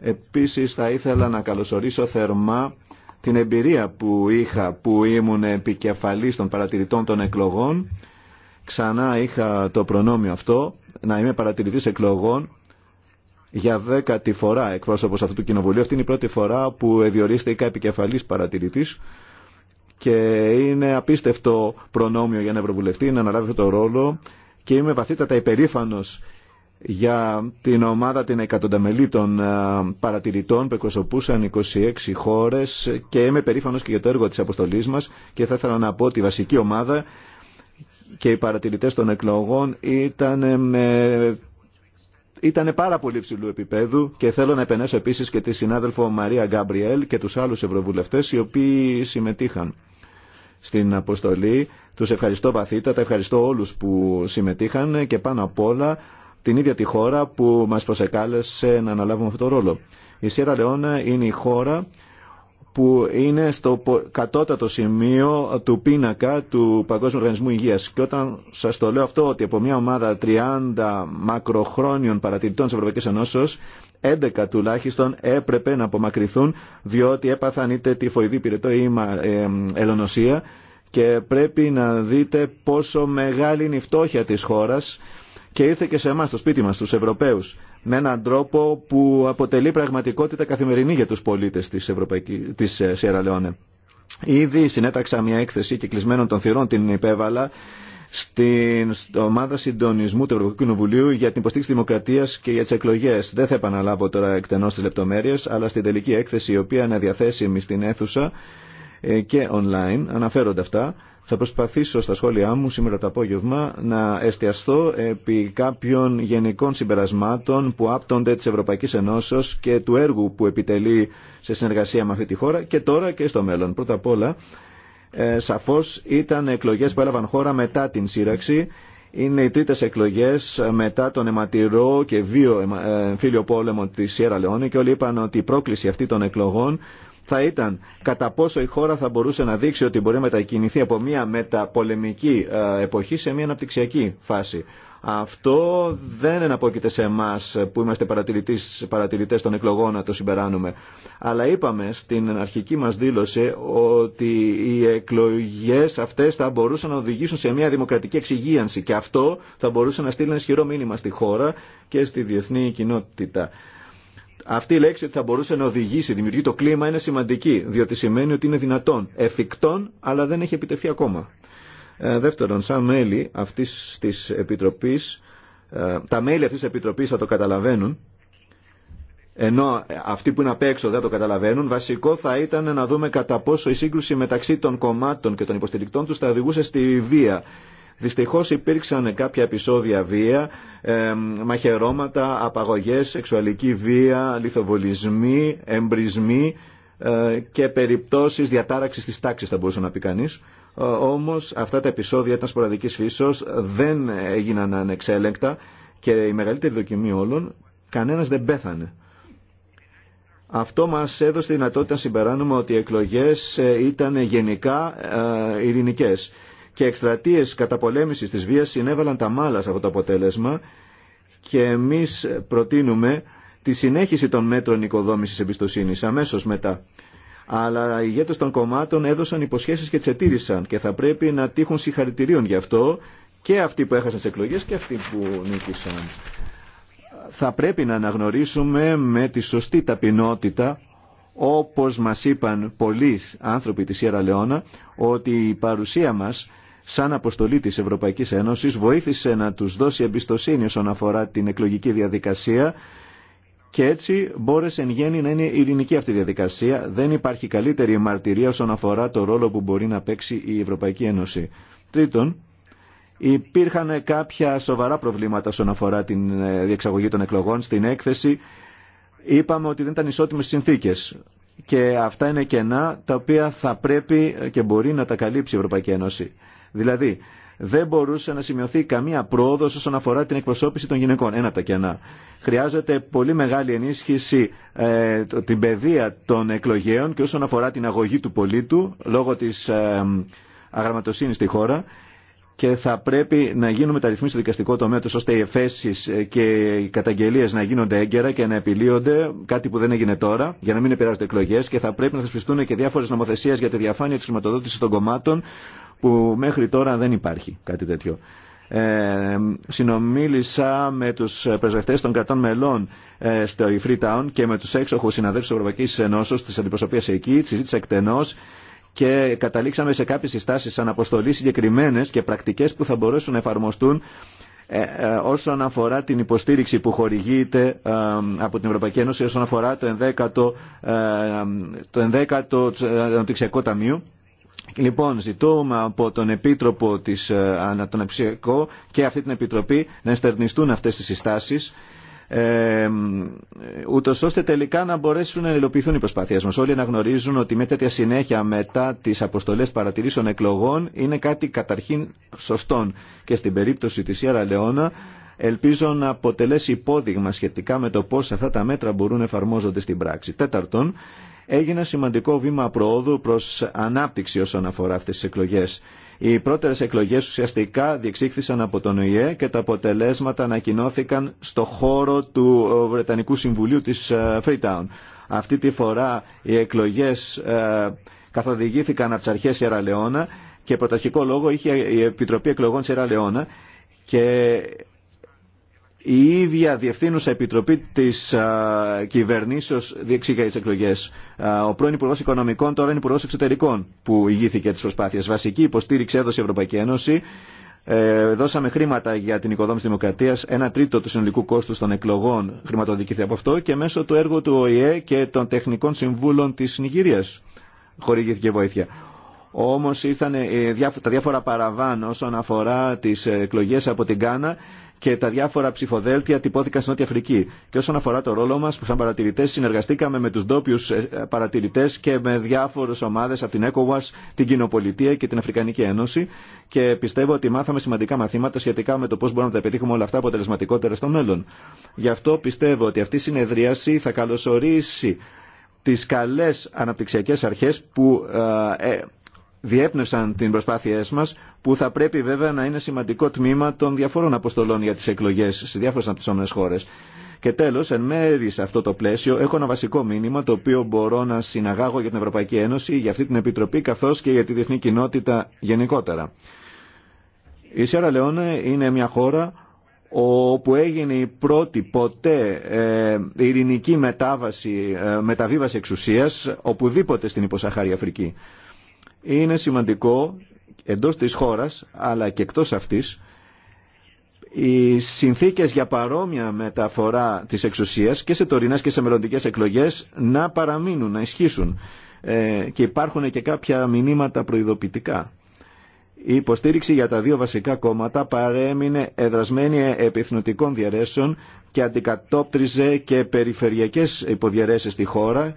Επίση, θα ήθελα να καλωσορίσω θερμά την εμπειρία που είχα που ήμουν επικεφαλής των παρατηρητών των εκλογών. Ξανά είχα το προνόμιο αυτό να είμαι παρατηρητής εκλογών για δέκατη φορά εκπρόσωπος αυτού του κοινοβουλίου. Αυτή είναι η πρώτη φορά που εδιορίστηκα επικεφαλής παρατηρητής και είναι απίστευτο προνόμιο για ένα Ευρωβουλευτή να αναλάβει αυτό το ρόλο και είμαι βαθύτατα υπερήφανος για την ομάδα την εκατονταμελή των ε, παρατηρητών που εκπροσωπούσαν 26 χώρες και είμαι περήφανος και για το έργο της αποστολής μας και θα ήθελα να πω ότι η βασική ομάδα και οι παρατηρητές των εκλογών ήταν με... Ήταν πάρα πολύ ψηλού επίπεδου και θέλω να επενέσω επίσης και τη συνάδελφο Μαρία Γκάμπριελ και τους άλλους ευρωβουλευτές οι οποίοι συμμετείχαν στην αποστολή. Τους ευχαριστώ βαθύτατα, ευχαριστώ όλους που συμμετείχαν και πάνω απ' όλα την ίδια τη χώρα που μας προσεκάλεσε να αναλάβουμε αυτό τον ρόλο. Η Σιέρα Λεόνα είναι η χώρα που είναι στο κατώτατο σημείο του πίνακα του Παγκόσμιου Οργανισμού Υγείας. Και όταν σας το λέω αυτό ότι από μια ομάδα 30 μακροχρόνιων παρατηρητών της Ευρωπαϊκής Ενώσεω, 11 τουλάχιστον έπρεπε να απομακρυνθούν διότι έπαθαν είτε τυφοειδή πυρετό ή ελονοσία και πρέπει να δείτε πόσο μεγάλη είναι η φτώχεια της χώρας και ήρθε και σε εμά, στο σπίτι μα, στου Ευρωπαίου, με έναν τρόπο που αποτελεί πραγματικότητα καθημερινή για του πολίτε τη Ευρωπαϊκή... της ε, Λεόνε. Ήδη συνέταξα μια έκθεση και κλεισμένων των θυρών, την υπέβαλα στην ομάδα συντονισμού του Ευρωπαϊκού Κοινοβουλίου για την υποστήριξη τη δημοκρατία και για τι εκλογέ. Δεν θα επαναλάβω τώρα εκτενώ τι λεπτομέρειε, αλλά στην τελική έκθεση, η οποία είναι διαθέσιμη στην αίθουσα ε, και online, αναφέρονται αυτά. Θα προσπαθήσω στα σχόλιά μου σήμερα το απόγευμα να εστιαστώ επί κάποιων γενικών συμπερασμάτων που άπτονται της Ευρωπαϊκής Ενώσεως και του έργου που επιτελεί σε συνεργασία με αυτή τη χώρα και τώρα και στο μέλλον. Πρώτα απ' όλα, ε, σαφώς ήταν εκλογές που έλαβαν χώρα μετά την σύραξη. Είναι οι τρίτες εκλογές μετά τον αιματηρό και βίο ε, ε, φίλιο πόλεμο της Σιέρα Λεόνη και όλοι είπαν ότι η πρόκληση αυτή των εκλογών θα ήταν κατά πόσο η χώρα θα μπορούσε να δείξει ότι μπορεί να μετακινηθεί από μια μεταπολεμική ε, εποχή σε μια αναπτυξιακή φάση. Αυτό δεν εναπόκειται σε εμά που είμαστε παρατηρητέ των εκλογών να το συμπεράνουμε. Αλλά είπαμε στην αρχική μα δήλωση ότι οι εκλογέ αυτέ θα μπορούσαν να οδηγήσουν σε μια δημοκρατική εξυγίανση και αυτό θα μπορούσε να στείλει ένα ισχυρό μήνυμα στη χώρα και στη διεθνή κοινότητα αυτή η λέξη ότι θα μπορούσε να οδηγήσει, δημιουργεί το κλίμα είναι σημαντική, διότι σημαίνει ότι είναι δυνατόν, εφικτόν, αλλά δεν έχει επιτευχθεί ακόμα. Ε, δεύτερον, σαν μέλη αυτή τη επιτροπή, ε, τα μέλη αυτή τη επιτροπή θα το καταλαβαίνουν, ενώ αυτοί που είναι απ' έξω δεν το καταλαβαίνουν, βασικό θα ήταν να δούμε κατά πόσο η σύγκρουση μεταξύ των κομμάτων και των υποστηρικτών του θα οδηγούσε στη βία Δυστυχώς υπήρξαν κάποια επεισόδια βία, ε, μαχαιρώματα, απαγωγές, σεξουαλική βία, λιθοβολισμοί, εμπρισμοί ε, και περιπτώσεις διατάραξης της τάξης θα μπορούσε να πει κανείς. Ε, όμως αυτά τα επεισόδια ήταν σποραδικής φύσεως, δεν έγιναν ανεξέλεγκτα και η μεγαλύτερη δοκιμή όλων, κανένας δεν πέθανε. Αυτό μας έδωσε τη δυνατότητα να συμπεράνουμε ότι οι εκλογές ε, ήταν γενικά ειρηνικές και εκστρατείε καταπολέμησης τη βία συνέβαλαν τα μάλα από το αποτέλεσμα και εμείς προτείνουμε τη συνέχιση των μέτρων οικοδόμηση εμπιστοσύνη αμέσω μετά. Αλλά οι ηγέτες των κομμάτων έδωσαν υποσχέσεις και τι ετήρησαν και θα πρέπει να τύχουν συγχαρητηρίων γι' αυτό και αυτοί που έχασαν τις εκλογές και αυτοί που νίκησαν. Θα πρέπει να αναγνωρίσουμε με τη σωστή ταπεινότητα όπως μας είπαν πολλοί άνθρωποι της Ιερα Λεώνα, ότι η παρουσία μας σαν αποστολή της Ευρωπαϊκής Ένωσης βοήθησε να τους δώσει εμπιστοσύνη όσον αφορά την εκλογική διαδικασία και έτσι μπόρεσε εν γέννη να είναι ειρηνική αυτή η διαδικασία. Δεν υπάρχει καλύτερη μαρτυρία όσον αφορά το ρόλο που μπορεί να παίξει η Ευρωπαϊκή Ένωση. Τρίτον, υπήρχαν κάποια σοβαρά προβλήματα όσον αφορά την ε, διεξαγωγή των εκλογών στην έκθεση. Είπαμε ότι δεν ήταν ισότιμες συνθήκες και αυτά είναι κενά τα οποία θα πρέπει και μπορεί να τα καλύψει η Ευρωπαϊκή Ένωση. Δηλαδή, δεν μπορούσε να σημειωθεί καμία πρόοδο όσον αφορά την εκπροσώπηση των γυναικών. Ένα από τα κενά. Χρειάζεται πολύ μεγάλη ενίσχυση ε, την παιδεία των εκλογέων και όσον αφορά την αγωγή του πολίτου λόγω τη ε, αγραμματοσύνη στη χώρα και θα πρέπει να γίνουν μεταρρυθμίσει στο δικαστικό τομέα, τους, ώστε οι εφέσει ε, και οι καταγγελίε να γίνονται έγκαιρα και να επιλύονται, κάτι που δεν έγινε τώρα, για να μην επηρεάζονται εκλογέ. Και θα πρέπει να θεσπιστούν και διάφορε νομοθεσίε για τη διαφάνεια τη χρηματοδότηση των κομμάτων, που μέχρι τώρα δεν υπάρχει κάτι τέτοιο. Ε, συνομίλησα με τους πρεσβευτές των κρατών μελών ε, στο Freetown και με τους έξοχους συναδέλφους της Ευρωπαϊκής Ενώσεως τη αντιπροσωπεία εκεί, συζήτησα εκτενώς και καταλήξαμε σε κάποιες συστάσεις αναποστολή συγκεκριμένε και πρακτικές που θα μπορέσουν να εφαρμοστούν ε, ε, όσον αφορά την υποστήριξη που χορηγείται ε, από την Ευρωπαϊκή Ένωση όσον αφορά το 11ο, το 11ο Αναπτυξιακό Ταμείο Λοιπόν, ζητούμε από τον Επίτροπο της, ε, τον και αυτή την Επιτροπή να εστερνιστούν αυτές τις συστάσεις ε, ούτως ώστε τελικά να μπορέσουν να υλοποιηθούν οι προσπάθειές μας. Όλοι να γνωρίζουν ότι με τέτοια συνέχεια μετά τις αποστολές παρατηρήσεων εκλογών είναι κάτι καταρχήν σωστόν. Και στην περίπτωση της Ιερα Λεώνα ελπίζω να αποτελέσει υπόδειγμα σχετικά με το πώς αυτά τα μέτρα μπορούν να εφαρμόζονται στην πράξη. Τέταρτον, έγινε σημαντικό βήμα προόδου προ ανάπτυξη όσον αφορά αυτές τι εκλογές. Οι πρώτερες εκλογές ουσιαστικά διεξήχθησαν από τον ΟΗΕ και τα αποτελέσματα ανακοινώθηκαν στο χώρο του ε, Βρετανικού Συμβουλίου της ε, Freetown. Αυτή τη φορά οι εκλογές ε, καθοδηγήθηκαν από τι αρχές Λεώνα και πρωταρχικό λόγο είχε η Επιτροπή Εκλογών Ιερα Λεώνα και η ίδια Διευθύνουσα Επιτροπή τη Κυβερνήσεω διεξήγαγε τι εκλογέ. Ο πρώην Υπουργό Οικονομικών, τώρα είναι Υπουργό Εξωτερικών, που ηγήθηκε τι προσπάθειε. Βασική υποστήριξη έδωσε η Ευρωπαϊκή Ένωση. Ε, δώσαμε χρήματα για την οικοδόμηση δημοκρατία, ένα τρίτο του συνολικού κόστου των εκλογών χρηματοδοτήθηκε από αυτό και μέσω του έργου του ΟΗΕ και των τεχνικών συμβούλων τη Νιγηρία χορηγήθηκε βοήθεια. Όμω ήρθαν ε, τα διάφορα παραβάν όσον αφορά τι εκλογέ από την Κάνα και τα διάφορα ψηφοδέλτια τυπώθηκαν στην Νότια Αφρική. Και όσον αφορά το ρόλο μα, σαν παρατηρητέ συνεργαστήκαμε με του ντόπιου ε, παρατηρητέ και με διάφορε ομάδε από την ECOWAS, την Κοινοπολιτεία και την Αφρικανική Ένωση. Και πιστεύω ότι μάθαμε σημαντικά μαθήματα σχετικά με το πώ μπορούμε να τα πετύχουμε όλα αυτά αποτελεσματικότερα στο μέλλον. Γι' αυτό πιστεύω ότι αυτή η συνεδρίαση θα καλωσορίσει τι καλέ αναπτυξιακέ αρχέ που ε, ε διέπνευσαν την προσπάθεια μα, που θα πρέπει βέβαια να είναι σημαντικό τμήμα των διαφόρων αποστολών για τις εκλογές στις διάφορες αναπτυσσόμενε χώρε. Και τέλο, εν μέρη σε αυτό το πλαίσιο, έχω ένα βασικό μήνυμα το οποίο μπορώ να συναγάγω για την Ευρωπαϊκή Ένωση, για αυτή την Επιτροπή, καθώ και για τη διεθνή κοινότητα γενικότερα. Η Σιέρα Λεόνε είναι μια χώρα όπου έγινε η πρώτη ποτέ ε, ειρηνική μετάβαση, ε, μεταβίβαση εξουσίας οπουδήποτε στην υποσαχάρη Αφρική. Είναι σημαντικό εντός της χώρας αλλά και εκτός αυτής οι συνθήκες για παρόμοια μεταφορά της εξουσίας και σε τωρινές και σε μελλοντικέ εκλογές να παραμείνουν, να ισχύσουν ε, και υπάρχουν και κάποια μηνύματα προειδοποιητικά. Η υποστήριξη για τα δύο βασικά κόμματα παρέμεινε εδρασμένη επιθνωτικών διαρέσεων και αντικατόπτριζε και περιφερειακές υποδιαρέσεις στη χώρα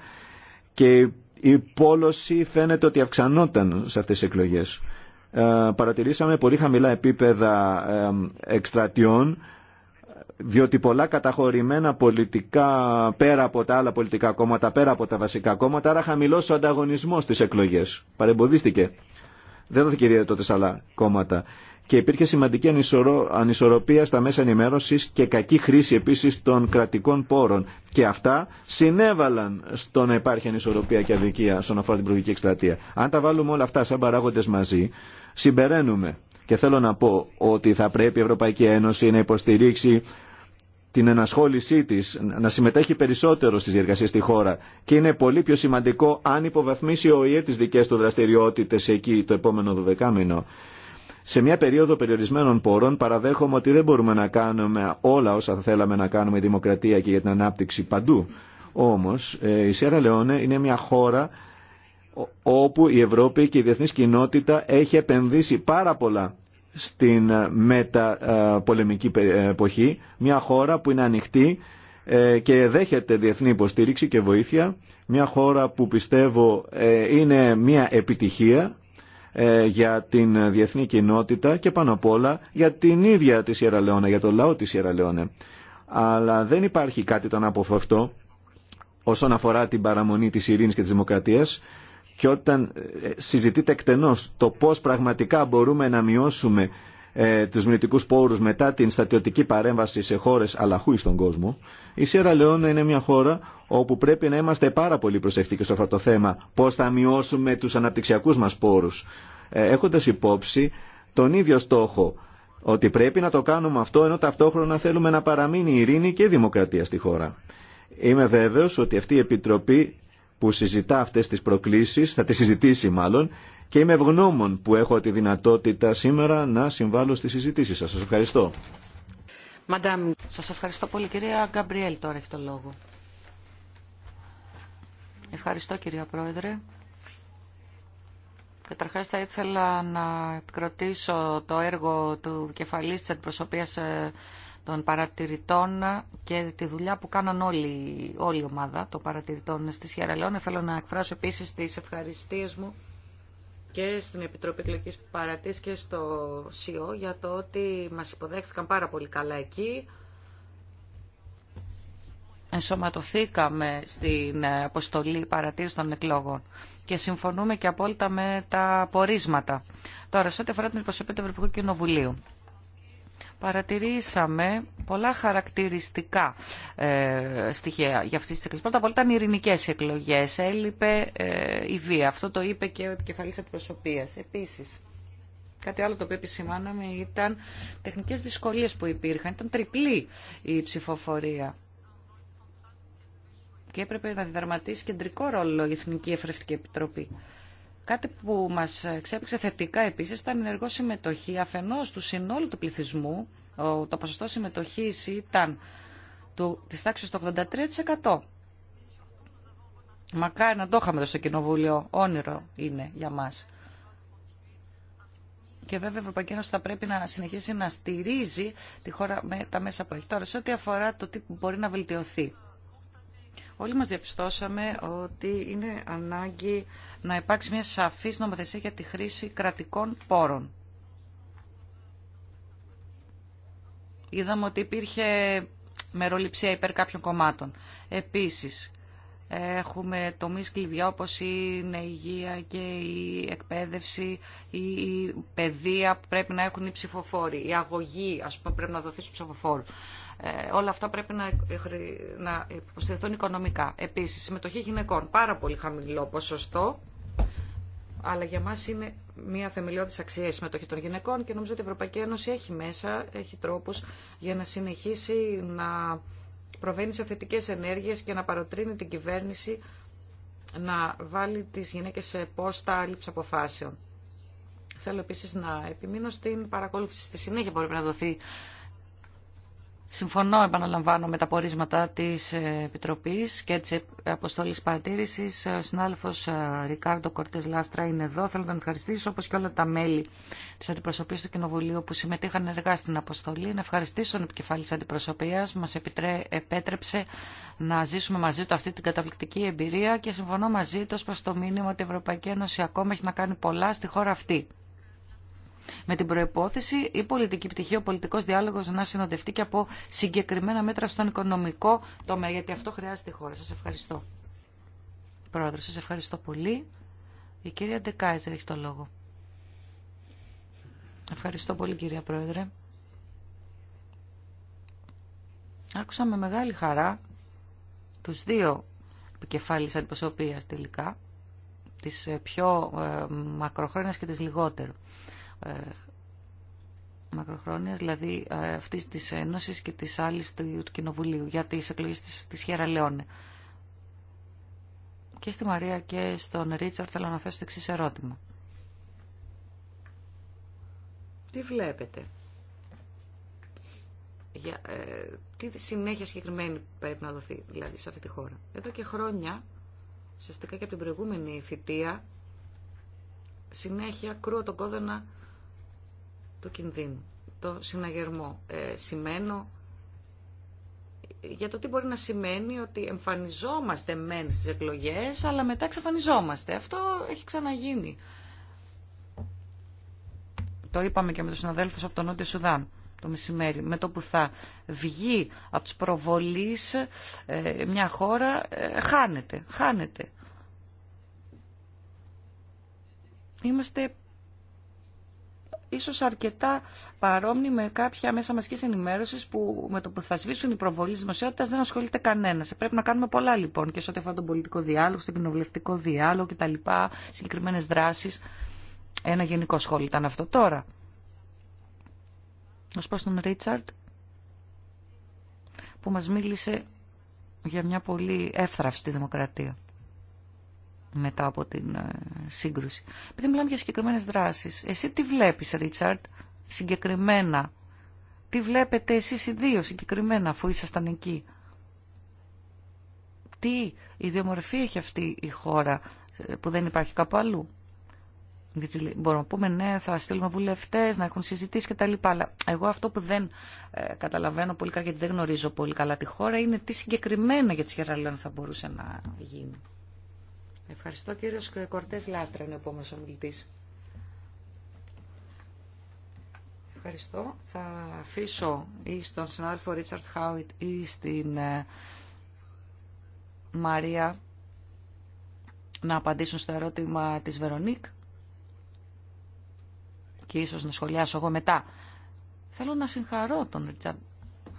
και η πόλωση φαίνεται ότι αυξανόταν σε αυτές τις εκλογές. Ε, παρατηρήσαμε πολύ χαμηλά επίπεδα εκστρατιών διότι πολλά καταχωρημένα πολιτικά πέρα από τα άλλα πολιτικά κόμματα, πέρα από τα βασικά κόμματα, άρα χαμηλό ο ανταγωνισμό στι εκλογέ. Παρεμποδίστηκε. Δεν δόθηκε ιδιαίτερο τότε σε άλλα κόμματα και υπήρχε σημαντική ανισορροπία στα μέσα ενημέρωσης και κακή χρήση επίσης των κρατικών πόρων. Και αυτά συνέβαλαν στο να υπάρχει ανισορροπία και αδικία στον αφορά την προηγική εκστρατεία. Αν τα βάλουμε όλα αυτά σαν παράγοντε μαζί, συμπεραίνουμε. Και θέλω να πω ότι θα πρέπει η Ευρωπαϊκή Ένωση να υποστηρίξει την ενασχόλησή τη, να συμμετέχει περισσότερο στι διεργασίε στη χώρα. Και είναι πολύ πιο σημαντικό αν υποβαθμίσει ο ΙΕ τι δικέ του δραστηριότητε εκεί το επόμενο 12 μήνο. Σε μια περίοδο περιορισμένων πόρων παραδέχομαι ότι δεν μπορούμε να κάνουμε όλα όσα θα θέλαμε να κάνουμε η δημοκρατία και για την ανάπτυξη παντού. Όμως ε, η Σιέρα Λεόνε είναι μια χώρα όπου η Ευρώπη και η διεθνής κοινότητα έχει επενδύσει πάρα πολλά στην ε, μεταπολεμική ε, εποχή. Μια χώρα που είναι ανοιχτή και δέχεται διεθνή υποστήριξη και βοήθεια. Μια χώρα που πιστεύω είναι μια επιτυχία ε, για την διεθνή κοινότητα και πάνω απ' όλα για την ίδια τη Σιέρα για το λαό τη Σιέρα Λεώνα. Αλλά δεν υπάρχει κάτι το αναποφευτό όσον αφορά την παραμονή της ειρήνης και της δημοκρατίας και όταν ε, συζητείται εκτενώς το πώς πραγματικά μπορούμε να μειώσουμε ε, τους πόρου πόρους μετά την στατιωτική παρέμβαση σε χώρες αλλαχού στον κόσμο, η Σιέρα Λεόνα είναι μια χώρα όπου πρέπει να είμαστε πάρα πολύ προσεκτικοί στο αυτό το θέμα, πώς θα μειώσουμε τους αναπτυξιακούς μας πόρους, έχοντα ε, έχοντας υπόψη τον ίδιο στόχο, ότι πρέπει να το κάνουμε αυτό ενώ ταυτόχρονα θέλουμε να παραμείνει η ειρήνη και η δημοκρατία στη χώρα. Είμαι βέβαιος ότι αυτή η Επιτροπή που συζητά αυτές τις προκλήσεις, θα τις συζητήσει μάλλον, και είμαι ευγνώμων που έχω τη δυνατότητα σήμερα να συμβάλλω στη συζήτηση σας. Σας ευχαριστώ. Μαντάμ, σας ευχαριστώ πολύ. Κυρία Γκαμπριέλ τώρα έχει το λόγο. Ευχαριστώ κυρία Πρόεδρε. Καταρχά θα ήθελα να επικροτήσω το έργο του κεφαλής της αντιπροσωπείας ε, των παρατηρητών και τη δουλειά που κάναν όλη, όλη η ομάδα των παρατηρητών στη Σιεραλεόνε. Θέλω να εκφράσω επίσης τι ευχαριστίες μου και στην Επιτροπή Εκλογική Παρατή και στο ΣΥΟ για το ότι μας υποδέχθηκαν πάρα πολύ καλά εκεί. Ενσωματωθήκαμε στην αποστολή παρατήρηση των εκλόγων και συμφωνούμε και απόλυτα με τα πορίσματα. Τώρα, σε ό,τι αφορά την προσωπή του Ευρωπαϊκού Κοινοβουλίου παρατηρήσαμε πολλά χαρακτηριστικά ε, στοιχεία για αυτή τις εκλογές. Πρώτα απ' όλα ήταν ειρηνικέ εκλογές, έλειπε ε, η βία. Αυτό το είπε και ο επικεφαλής αντιπροσωπείας. Επίσης, κάτι άλλο το οποίο επισημάναμε ήταν τεχνικές δυσκολίες που υπήρχαν. Ήταν τριπλή η ψηφοφορία και έπρεπε να διδαρματίσει κεντρικό ρόλο η Εθνική Εφρευτική Επιτροπή. Κάτι που μας ξέπηξε θετικά επίσης ήταν η ενεργό συμμετοχή αφενός του συνόλου του πληθυσμού. Το ποσοστό συμμετοχής ήταν του, της τάξης του 83%. Μακάρι να το είχαμε εδώ στο Κοινοβούλιο. Όνειρο είναι για μας. Και βέβαια η Ευρωπαϊκή Ένωση θα πρέπει να συνεχίσει να στηρίζει τη χώρα με τα μέσα που έχει. Τώρα, σε ό,τι αφορά το τι μπορεί να βελτιωθεί. Όλοι μας διαπιστώσαμε ότι είναι ανάγκη να υπάρξει μια σαφής νομοθεσία για τη χρήση κρατικών πόρων. Είδαμε ότι υπήρχε μεροληψία υπέρ κάποιων κομμάτων. Επίσης, έχουμε τομείς κλειδιά όπως είναι η υγεία και η εκπαίδευση, η παιδεία που πρέπει να έχουν οι ψηφοφόροι, η αγωγή, ας πούμε, πρέπει να δοθεί στους ψηφοφόρους. Ε, όλα αυτά πρέπει να, να υποστηριχθούν οικονομικά. Επίσης, συμμετοχή γυναικών, πάρα πολύ χαμηλό ποσοστό, αλλά για μας είναι μια θεμελιώδης αξία η συμμετοχή των γυναικών και νομίζω ότι η Ευρωπαϊκή Ένωση έχει μέσα, έχει τρόπους για να συνεχίσει να προβαίνει σε θετικές ενέργειες και να παροτρύνει την κυβέρνηση να βάλει τις γυναίκες σε πόστα λήψη αποφάσεων. Θέλω επίσης να επιμείνω στην παρακολούθηση. Στη συνέχεια μπορεί να δοθεί Συμφωνώ, επαναλαμβάνω, με τα πορίσματα της Επιτροπής και της Αποστολής Παρατήρησης. Ο συνάδελφος ε, Ρικάρντο Κορτές Λάστρα είναι εδώ. Θέλω να τον ευχαριστήσω, όπως και όλα τα μέλη της Αντιπροσωπής του Κοινοβουλίου που συμμετείχαν εργά στην Αποστολή. Να ευχαριστήσω τον επικεφάλη της Αντιπροσωπείας που μας επέτρεψε να ζήσουμε μαζί του αυτή την καταπληκτική εμπειρία και συμφωνώ μαζί του προς το μήνυμα ότι η Ευρωπαϊκή Ένωση ακόμα έχει να κάνει πολλά στη χώρα αυτή με την προπόθεση η πολιτική πτυχή, ο πολιτικό διάλογο να συνοδευτεί και από συγκεκριμένα μέτρα στον οικονομικό τομέα, γιατί αυτό χρειάζεται η χώρα. Σα ευχαριστώ. Πρόεδρο, σα ευχαριστώ πολύ. Η κυρία Ντεκάιζερ έχει το λόγο. Ευχαριστώ πολύ κυρία Πρόεδρε. Άκουσα με μεγάλη χαρά τους δύο επικεφάλεις αντιπροσωπείας τελικά, τις πιο ε, και τις λιγότερο. Ε, μακροχρόνιας, δηλαδή ε, αυτής της Ένωσης και της άλλης του Κοινοβουλίου για τις εκλογές τη της Χέρα Λεόνε. Και στη Μαρία και στον Ρίτσαρτ θέλω να θέσω το εξή ερώτημα. Τι βλέπετε. Για, ε, τι συνέχεια συγκεκριμένη πρέπει να δοθεί δηλαδή σε αυτή τη χώρα. Εδώ και χρόνια, ουσιαστικά και από την προηγούμενη θητεία, συνέχεια κρούω τον κόδωνα το κινδύνου, το συναγερμό. Ε, σημαίνω για το τι μπορεί να σημαίνει ότι εμφανιζόμαστε μεν στις εκλογές, αλλά μετά εξαφανιζόμαστε. Αυτό έχει ξαναγίνει. Το είπαμε και με τους συναδέλφους από τον Νότιο Σουδάν το μεσημέρι, με το που θα βγει από τις προβολείς ε, μια χώρα, ε, χάνεται, χάνεται. Είμαστε ίσως αρκετά παρόμοιοι με κάποια μέσα μαζικής ενημέρωσης που με το που θα σβήσουν οι προβολείς δημοσιότητας δεν ασχολείται κανένας. Ε, πρέπει να κάνουμε πολλά λοιπόν και σε ό,τι αφορά τον πολιτικό διάλογο, στον κοινοβουλευτικό διάλογο κτλ, Συγκεκριμένε δράσεις. Ένα γενικό σχόλιο ήταν αυτό τώρα. σου πω στον Ρίτσαρντ που μας μίλησε για μια πολύ εύθραυστη δημοκρατία μετά από την ε, σύγκρουση. Επειδή μιλάμε για συγκεκριμένε δράσει. εσύ τι βλέπει, Ρίτσαρντ συγκεκριμένα, τι βλέπετε εσείς οι δύο συγκεκριμένα αφού ήσασταν εκεί. Τι ιδιομορφή έχει αυτή η χώρα ε, που δεν υπάρχει κάπου αλλού. μπορούμε να πούμε ναι, θα στείλουμε βουλευτέ να έχουν συζητήσει κτλ. Αλλά εγώ αυτό που δεν ε, καταλαβαίνω πολύ καλά, γιατί δεν γνωρίζω πολύ καλά τη χώρα, είναι τι συγκεκριμένα για τι Γεραλέων θα μπορούσε να γίνει. Ευχαριστώ κύριος Κορτές Λάστρα, είναι ο επόμενος ομιλητής. Ευχαριστώ. Θα αφήσω ή στον συνάδελφο Ρίτσαρτ Χάουιτ ή στην ε, Μαρία να απαντήσουν στο ερώτημα της Βερονίκ και ίσως να σχολιάσω εγώ μετά. Θέλω να συγχαρώ τον Ρίτσαρτ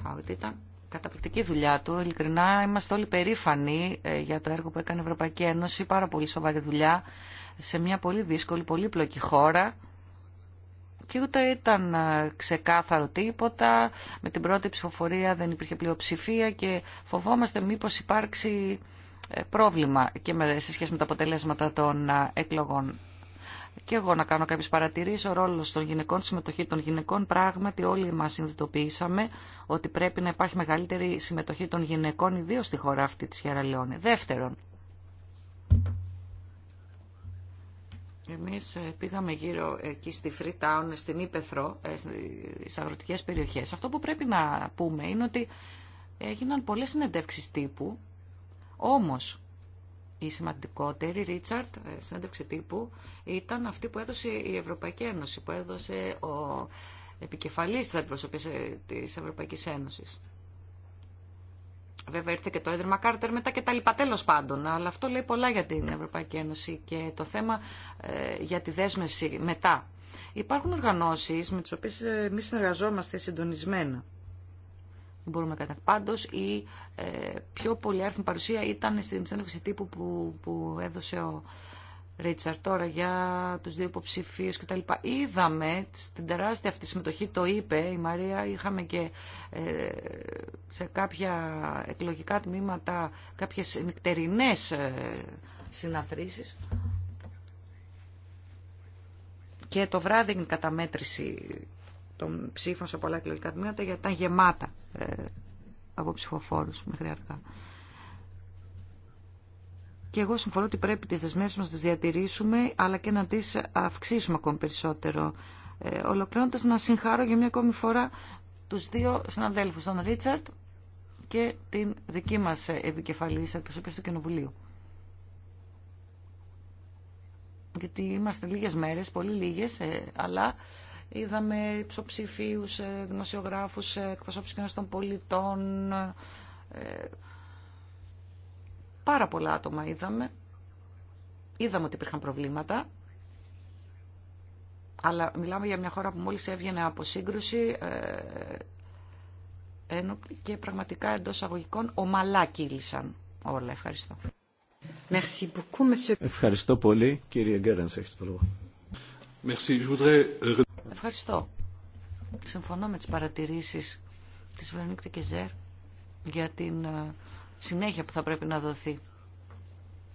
Χάουιτ. Ήταν καταπληκτική δουλειά του. Ειλικρινά είμαστε όλοι περήφανοι ε, για το έργο που έκανε η Ευρωπαϊκή Ένωση. Πάρα πολύ σοβαρή δουλειά σε μια πολύ δύσκολη, πολύπλοκη χώρα. Και ούτε ήταν ε, ξεκάθαρο τίποτα. Με την πρώτη ψηφοφορία δεν υπήρχε πλειοψηφία και φοβόμαστε μήπως υπάρξει ε, πρόβλημα και σε σχέση με τα αποτελέσματα των εκλογών και εγώ να κάνω κάποιες παρατηρήσεις. Ο ρόλος των γυναικών, τη συμμετοχή των γυναικών, πράγματι όλοι μας συνειδητοποιήσαμε ότι πρέπει να υπάρχει μεγαλύτερη συμμετοχή των γυναικών, ιδίω στη χώρα αυτή της Χεραλεόνη. Δεύτερον, εμείς ε, πήγαμε γύρω εκεί στη Freetown, στην Ήπεθρο, ε, ε, στις αγροτικές περιοχές. Αυτό που πρέπει να πούμε είναι ότι έγιναν πολλές συνεντεύξεις τύπου, όμως η σημαντικότερη, Ρίτσαρτ, ε, συνέντευξη τύπου, ήταν αυτή που έδωσε η Ευρωπαϊκή Ένωση, που έδωσε ο επικεφαλής της αντιπροσωπής ε, της Ευρωπαϊκής Ένωσης. Βέβαια ήρθε και το έδρυμα Κάρτερ μετά και τα λοιπά τέλος πάντων, αλλά αυτό λέει πολλά για την Ευρωπαϊκή Ένωση και το θέμα ε, για τη δέσμευση μετά. Υπάρχουν οργανώσεις με τις οποίες εμείς συνεργαζόμαστε συντονισμένα μπορούμε κατά. Πάντω, η ε, πιο άρθρη παρουσία ήταν στην συνέντευξη τύπου που, που έδωσε ο Ρίτσαρτ τώρα για του δύο υποψηφίου κτλ. Είδαμε την τεράστια αυτή συμμετοχή, το είπε η Μαρία. Είχαμε και ε, σε κάποια εκλογικά τμήματα κάποιε νυχτερινέ ε, Και το βράδυ η καταμέτρηση των ψήφων σε πολλά εκλογικά τμήματα γιατί ήταν γεμάτα ε, από ψηφοφόρους μέχρι αργά. Και εγώ συμφωνώ ότι πρέπει τις δεσμεύσεις μας να τις διατηρήσουμε, αλλά και να τις αυξήσουμε ακόμη περισσότερο. Ε, ολοκληρώνοντας να συγχάρω για μια ακόμη φορά τους δύο συναδέλφους, τον Ρίτσαρτ και την δική μας επικεφαλής αντιπροσωπής του Κοινοβουλίου. Γιατί είμαστε λίγες μέρες, πολύ λίγες, ε, αλλά Είδαμε ψοψηφίους, ε, δημοσιογράφους, ε, εκπροσώπους κοινών των πολιτών. Ε, πάρα πολλά άτομα είδαμε. Είδαμε ότι υπήρχαν προβλήματα. Αλλά μιλάμε για μια χώρα που μόλις έβγαινε από σύγκρουση και πραγματικά εντό αγωγικών ομαλά κύλησαν όλα. Ευχαριστώ. Ευχαριστώ πολύ. Κύριε Γκέρενς, το Ευχαριστώ. Συμφωνώ με τις παρατηρήσεις της και Κεζέρ για την ε, συνέχεια που θα πρέπει να δοθεί.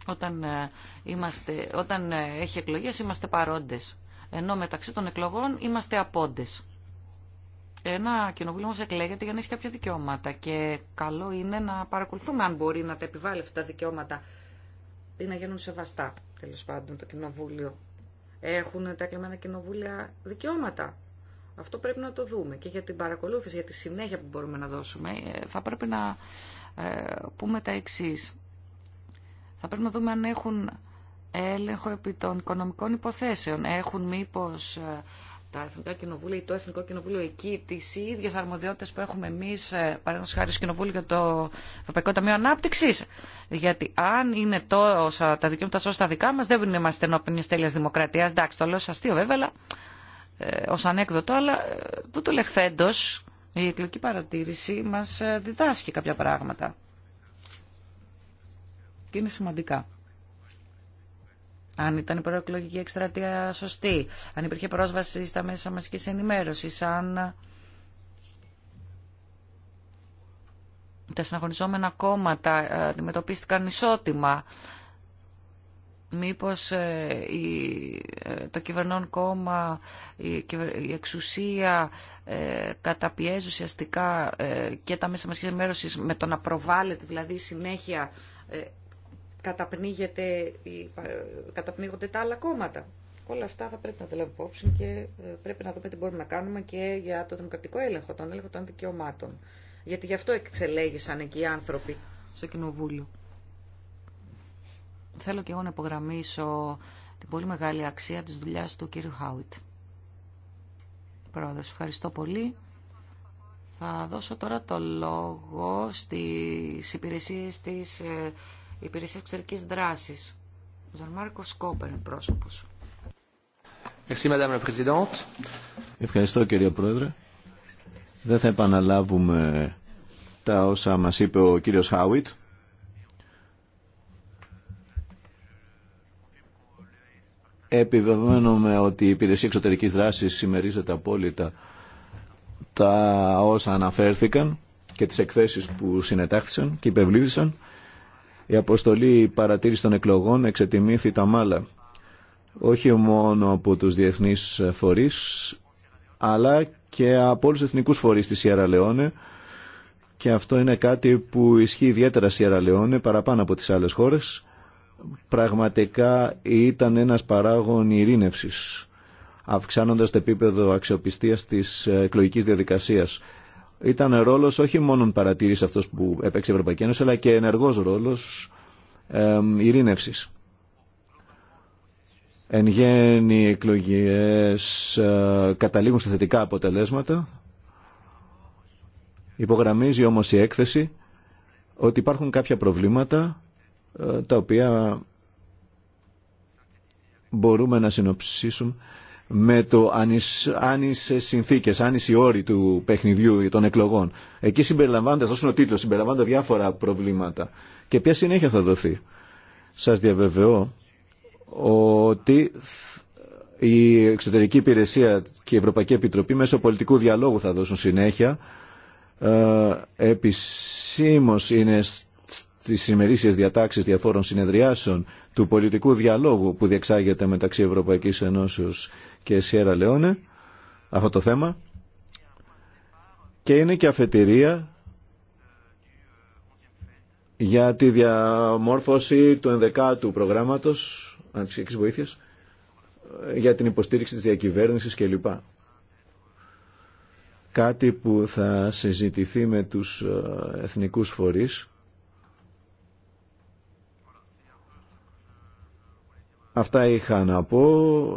Όταν, ε, είμαστε, όταν ε, έχει εκλογές είμαστε παρόντες, ενώ μεταξύ των εκλογών είμαστε απόντες. Ένα κοινοβούλιο όμως εκλέγεται για να έχει κάποια δικαιώματα και καλό είναι να παρακολουθούμε αν μπορεί να τα επιβάλλει αυτά τα δικαιώματα ή να γίνουν σεβαστά, τέλος πάντων, το κοινοβούλιο. Έχουν τα κλεμμένα κοινοβούλια δικαιώματα. Αυτό πρέπει να το δούμε. Και για την παρακολούθηση, για τη συνέχεια που μπορούμε να δώσουμε, ε, θα πρέπει να ε, πούμε τα εξή. Θα πρέπει να δούμε αν έχουν έλεγχο επί των οικονομικών υποθέσεων. Έχουν μήπως ε, τα Εθνικά Κοινοβούλια ή το Εθνικό Κοινοβούλιο εκεί τι ίδιε αρμοδιότητε που έχουμε εμεί, ε, παραδείγματο χάρη στο Κοινοβούλιο για το Ευρωπαϊκό Ταμείο Ανάπτυξη. Γιατί αν είναι τόσα τα δικαιώματα τόσο τα δικά μα, δεν είμαστε ενώπιον μια τέλεια δημοκρατία. Εντάξει, το λέω σα αστείο βέβαια, αλλά, ε, ω ανέκδοτο, αλλά ε, τούτο λεχθέντο η εκλογική παρατήρηση μα ε, διδάσκει κάποια πράγματα. Και είναι σημαντικά αν ήταν η προεκλογική εκστρατεία σωστή, αν υπήρχε πρόσβαση στα μέσα μαζικής ενημέρωσης, αν τα συναγωνιζόμενα κόμματα ε, αντιμετωπίστηκαν ισότιμα, μήπως ε, ε, το κυβερνών κόμμα, η εξουσία καταπιέζει ουσιαστικά και τα μέσα μαζικής ενημέρωσης με το να προβάλλεται δηλαδή συνέχεια καταπνίγονται τα άλλα κόμματα. Όλα αυτά θα πρέπει να τα λάβουμε υπόψη και ε, πρέπει να δούμε τι μπορούμε να κάνουμε και για το δημοκρατικό έλεγχο, τον έλεγχο των δικαιωμάτων. Γιατί γι' αυτό εξελέγησαν εκεί οι άνθρωποι στο Κοινοβούλιο. Θέλω και εγώ να υπογραμμίσω την πολύ μεγάλη αξία της δουλειάς του κύριου Χάουιτ. Πρόεδρος, ευχαριστώ πολύ. Θα δώσω τώρα το λόγο στις υπηρεσίες της ε, Υπηρεσία Εξωτερική Δράση. Ο τον Μάρκο πρόσωπο. Ευχαριστώ κύριε Πρόεδρε. Δεν θα επαναλάβουμε τα όσα μας είπε ο κύριος Χάουιτ. Επιβεβαιώνουμε ότι η Υπηρεσία Εξωτερικής Δράσης συμμερίζεται απόλυτα τα όσα αναφέρθηκαν και τις εκθέσεις που συνετάχθησαν και υπευλήθησαν. Η αποστολή παρατήρηση των εκλογών εξετιμήθη τα μάλα. Όχι μόνο από τους διεθνείς φορείς, αλλά και από όλους τους εθνικούς φορείς της Ιερα Και αυτό είναι κάτι που ισχύει ιδιαίτερα στη Ιερα Λεόνε, παραπάνω από τις άλλες χώρες. Πραγματικά ήταν ένας παράγων ειρήνευσης αυξάνοντας το επίπεδο αξιοπιστίας της εκλογικής διαδικασίας ήταν ρόλο όχι μόνο παρατήρηση αυτό που έπαιξε η Ευρωπαϊκή Ένωση, αλλά και ενεργός ρόλο ε, ειρήνευσης. Εν γέννη οι εκλογές ε, καταλήγουν στα θετικά αποτελέσματα. Υπογραμμίζει όμως η έκθεση ότι υπάρχουν κάποια προβλήματα ε, τα οποία μπορούμε να συνοψίσουμε με το αν είσαι συνθήκες, αν είσαι όροι του παιχνιδιού των εκλογών. Εκεί αυτό δώσουν ο τίτλο, συμπεριλαμβάνονται διάφορα προβλήματα. Και ποια συνέχεια θα δοθεί. σα διαβεβαιώ ότι η εξωτερική υπηρεσία και η Ευρωπαϊκή Επιτροπή μέσω πολιτικού διαλόγου θα δώσουν συνέχεια. Ε, επισήμως είναι στις ημερήσιες διατάξεις διαφόρων συνεδριάσεων του πολιτικού διαλόγου που διεξάγεται μεταξύ Ευρωπαϊκής Ενώσεως και Σιέρα Λεόνε αυτό το θέμα και είναι και αφετηρία για τη διαμόρφωση του ενδεκάτου προγράμματος αναψυχιακής βοήθειας για την υποστήριξη της διακυβέρνησης κλπ. Κάτι που θα συζητηθεί με τους ε, εθνικούς φορείς Αυτά είχα να πω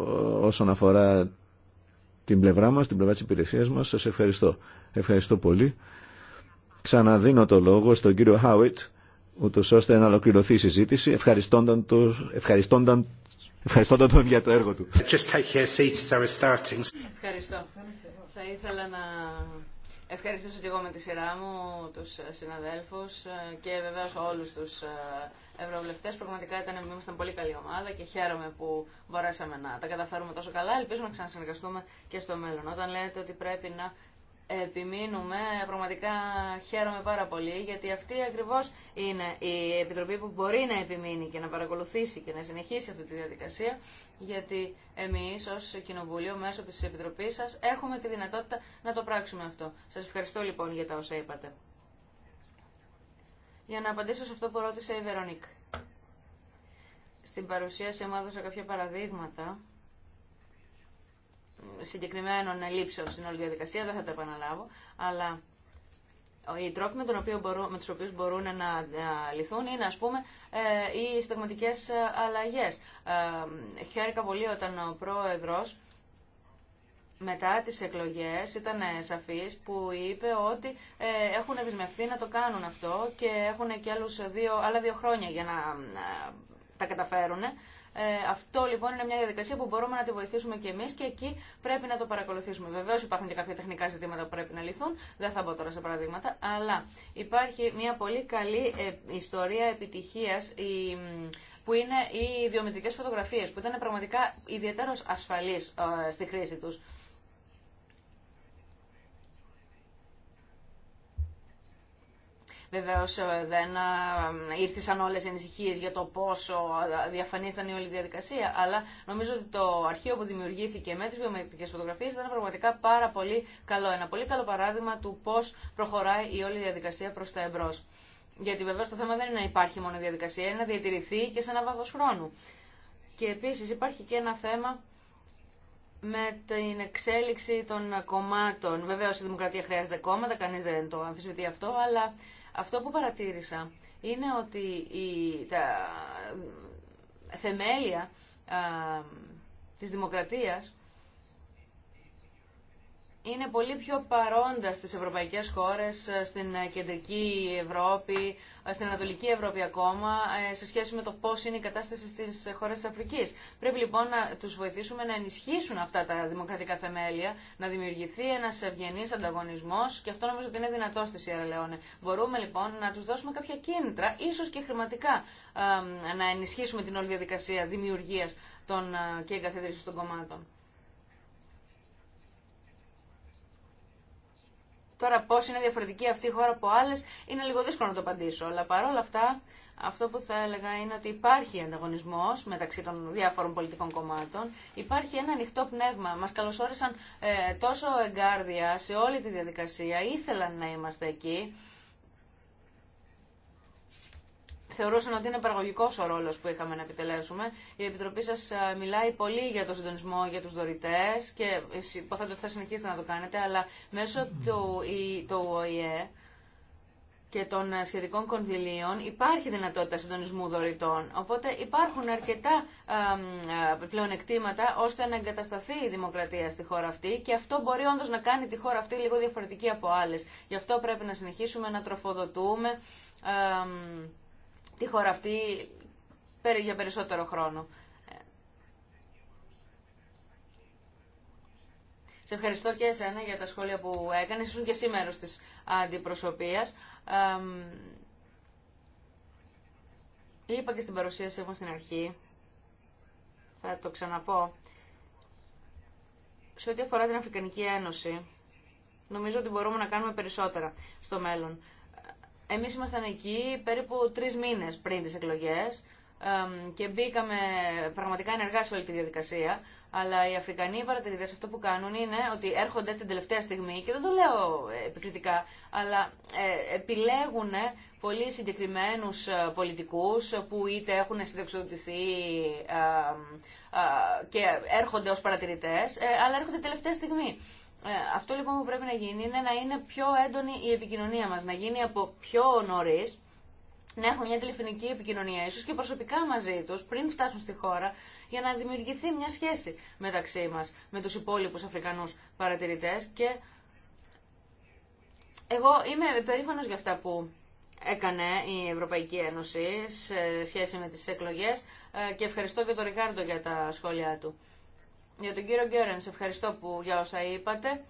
ε, όσον αφορά την πλευρά μας, την πλευρά της υπηρεσίας μας. Σας ευχαριστώ. Ευχαριστώ πολύ. Ξαναδίνω το λόγο στον κύριο Χάουιτ, ούτω ώστε να ολοκληρωθεί η συζήτηση, ευχαριστώνταν, το, ευχαριστώνταν, ευχαριστώνταν τον για το έργο του. Ευχαριστώ. Θα ήθελα να Ευχαριστήσω και εγώ με τη σειρά μου τους συναδέλφους ε, και βεβαίως όλους τους ε, ευρωβουλευτές. Πραγματικά ήταν, ήμασταν πολύ καλή ομάδα και χαίρομαι που μπορέσαμε να τα καταφέρουμε τόσο καλά. Ελπίζω να ξανασυνεργαστούμε και στο μέλλον. Όταν λέτε ότι πρέπει να επιμείνουμε. Πραγματικά χαίρομαι πάρα πολύ γιατί αυτή ακριβώς είναι η Επιτροπή που μπορεί να επιμείνει και να παρακολουθήσει και να συνεχίσει αυτή τη διαδικασία γιατί εμείς ως Κοινοβουλίο μέσω της Επιτροπής σας έχουμε τη δυνατότητα να το πράξουμε αυτό. Σας ευχαριστώ λοιπόν για τα όσα είπατε. Για να απαντήσω σε αυτό που ρώτησε η Βερονίκ. Στην παρουσίαση μου έδωσα κάποια παραδείγματα συγκεκριμένων ελλείψεων στην όλη διαδικασία, δεν θα το επαναλάβω, αλλά οι τρόποι με, τον οποίο μπορούν, με τους οποίους μπορούν να λυθούν είναι, ας πούμε, ε, οι στεγματικές ε, αλλαγές. Ε, χαίρηκα πολύ όταν ο πρόεδρος μετά τις εκλογές ήταν σαφής που είπε ότι έχουν δεσμευθεί να το κάνουν αυτό και έχουν και δύο, άλλα δύο χρόνια για να τα καταφέρουν ε, αυτό λοιπόν είναι μια διαδικασία που μπορούμε να τη βοηθήσουμε και εμεί και εκεί πρέπει να το παρακολουθήσουμε. Βεβαίω υπάρχουν και κάποια τεχνικά ζητήματα που πρέπει να λυθούν, δεν θα μπω τώρα σε παραδείγματα, αλλά υπάρχει μια πολύ καλή ε, ιστορία επιτυχία που είναι οι βιομετρικές φωτογραφίες, που ήταν πραγματικά ιδιαίτερως ασφαλείς ε, στη χρήση του. Βεβαίω, ε, δεν ε, ήρθαν όλε οι ανησυχίε για το πόσο διαφανή ήταν η όλη διαδικασία, αλλά νομίζω ότι το αρχείο που δημιουργήθηκε με τι βιομηχανικέ φωτογραφίε ήταν πραγματικά πάρα πολύ καλό. Ένα πολύ καλό παράδειγμα του πώ προχωράει η όλη διαδικασία προ τα Εμπρό. Γιατί βεβαίω το θέμα δεν είναι να υπάρχει μόνο διαδικασία, είναι να διατηρηθεί και σε ένα βάθο χρόνου. Και επίση υπάρχει και ένα θέμα με την εξέλιξη των κομμάτων. Βεβαίω η δημοκρατία χρειάζεται κόμματα, κανεί δεν το αμφισβητεί αυτό, αλλά αυτό που παρατήρησα είναι ότι η, τα θεμέλια της δημοκρατίας είναι πολύ πιο παρόντα στις ευρωπαϊκές χώρες, ε, στην ε, κεντρική Ευρώπη, ε, στην Ανατολική Ευρώπη ακόμα, σε σχέση με το πώς είναι η κατάσταση στις χώρες της Αφρικής. Πρέπει λοιπόν να τους βοηθήσουμε να ενισχύσουν αυτά τα δημοκρατικά θεμέλια, να δημιουργηθεί ένας ευγενής ανταγωνισμός και αυτό νομίζω ότι είναι δυνατό στη Σιέρα Λεόνε. Μπορούμε λοιπόν να τους δώσουμε κάποια κίνητρα, ίσως και χρηματικά, να ενισχύσουμε την όλη διαδικασία δημιουργίας των και εγκαθίδρυσης των κομμάτων. Τώρα πώς είναι διαφορετική αυτή η χώρα από άλλε. είναι λίγο δύσκολο να το απαντήσω. Αλλά παρόλα αυτά αυτό που θα έλεγα είναι ότι υπάρχει ανταγωνισμό μεταξύ των διάφορων πολιτικών κομμάτων. Υπάρχει ένα ανοιχτό πνεύμα. Μα καλωσόρισαν ε, τόσο εγκάρδια σε όλη τη διαδικασία. Ήθελαν να είμαστε εκεί θεωρούσαν ότι είναι παραγωγικό ο ρόλο που είχαμε να επιτελέσουμε. Η Επιτροπή σα ε, μιλάει πολύ για τον συντονισμό για του δωρητέ και υποθέτω ότι θα συνεχίσετε να το κάνετε, αλλά μέσω του, το ΟΗΕ και των ε, σχετικών κονδυλίων υπάρχει δυνατότητα συντονισμού δωρητών. Οπότε υπάρχουν αρκετά ε, πλεονεκτήματα ώστε να εγκατασταθεί η δημοκρατία στη χώρα αυτή και αυτό μπορεί όντω να κάνει τη χώρα αυτή λίγο διαφορετική από άλλε. Γι' αυτό πρέπει να συνεχίσουμε να τροφοδοτούμε τη χώρα αυτή για περισσότερο χρόνο. Σε ευχαριστώ και εσένα για τα σχόλια που έκανες, ήσουν και σήμερα της αντιπροσωπείας. Είπα και στην παρουσίασή μου στην αρχή, θα το ξαναπώ, σε ό,τι αφορά την Αφρικανική Ένωση, νομίζω ότι μπορούμε να κάνουμε περισσότερα στο μέλλον. Εμείς ήμασταν εκεί περίπου τρει μήνες πριν τι εκλογέ και μπήκαμε πραγματικά ενεργά σε όλη τη διαδικασία. Αλλά οι Αφρικανοί παρατηρητέ αυτό που κάνουν είναι ότι έρχονται την τελευταία στιγμή και δεν το λέω ε, επικριτικά, αλλά ε, επιλέγουν πολύ συγκεκριμένου ε, πολιτικού που είτε έχουν συνταξιδοτηθεί και έρχονται ω παρατηρητέ, αλλά έρχονται τελευταία στιγμή. Ε, αυτό λοιπόν που πρέπει να γίνει είναι να είναι πιο έντονη η επικοινωνία μας, να γίνει από πιο νωρί, να έχουμε μια τηλεφωνική επικοινωνία, ίσως και προσωπικά μαζί τους, πριν φτάσουν στη χώρα, για να δημιουργηθεί μια σχέση μεταξύ μας με τους υπόλοιπους Αφρικανούς παρατηρητές και εγώ είμαι περήφανος για αυτά που έκανε η Ευρωπαϊκή Ένωση σε σχέση με τις εκλογές ε, και ευχαριστώ και τον Ρικάρντο για τα σχόλιά του. Για τον κύριο Γκέρεν, σε ευχαριστώ που για όσα είπατε.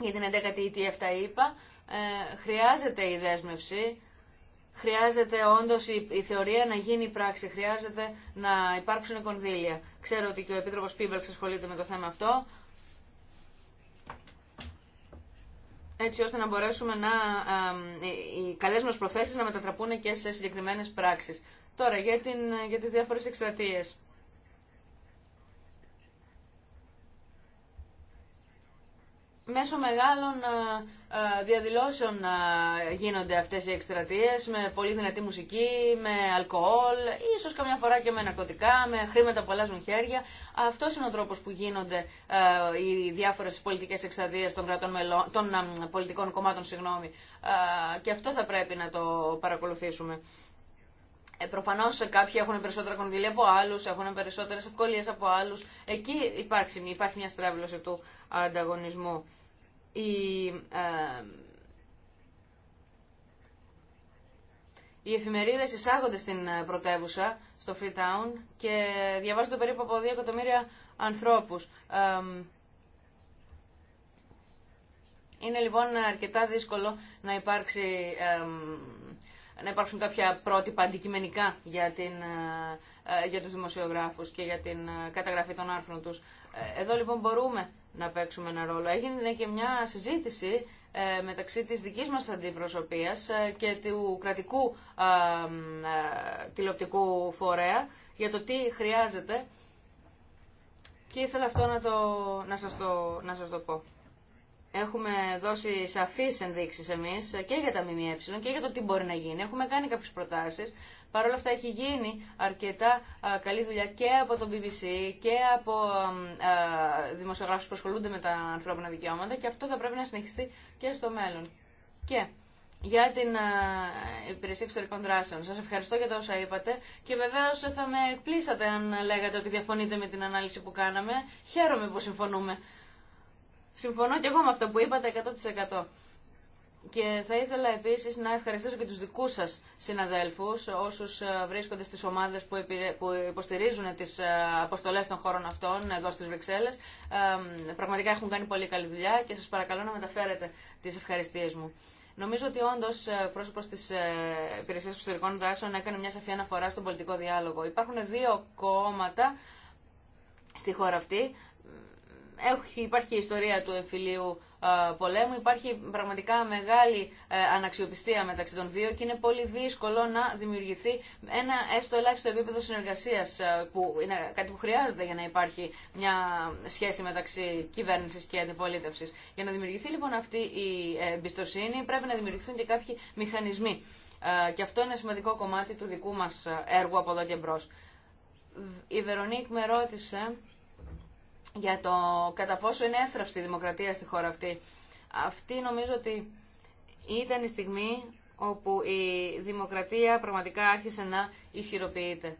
Για την 11η ETF τα είπα. Ε, χρειάζεται η δέσμευση. Χρειάζεται όντω η, θεωρία να γίνει πράξη. Χρειάζεται να υπάρξουν κονδύλια. Ξέρω ότι και ο Επίτροπο Πίμπελξ ασχολείται με το θέμα αυτό. έτσι ώστε να μπορέσουμε να, α, οι καλές μας προθέσεις να μετατραπούν και σε συγκεκριμένες πράξεις. Τώρα, για, την, για τις διάφορες εκστρατείες. μέσω μεγάλων ε, ε, διαδηλώσεων ε, γίνονται αυτές οι εκστρατείες με πολύ δυνατή μουσική, με αλκοόλ, ίσως καμιά φορά και με ναρκωτικά, με χρήματα που αλλάζουν χέρια. Αυτό είναι ο τρόπος που γίνονται οι διάφορες πολιτικές εκστρατείες των, κρατών των πολιτικών κομμάτων. Συγγνώμη. Και αυτό θα πρέπει να το παρακολουθήσουμε. Ε, Προφανώ κάποιοι έχουν περισσότερα κονδύλια από άλλου, έχουν περισσότερε ευκολίε από άλλου. Εκεί υπάρχει, υπάρχει μια στρέβλωση του ανταγωνισμού. Η, Οι εφημερίδες εισάγονται στην ε, πρωτεύουσα, στο Freetown και διαβάζονται περίπου από 2 εκατομμύρια ανθρώπους. Είναι λοιπόν αρκετά δύσκολο να υπάρξει να υπάρξουν κάποια πρότυπα αντικειμενικά για, την, ε, ε, για τους δημοσιογράφους και για την ε, καταγραφή των άρθρων τους. Εδώ λοιπόν μπορούμε να παίξουμε ένα ρόλο. Έγινε και μια συζήτηση μεταξύ της δικής μας αντιπροσωπείας και του κρατικού τηλεοπτικού φορέα για το τι χρειάζεται και ήθελα αυτό να, το, σας, το, να σας το πω. Έχουμε δώσει σαφεί ενδείξει εμεί και για τα ΜΜΕ και για το τι μπορεί να γίνει. Έχουμε κάνει κάποιε προτάσει. Παρ' όλα αυτά έχει γίνει αρκετά καλή δουλειά και από τον BBC και από δημοσιογράφου που ασχολούνται με τα ανθρώπινα δικαιώματα και αυτό θα πρέπει να συνεχιστεί και στο μέλλον. Και για την υπηρεσία εξωτερικών δράσεων. Σας ευχαριστώ για τα όσα είπατε και βεβαίως θα με εκπλήσατε αν λέγατε ότι διαφωνείτε με την ανάλυση που κάναμε. Χαίρομαι που συμφωνούμε. Συμφωνώ και εγώ με αυτό που είπατε 100%. Και θα ήθελα επίση να ευχαριστήσω και του δικού σα συναδέλφου, όσου ε, βρίσκονται στι ομάδε που υποστηρίζουν τι ε, αποστολέ των χώρων αυτών εδώ στι Βρυξέλλε. Πραγματικά έχουν κάνει πολύ καλή δουλειά και σα παρακαλώ να μεταφέρετε τι ευχαριστίε μου. Νομίζω ότι όντω ε, ο πρόσωπο τη Υπηρεσία Εξωτερικών Δράσεων έκανε μια σαφή αναφορά στον πολιτικό διάλογο. Υπάρχουν δύο κόμματα στη χώρα αυτή έχει, υπάρχει η ιστορία του εμφυλίου ε, πολέμου, υπάρχει πραγματικά μεγάλη ε, αναξιοπιστία μεταξύ των δύο και είναι πολύ δύσκολο να δημιουργηθεί ένα έστω ελάχιστο επίπεδο συνεργασίας ε, που είναι κάτι που χρειάζεται για να υπάρχει μια σχέση μεταξύ κυβέρνηση και αντιπολίτευση. Για να δημιουργηθεί λοιπόν αυτή η εμπιστοσύνη πρέπει να δημιουργηθούν και κάποιοι μηχανισμοί. Και αυτό είναι σημαντικό κομμάτι του δικού μα έργου από εδώ και μπρο. Η Βερονίκ με ρώτησε για το κατά πόσο είναι έφραυστη η δημοκρατία στη χώρα αυτή. Αυτή νομίζω ότι ήταν η στιγμή όπου η δημοκρατία πραγματικά άρχισε να ισχυροποιείται.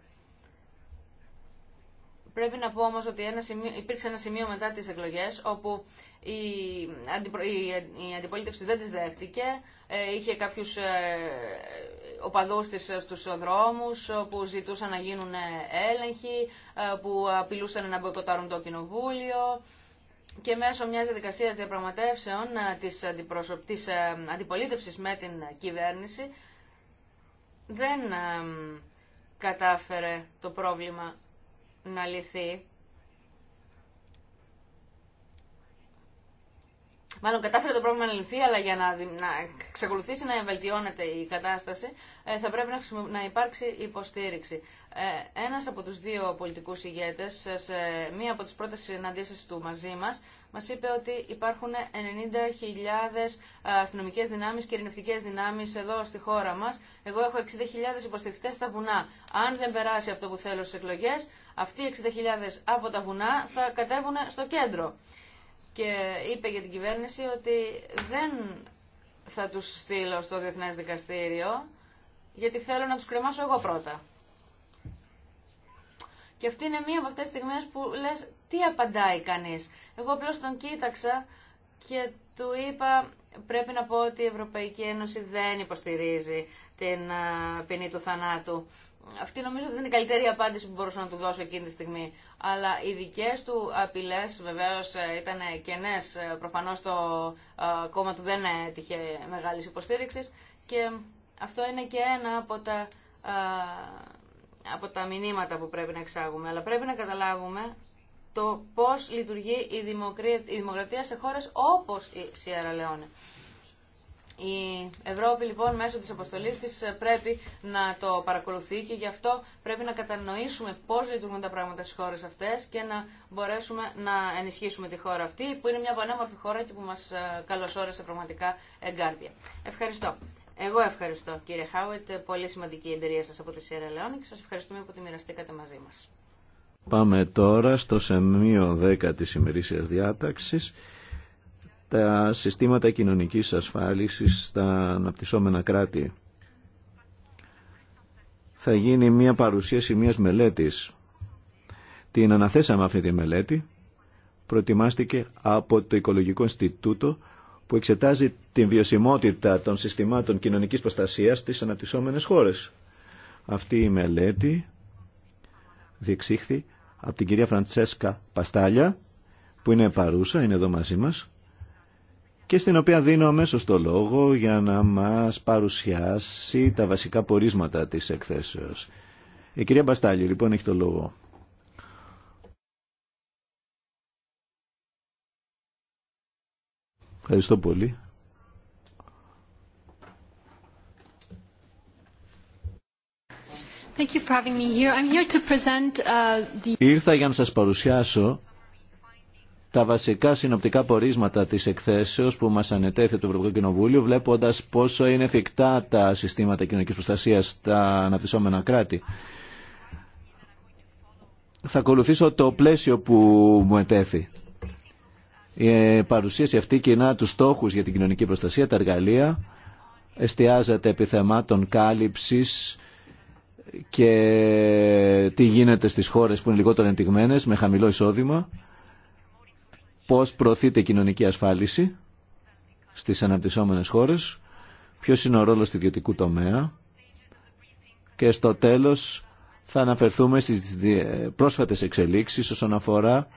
Πρέπει να πω όμως ότι ένα υπήρξε ένα σημείο μετά τις εκλογές όπου η, η, αντιπολίτευση δεν τις δέχτηκε, ε, είχε κάποιους ε, οπαδούς της ε, στους δρόμους που ζητούσαν να γίνουν έλεγχοι, που απειλούσαν να μποϊκοτάρουν το κοινοβούλιο και μέσω μιας διαδικασίας διαπραγματεύσεων της, αντιπροσωπ... της αντιπολίτευσης με την κυβέρνηση δεν κατάφερε το πρόβλημα να λυθεί Μάλλον κατάφερε το πρόβλημα να λυθεί, αλλά για να, να εξακολουθήσει να βελτιώνεται η κατάσταση, ε, θα πρέπει να, να υπάρξει υποστήριξη. Ε, ένας από τους δύο πολιτικούς ηγέτες, ε, σε μία από τις πρώτες συναντήσεις του μαζί μας, μας είπε ότι υπάρχουν 90.000 αστυνομικέ δυνάμεις και ειρηνευτικές δυνάμεις εδώ στη χώρα μας. Εγώ έχω 60.000 υποστηρικτές στα βουνά. Αν δεν περάσει αυτό που θέλω στις εκλογές, αυτοί οι 60.000 από τα βουνά θα κατέβουν στο κέντρο και είπε για την κυβέρνηση ότι δεν θα τους στείλω στο Διεθνές Δικαστήριο γιατί θέλω να τους κρεμάσω εγώ πρώτα. Και αυτή είναι μία από αυτές τις στιγμές που λες τι απαντάει κανείς. Εγώ απλώ τον κοίταξα και του είπα πρέπει να πω ότι η Ευρωπαϊκή Ένωση δεν υποστηρίζει την ποινή του θανάτου αυτή νομίζω ότι είναι η καλύτερη απάντηση που μπορούσα να του δώσω εκείνη τη στιγμή. Αλλά οι δικέ του απειλέ βεβαίω ε, ήταν κενέ. Ε, Προφανώ το ε, κόμμα του δεν έτυχε μεγάλη υποστήριξη και αυτό είναι και ένα από τα, από τα μηνύματα που πρέπει να εξάγουμε. Αλλά πρέπει να καταλάβουμε το πώς λειτουργεί η δημοκρατία σε χώρες όπως η Σιέρα Λεόνε. Η Ευρώπη λοιπόν μέσω της αποστολής της ε, πρέπει να το παρακολουθεί και γι' αυτό πρέπει να κατανοήσουμε πώς λειτουργούν τα πράγματα στις χώρες αυτές και να μπορέσουμε να ενισχύσουμε τη χώρα αυτή που είναι μια πανέμορφη χώρα και που μας ε, καλωσόρεσε πραγματικά εγκάρδια. Ευχαριστώ. Εγώ ευχαριστώ κύριε Χάουιτ, πολύ σημαντική η εμπειρία σας από τη Σιέρα Λεόνη και σας ευχαριστούμε που τη μοιραστήκατε μαζί μας. Πάμε τώρα στο σημείο 10 της ημερήσιας διάταξης τα συστήματα κοινωνικής ασφάλισης στα αναπτυσσόμενα κράτη. Θα γίνει μια παρουσίαση μιας μελέτης. Την αναθέσαμε αυτή τη μελέτη. Προετοιμάστηκε από το Οικολογικό Ινστιτούτο που εξετάζει την βιωσιμότητα των συστημάτων κοινωνικής προστασίας στις αναπτυσσόμενες χώρες. Αυτή η μελέτη διεξήχθη από την κυρία Φραντσέσκα Παστάλια, που είναι παρούσα, είναι εδώ μαζί μας, και στην οποία δίνω αμέσω το λόγο για να μας παρουσιάσει τα βασικά πορίσματα της εκθέσεως. Η κυρία Μπαστάλιο λοιπόν έχει το λόγο. Ευχαριστώ πολύ. Ήρθα για να σας παρουσιάσω τα βασικά συνοπτικά πορίσματα τη εκθέσεω που μα ανετέθη το Ευρωπαϊκό Κοινοβούλιο, βλέποντα πόσο είναι εφικτά τα συστήματα κοινωνική προστασία στα αναπτυσσόμενα κράτη. Θα ακολουθήσω το πλαίσιο που μου ετέθη. Η παρουσίαση αυτή κοινά του στόχου για την κοινωνική προστασία, τα εργαλεία, εστιάζεται επί θεμάτων κάλυψη και τι γίνεται στις χώρες που είναι λιγότερο εντυγμένες με χαμηλό εισόδημα πώς προωθείται η κοινωνική ασφάλιση στις αναπτυσσόμενες χώρες, ποιος είναι ο ρόλος του ιδιωτικού τομέα και στο τέλος θα αναφερθούμε στις πρόσφατες εξελίξεις όσον αφορά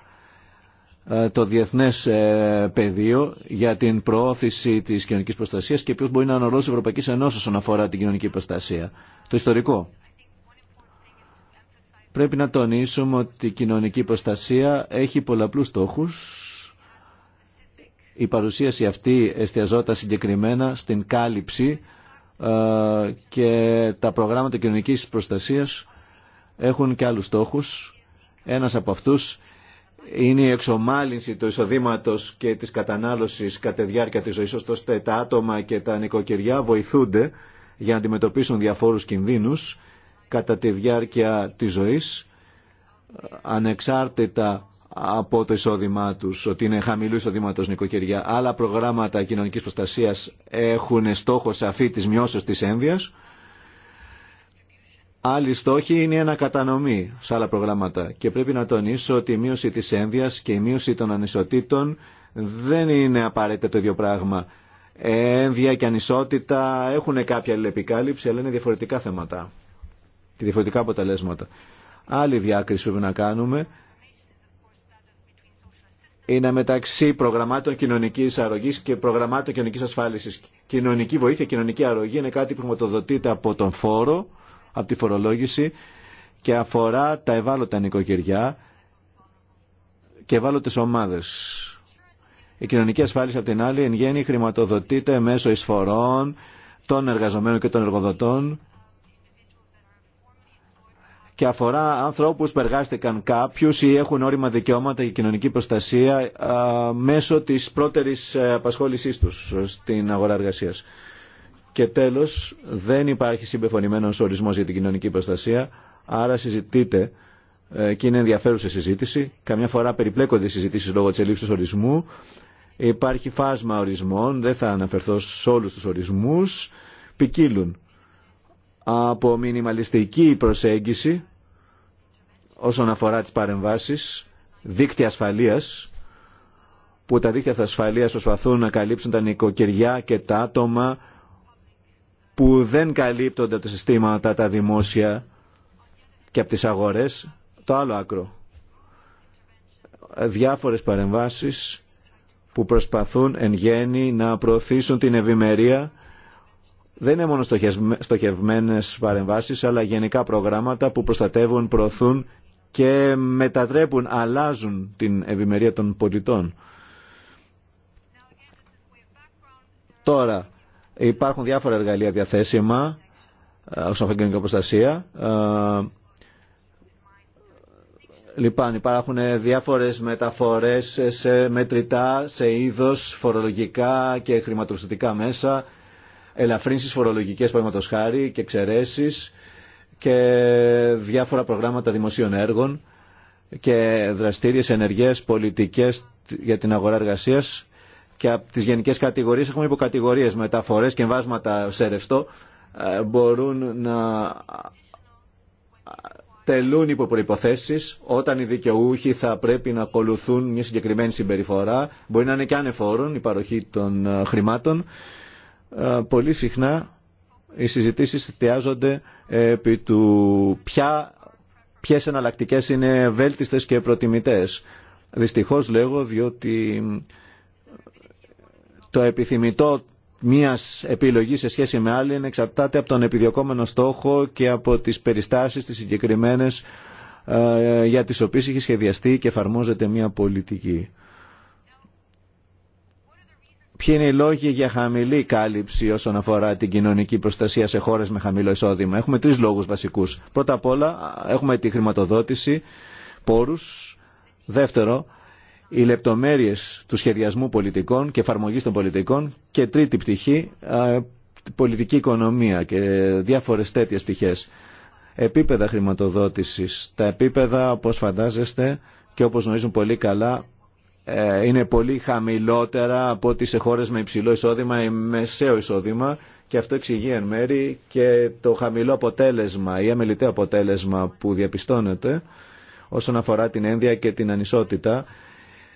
ε, το διεθνές ε, πεδίο για την προώθηση της κοινωνικής προστασίας και ποιος μπορεί να είναι ο ρόλος Ευρωπαϊκής Ενώσης όσον αφορά την κοινωνική προστασία. Το ιστορικό. Πρέπει να τονίσουμε ότι η κοινωνική προστασία έχει πολλαπλούς στόχους η παρουσίαση αυτή εστιαζόταν συγκεκριμένα στην κάλυψη ε, και τα προγράμματα κοινωνικής προστασίας έχουν και άλλους στόχους. Ένας από αυτούς είναι η εξομάλυνση του εισοδήματο και της κατανάλωσης κατά τη διάρκεια της ζωής, ώστε τα άτομα και τα νοικοκυριά βοηθούνται για να αντιμετωπίσουν διαφόρους κινδύνους κατά τη διάρκεια της ζωής, ανεξάρτητα από το εισόδημά του ότι είναι χαμηλού εισόδηματο νοικοκυριά. Άλλα προγράμματα κοινωνική προστασία έχουν στόχο σαφή τη μειώσεως τη ένδυα. Άλλοι στόχοι είναι η ανακατανομή σε άλλα προγράμματα. Και πρέπει να τονίσω ότι η μείωση τη ένδυα και η μείωση των ανισοτήτων δεν είναι απαραίτητα το ίδιο πράγμα. Ένδια και ανισότητα έχουν κάποια αλληλεπικάλυψη, αλλά είναι διαφορετικά θέματα και διαφορετικά αποτελέσματα. Άλλη διάκριση πρέπει να κάνουμε είναι μεταξύ προγραμμάτων κοινωνική αρρωγή και προγραμμάτων κοινωνική ασφάλιση. Κοινωνική βοήθεια, κοινωνική αρρωγή είναι κάτι που χρηματοδοτείται από τον φόρο, από τη φορολόγηση και αφορά τα ευάλωτα νοικοκυριά και ευάλωτε ομάδε. Η κοινωνική ασφάλιση, από την άλλη, εν γέννη χρηματοδοτείται μέσω εισφορών των εργαζομένων και των εργοδοτών και αφορά ανθρώπους που εργάστηκαν κάποιους ή έχουν όριμα δικαιώματα και κοινωνική προστασία μέσω της πρώτερης ε, απασχόλησής τους στην αγορά εργασίας. Και τέλος, δεν υπάρχει συμπεφωνημένος ορισμός για την κοινωνική προστασία, άρα συζητείτε και είναι ενδιαφέρουσα συζήτηση. Καμιά φορά περιπλέκονται οι συζητήσεις λόγω της ελλείψης ορισμού. Υπάρχει φάσμα ορισμών, δεν θα αναφερθώ σε όλους τους ορισμούς, ποικίλουν από μινιμαλιστική προσέγγιση όσον αφορά τις παρεμβάσεις, δίκτυα ασφαλείας, που τα δίκτυα ασφαλείας προσπαθούν να καλύψουν τα νοικοκυριά και τα άτομα που δεν καλύπτονται από τα συστήματα, τα δημόσια και από τις αγορές, το άλλο άκρο. Διάφορες παρεμβάσεις που προσπαθούν εν γέννη να προωθήσουν την ευημερία δεν είναι μόνο στοχευμένες παρεμβάσεις, αλλά γενικά προγράμματα που προστατεύουν, προωθούν και μετατρέπουν, αλλάζουν την ευημερία των πολιτών. Τώρα, υπάρχουν διάφορα εργαλεία διαθέσιμα ε, όσον αφορά προστασία. Ε, λοιπόν, υπάρχουν διάφορες μεταφορές σε μετρητά, σε είδος, φορολογικά και χρηματοπιστωτικά μέσα ελαφρύνσεις φορολογικές παραδείγματος χάρη και εξαιρέσει και διάφορα προγράμματα δημοσίων έργων και δραστήριες ενεργές πολιτικές για την αγορά εργασίας και από τις γενικές κατηγορίες έχουμε υποκατηγορίες μεταφορές και εμβάσματα σε ρευστό ε, μπορούν να τελούν υπό προϋποθέσεις όταν οι δικαιούχοι θα πρέπει να ακολουθούν μια συγκεκριμένη συμπεριφορά μπορεί να είναι και ανεφόρων η παροχή των ε, χρημάτων ε, πολύ συχνά οι συζητήσεις θεάζονται επί του ποια, ποιες είναι βέλτιστες και προτιμητές. Δυστυχώς λέγω διότι το επιθυμητό μιας επιλογής σε σχέση με άλλη εξαρτάται από τον επιδιωκόμενο στόχο και από τις περιστάσεις τις συγκεκριμένες ε, για τις οποίες έχει σχεδιαστεί και εφαρμόζεται μια πολιτική ποιοι είναι οι λόγοι για χαμηλή κάλυψη όσον αφορά την κοινωνική προστασία σε χώρες με χαμηλό εισόδημα. Έχουμε τρεις λόγους βασικούς. Πρώτα απ' όλα έχουμε τη χρηματοδότηση, πόρους. Δεύτερο, οι λεπτομέρειες του σχεδιασμού πολιτικών και εφαρμογή των πολιτικών. Και τρίτη πτυχή, πολιτική οικονομία και διάφορες τέτοιες πτυχές. Επίπεδα χρηματοδότησης. Τα επίπεδα, όπως φαντάζεστε και όπως γνωρίζουν πολύ καλά, ε, είναι πολύ χαμηλότερα από ό,τι σε χώρες με υψηλό εισόδημα ή μεσαίο εισόδημα και αυτό εξηγεί εν μέρη και το χαμηλό αποτέλεσμα ή αμελητέ αποτέλεσμα που διαπιστώνεται όσον αφορά την ένδια και την ανισότητα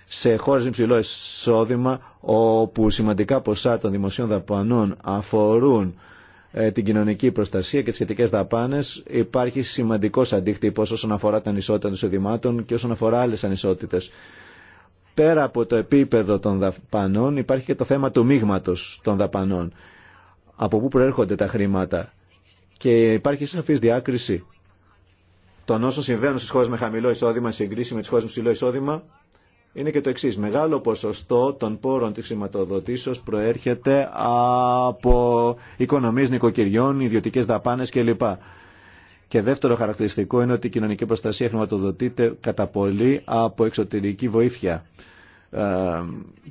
σε χώρες με υψηλό εισόδημα όπου σημαντικά ποσά των δημοσίων δαπανών αφορούν ε, την κοινωνική προστασία και τις σχετικές δαπάνες υπάρχει σημαντικός αντίκτυπος όσον αφορά την ανισότητα των εισοδημάτων και όσον αφορά άλλε ανισότητες πέρα από το επίπεδο των δαπανών υπάρχει και το θέμα του μείγματο των δαπανών. Από πού προέρχονται τα χρήματα. Και υπάρχει σαφής διάκριση των όσων συμβαίνουν στι χώρε με χαμηλό εισόδημα σε συγκρίση με τι χώρε με ψηλό εισόδημα. Είναι και το εξή. Μεγάλο ποσοστό των πόρων τη χρηματοδοτήσεω προέρχεται από οικονομίε νοικοκυριών, ιδιωτικέ δαπάνε κλπ. Και δεύτερο χαρακτηριστικό είναι ότι η κοινωνική προστασία χρηματοδοτείται κατά πολύ από εξωτερική βοήθεια. Ε,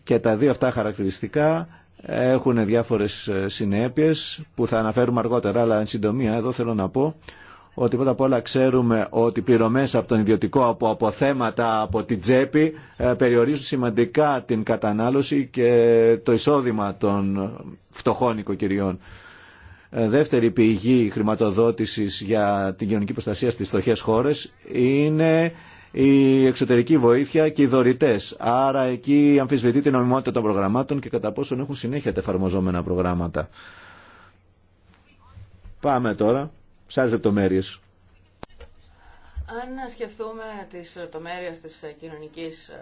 και τα δύο αυτά χαρακτηριστικά έχουν διάφορες ε, συνέπειες που θα αναφέρουμε αργότερα, αλλά εν συντομία εδώ θέλω να πω ότι πρώτα απ' όλα ξέρουμε ότι πληρωμές από τον ιδιωτικό, από αποθέματα, από την τσέπη ε, περιορίζουν σημαντικά την κατανάλωση και το εισόδημα των φτωχών οικοκυριών. Ε, δεύτερη πηγή χρηματοδότησης για την κοινωνική προστασία στις στοχές χώρες είναι η εξωτερική βοήθεια και οι δωρητέ. Άρα εκεί αμφισβητεί την νομιμότητα των προγραμμάτων και κατά πόσον έχουν συνέχεια τα εφαρμοζόμενα προγράμματα. Πάμε τώρα σε άλλε λεπτομέρειε. Αν σκεφτούμε τις λεπτομέρειες της κοινωνικής ε,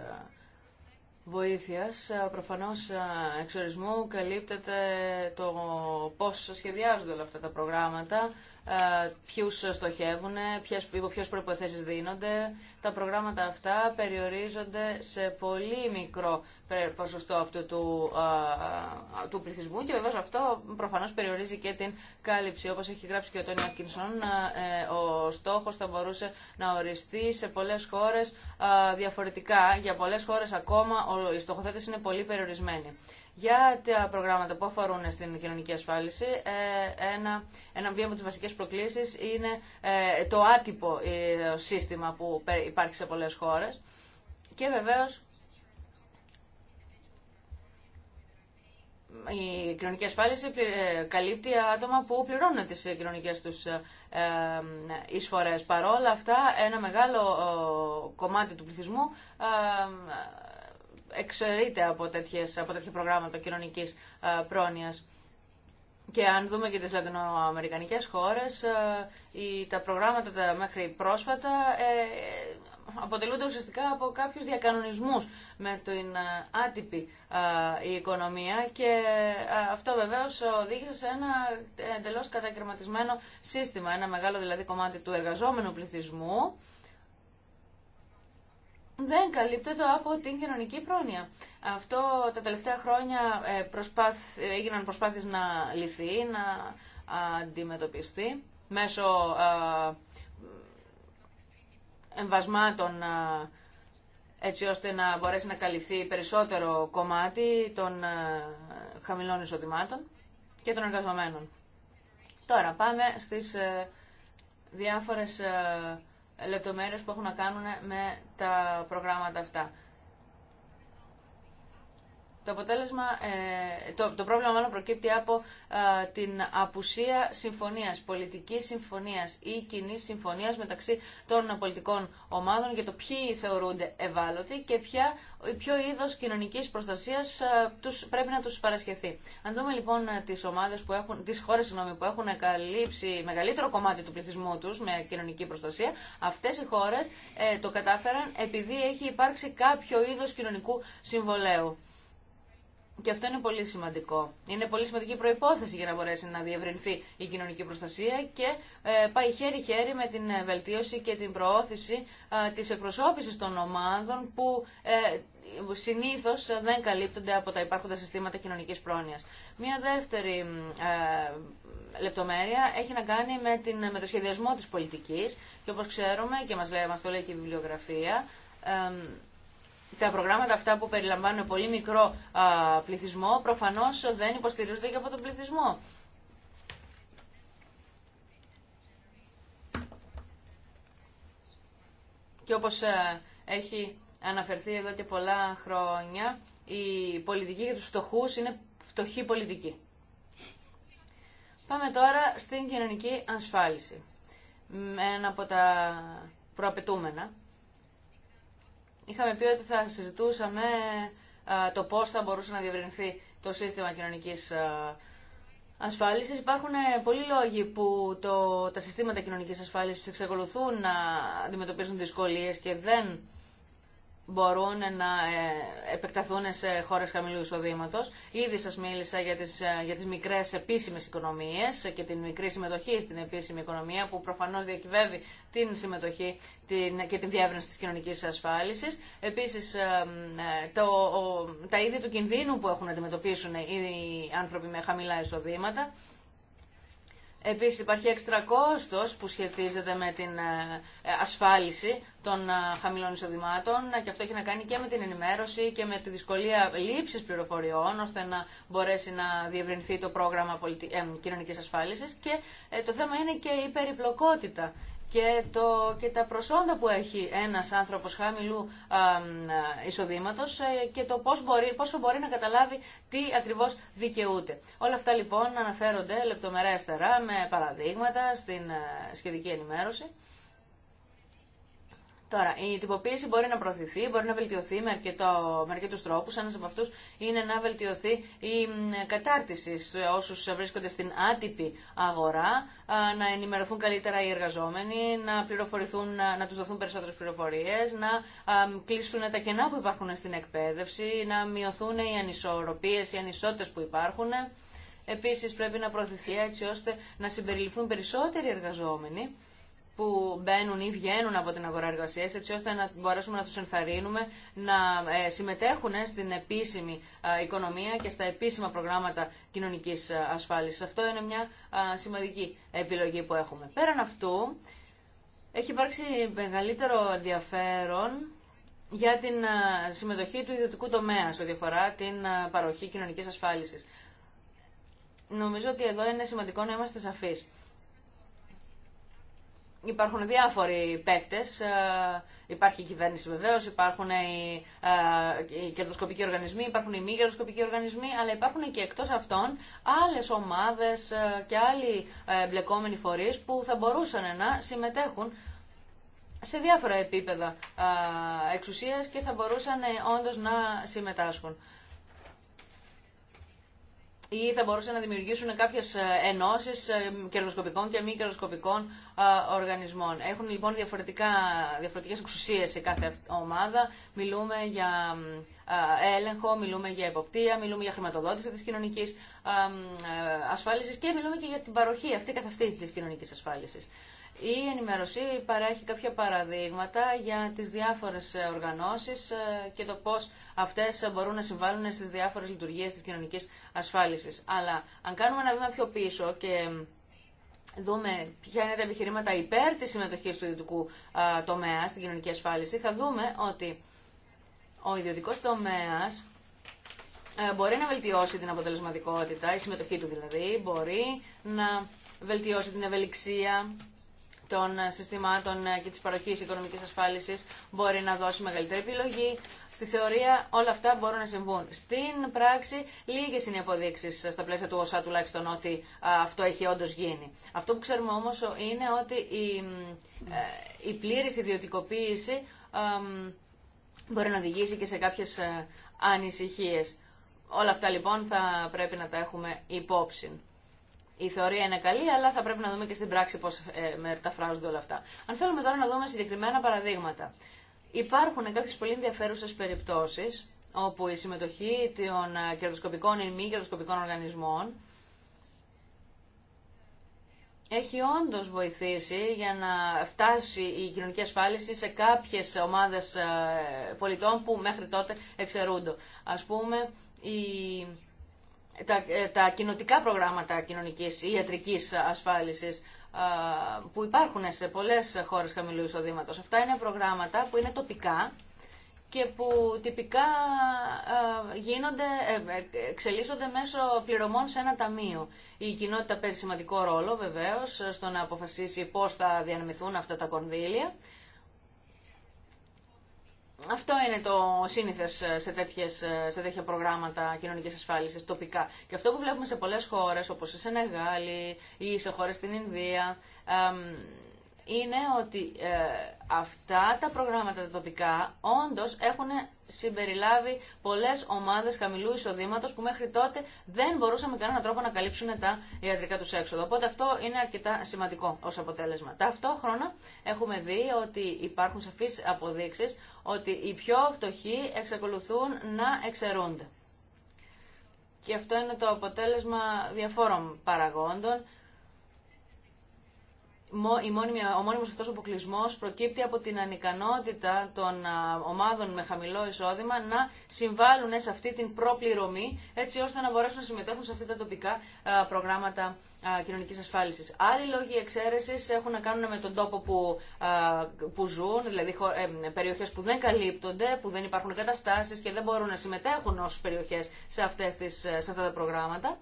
βοήθειας, ε, προφανώς ε, εξορισμού καλύπτεται το πώς σχεδιάζονται όλα αυτά τα προγράμματα, ε, ποιους στοχεύουν, ποιες, υπό ποιες προϋποθέσεις δίνονται. Τα προγράμματα αυτά περιορίζονται σε πολύ μικρό ποσοστό αυτού του, ε, ε, του πληθυσμού και βεβαίως αυτό προφανώς περιορίζει και την κάλυψη. Όπως έχει γράψει και ο Τόνι Ακκινσόν, ο στόχος θα μπορούσε να οριστεί σε πολλές χώρες διαφορετικά. Για πολλές χώρες ακόμα οι στοχοθέτηση είναι πολύ περιορισμένοι. Για τα προγράμματα που αφορούν στην κοινωνική ασφάλιση, ε, ένα, ένα μία από τις βασικές προκλήσεις είναι ε, το άτυπο ε, σύστημα που υπάρχει σε πολλές χώρες και βεβαίως η κοινωνική ασφάλιση καλύπτει άτομα που πληρώνουν τις κοινωνικές τους εισφορές. Παρόλα αυτά, ένα μεγάλο κομμάτι του πληθυσμού εξαιρείται από, τέτοιες, από τέτοια προγράμματα κοινωνική ε, πρόνοια. Και αν δούμε και τις λατινοαμερικανικές χώρες, ε, τα προγράμματα τα μέχρι πρόσφατα ε, αποτελούνται ουσιαστικά από κάποιους διακανονισμούς με την άτυπη η οικονομία και αυτό βεβαίως οδήγησε σε ένα εντελώς κατακαιρματισμένο σύστημα, ένα μεγάλο δηλαδή κομμάτι του εργαζόμενου πληθυσμού δεν καλύπτεται από την κοινωνική πρόνοια. Αυτό τα τελευταία χρόνια ε, προσπάθ, έγιναν προσπάθειες να λυθεί, να αντιμετωπιστεί μέσω εμβασμάτων έτσι ώστε να μπορέσει να καλυφθεί περισσότερο κομμάτι των χαμηλών εισοδημάτων και των εργαζομένων. Τώρα πάμε στις ε, διάφορες ε, λεπτομέρειες που έχουν να κάνουν με τα προγράμματα αυτά. Το, αποτέλεσμα, ε, το, το πρόβλημα μάλλον προκύπτει από ε, την απουσία συμφωνίας, πολιτικής συμφωνίας ή κοινή συμφωνίας μεταξύ των πολιτικών ομάδων για το ποιοι θεωρούνται ευάλωτοι και ποιο είδος κοινωνικής προστασίας ε, τους, πρέπει να τους παρασχεθεί. Αν δούμε λοιπόν τις, ομάδες που έχουν, τις χώρες που έχουν καλύψει μεγαλύτερο κομμάτι του πληθυσμού τους με κοινωνική προστασία, αυτές οι χώρες το κατάφεραν επειδή έχει υπάρξει κάποιο είδος κοινωνικού συμβολέου. Και αυτό είναι πολύ σημαντικό. Είναι πολύ σημαντική προπόθεση για να μπορέσει να διευρυνθεί η κοινωνική προστασία και ε, πάει χέρι-χέρι με την ε, βελτίωση και την προώθηση ε, της εκπροσώπησης των ομάδων που συνήθω δεν καλύπτονται από τα υπάρχοντα συστήματα κοινωνική πρόνοια. Μία δεύτερη λεπτομέρεια έχει να κάνει με, την, το σχεδιασμό τη πολιτική και όπω ξέρουμε και μα μας το λέει και η βιβλιογραφία τα προγράμματα αυτά που περιλαμβάνουν πολύ μικρό πληθυσμό προφανώς δεν υποστηρίζονται και από τον πληθυσμό. Και όπως ε, έχει αναφερθεί εδώ και πολλά χρόνια, η πολιτική για τους φτωχούς είναι φτωχή πολιτική. Πάμε τώρα στην κοινωνική ασφάλιση. Ένα από τα προαπαιτούμενα είχαμε πει ότι θα συζητούσαμε το πώς θα μπορούσε να διευρυνθεί το σύστημα κοινωνικής ασφάλισης. Υπάρχουν ε, πολλοί λόγοι που το, τα συστήματα κοινωνικής ασφάλισης εξακολουθούν να αντιμετωπίζουν δυσκολίες και δεν μπορούν να ε, επεκταθούν σε χώρες χαμηλού εισοδήματος. Ήδη σας μίλησα για τις, ε, για τις μικρές επίσημες οικονομίες και την μικρή συμμετοχή στην επίσημη οικονομία που προφανώς διακυβεύει την συμμετοχή και την διεύρυνση της κοινωνικής ασφάλισης. Επίσης, ε, τα είδη του κινδύνου που έχουν να αντιμετωπίσουν οι άνθρωποι με χαμηλά εισοδήματα Επίσης υπάρχει έξτρα κόστος που σχετίζεται με την ε, ε, ασφάλιση των ε, χαμηλών εισοδημάτων και αυτό έχει να κάνει και με την ενημέρωση και με τη δυσκολία λήψης πληροφοριών ώστε να μπορέσει να διευρυνθεί το πρόγραμμα κοινωνικής ασφάλισης και το θέμα είναι και η περιπλοκότητα και, το, και τα προσόντα που έχει ένας άνθρωπος χαμηλού εισοδήματος ε, και το πώς μπορεί, πόσο μπορεί να καταλάβει τι ακριβώς δικαιούται. Όλα αυτά λοιπόν αναφέρονται λεπτομερέστερα με παραδείγματα στην ε, σχετική ενημέρωση. Τώρα, η τυποποίηση μπορεί να προωθηθεί, μπορεί να βελτιωθεί με, αρκετό, με αρκετούς τρόπους. Ένας από αυτού είναι να βελτιωθεί η κατάρτιση σε όσους βρίσκονται στην άτυπη αγορά, να ενημερωθούν καλύτερα οι εργαζόμενοι, να, πληροφορηθούν, να τους δοθούν περισσότερε πληροφορίε, να κλείσουν τα κενά που υπάρχουν στην εκπαίδευση, να μειωθούν οι ανισορροπίε, οι ανισότητες που υπάρχουν. Επίση πρέπει να προωθηθεί έτσι ώστε να συμπεριληφθούν περισσότεροι εργαζόμενοι που μπαίνουν ή βγαίνουν από την αγορά εργασία, έτσι ώστε να μπορέσουμε να του ενθαρρύνουμε να ε, συμμετέχουν ε, στην επίσημη ε, οικονομία και στα επίσημα προγράμματα κοινωνική ασφάλισης. Αυτό είναι μια σημαντική επιλογή που έχουμε. Πέραν αυτού, έχει υπάρξει μεγαλύτερο ενδιαφέρον για την συμμετοχή του ιδιωτικού τομέα σε ό,τι αφορά την παροχή κοινωνικής ασφάλισης. Νομίζω ότι εδώ είναι σημαντικό να είμαστε σαφείς. Υπάρχουν διάφοροι παίκτε. Ε, υπάρχει η κυβέρνηση βεβαίω, υπάρχουν οι, ε, οι κερδοσκοπικοί οργανισμοί, υπάρχουν οι μη κερδοσκοπικοί οργανισμοί, αλλά υπάρχουν και εκτός αυτών άλλες ομάδες ε, και άλλοι μπλεκόμενοι φορείς που θα μπορούσαν να συμμετέχουν σε διάφορα επίπεδα εξουσίας και θα μπορούσαν όντως να συμμετάσχουν ή θα μπορούσαν να δημιουργήσουν κάποιε ενώσει ε, κερδοσκοπικών και μη κερδοσκοπικών ε, οργανισμών. Έχουν λοιπόν διαφορετικέ διαφορετικές σε κάθε ομάδα. Μιλούμε για ε, έλεγχο, μιλούμε για εποπτεία, μιλούμε για χρηματοδότηση της κοινωνική ασφάλισης και μιλούμε και για την παροχή αυτή καθ' αυτή της κοινωνική ασφάλιση. Η ενημέρωση παρέχει κάποια παραδείγματα για τις διάφορες οργανώσεις ε, και το πώς αυτές μπορούν να συμβάλλουν στις διάφορες λειτουργίες της κοινωνικής ασφάλισης. Αλλά αν κάνουμε ένα βήμα πιο πίσω και δούμε ποια είναι τα επιχειρήματα υπέρ της συμμετοχής του ιδιωτικού τομέα στην κοινωνική ασφάλιση, θα δούμε ότι ο ιδιωτικός τομέας ε, μπορεί να βελτιώσει την αποτελεσματικότητα, η συμμετοχή του δηλαδή, μπορεί να βελτιώσει την ευελιξία των ε, συστημάτων ε, και της παροχής οικονομικής ασφάλισης μπορεί να δώσει μεγαλύτερη επιλογή. Στη θεωρία όλα αυτά μπορούν να συμβούν. Στην πράξη λίγες είναι οι αποδείξεις στα πλαίσια του ΩΣΑ τουλάχιστον ότι αυτό έχει όντω γίνει. Αυτό που ξέρουμε όμως είναι ότι η, ε, η πλήρης ιδιωτικοποίηση μπορεί να οδηγήσει και σε κάποιες ανησυχίες. Όλα αυτά λοιπόν θα πρέπει να τα έχουμε υπόψη η θεωρία είναι καλή, αλλά θα πρέπει να δούμε και στην πράξη πώ ε, μεταφράζονται όλα αυτά. Αν θέλουμε τώρα να δούμε συγκεκριμένα παραδείγματα. Υπάρχουν κάποιε πολύ ενδιαφέρουσε περιπτώσει όπου η συμμετοχή των ε, κερδοσκοπικών ή μη κερδοσκοπικών οργανισμών έχει όντως βοηθήσει για να φτάσει η κοινωνική ασφάλιση σε κάποιες ομάδες ε, πολιτών που μέχρι τότε εξαιρούνται. Ας πούμε, η τα, ε, τα κοινοτικά προγράμματα κοινωνικής ή ιατρικής ασφάλισης που υπάρχουν σε πολλές χώρες χαμηλού εισοδήματος. Αυτά είναι προγράμματα που είναι τοπικά και που τυπικά γίνονται, ε, ε, εξελίσσονται μέσω πληρωμών σε ένα ταμείο. Η κοινότητα παίζει σημαντικό ρόλο βεβαίως στο να αποφασίσει πώς θα διανεμηθούν αυτά τα κονδύλια αυτό είναι το σύνηθε ε, σε, τέτοιες, ε, σε τέτοια προγράμματα κοινωνική ασφάλιση τοπικά. Και αυτό που βλέπουμε σε πολλέ χώρε, όπω σε Σενεγάλη ή σε χώρε στην Ινδία, είναι ότι ε, αυτά τα προγράμματα τα τοπικά όντως έχουν συμπεριλάβει πολλές ομάδες χαμηλού εισοδήματο που μέχρι τότε δεν μπορούσαν με κανέναν τρόπο να καλύψουν τα ιατρικά τους έξοδα. Οπότε αυτό είναι αρκετά σημαντικό ως αποτέλεσμα. Ταυτόχρονα έχουμε δει ότι υπάρχουν σαφείς αποδείξεις ότι οι πιο φτωχοί εξακολουθούν να εξαιρούνται. Και αυτό είναι το αποτέλεσμα διαφόρων παραγόντων η μόνιμη, ο μόνιμος αυτός αποκλεισμός προκύπτει από την ανικανότητα των ομάδων με χαμηλό εισόδημα να συμβάλλουν σε αυτή την προπληρωμή έτσι ώστε να μπορέσουν να συμμετέχουν σε αυτά τα τοπικά προγράμματα κοινωνικής ασφάλισης. Άλλοι λόγοι εξαίρεσης έχουν να κάνουν με τον τόπο που, που ζουν, δηλαδή ε, περιοχές που δεν καλύπτονται, που δεν υπάρχουν καταστάσεις και δεν μπορούν να συμμετέχουν ω περιοχές σε, σε αυτά τα προγράμματα.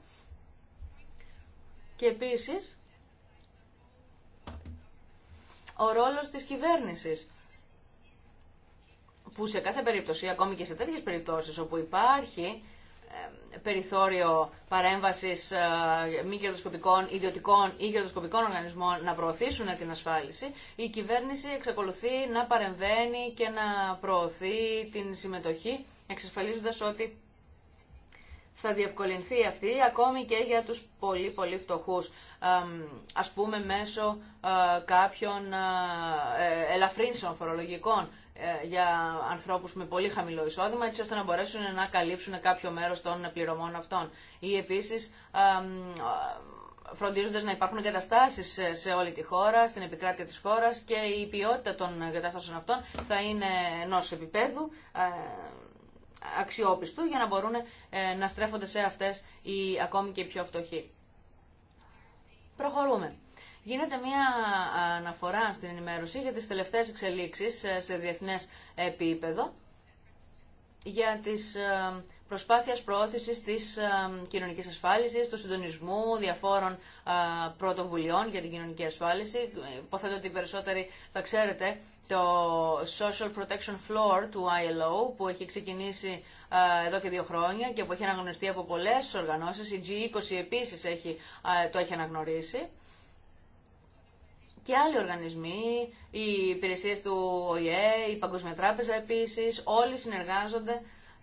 Και επίσης, ο ρόλος της κυβέρνησης που σε κάθε περίπτωση, ακόμη και σε τέτοιες περιπτώσεις όπου υπάρχει περιθώριο παρέμβασης ε, μη κερδοσκοπικών, ιδιωτικών ή κερδοσκοπικών οργανισμών να προωθήσουν την ασφάλιση, η κυβέρνηση εξακολουθεί να παρεμβαίνει και να προωθεί την συμμετοχή, εξασφαλίζοντας ότι θα διευκολυνθεί αυτή ακόμη και για τους πολύ πολύ φτωχούς ας πούμε μέσω ε, κάποιων ε, ε, ελαφρύνσεων φορολογικών για ανθρώπους με πολύ χαμηλό εισόδημα έτσι ώστε να μπορέσουν να καλύψουν κάποιο μέρος των πληρωμών αυτών ή επίσης φροντίζοντας να υπάρχουν καταστάσεις σε όλη τη χώρα, στην επικράτεια της χώρας και η ποιότητα των καταστάσεων αυτών θα είναι ενό επίπεδου αξιόπιστου για να μπορούν ε, να στρέφονται σε αυτές οι ακόμη και οι πιο φτωχοί. Προχωρούμε. Γίνεται μια αναφορά στην ενημέρωση για τις τελευταίες εξελίξεις ε, σε διεθνές επίπεδο, για τις ε, Προσπάθεια προώθησης τη ε, κοινωνική ασφάλισης, του συντονισμού διαφόρων ε, πρωτοβουλειών για την κοινωνική ασφάλιση. Υποθέτω ότι οι περισσότεροι θα ξέρετε το Social Protection Floor του ILO που έχει ξεκινήσει ε, εδώ και δύο χρόνια και που έχει αναγνωριστεί από πολλέ οργανώσει. Η G20 επίση το έχει αναγνωρίσει και άλλοι οργανισμοί, οι υπηρεσίε του ΟΗΕ, η Παγκόσμια Τράπεζα επίση, όλοι συνεργάζονται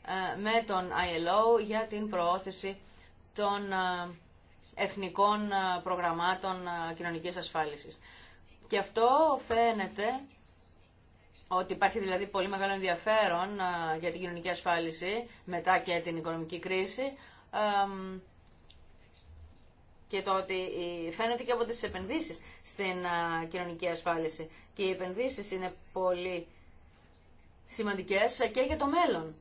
ε, με τον ILO για την προώθηση των ε, εθνικών ε, προγραμμάτων κοινωνικής ασφάλισης. Και αυτό φαίνεται ότι υπάρχει δηλαδή πολύ μεγάλο ενδιαφέρον για την κοινωνική ασφάλιση μετά και την οικονομική κρίση και το ότι φαίνεται και από τις επενδύσεις στην κοινωνική ασφάλιση. Και οι επενδύσεις είναι πολύ σημαντικές και για το μέλλον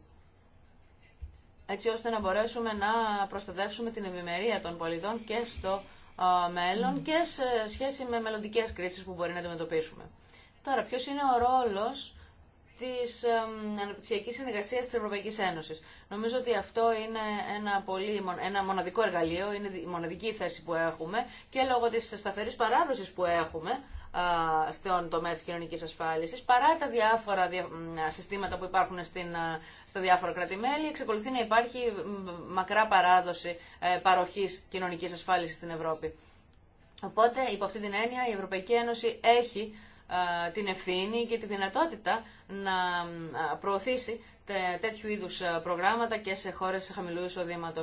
έτσι ώστε να μπορέσουμε να προστατεύσουμε την ευημερία των πολιτών και στο μέλλον και σε σχέση με μελλοντικέ κρίσεις που μπορεί να αντιμετωπίσουμε. Τώρα, ποιο είναι ο ρόλος της αναπτυξιακής συνεργασία της Ευρωπαϊκής Ένωσης. Νομίζω ότι αυτό είναι ένα, πολύ, ένα μοναδικό εργαλείο, είναι η μοναδική θέση που έχουμε και λόγω της σταθερής παράδοσης που έχουμε στον τομέα της κοινωνικής ασφάλισης, παρά τα διάφορα συστήματα που υπάρχουν στην, στα διάφορα κρατημέλη, εξακολουθεί να υπάρχει μακρά παράδοση ε, παροχής κοινωνικής ασφάλισης στην Ευρώπη. Οπότε, υπό αυτή την έννοια, η Ευρωπαϊκή Ένωση έχει την ευθύνη και τη δυνατότητα να προωθήσει τέτοιου είδους ε, προγράμματα και σε χώρες χαμηλού εισοδήματο.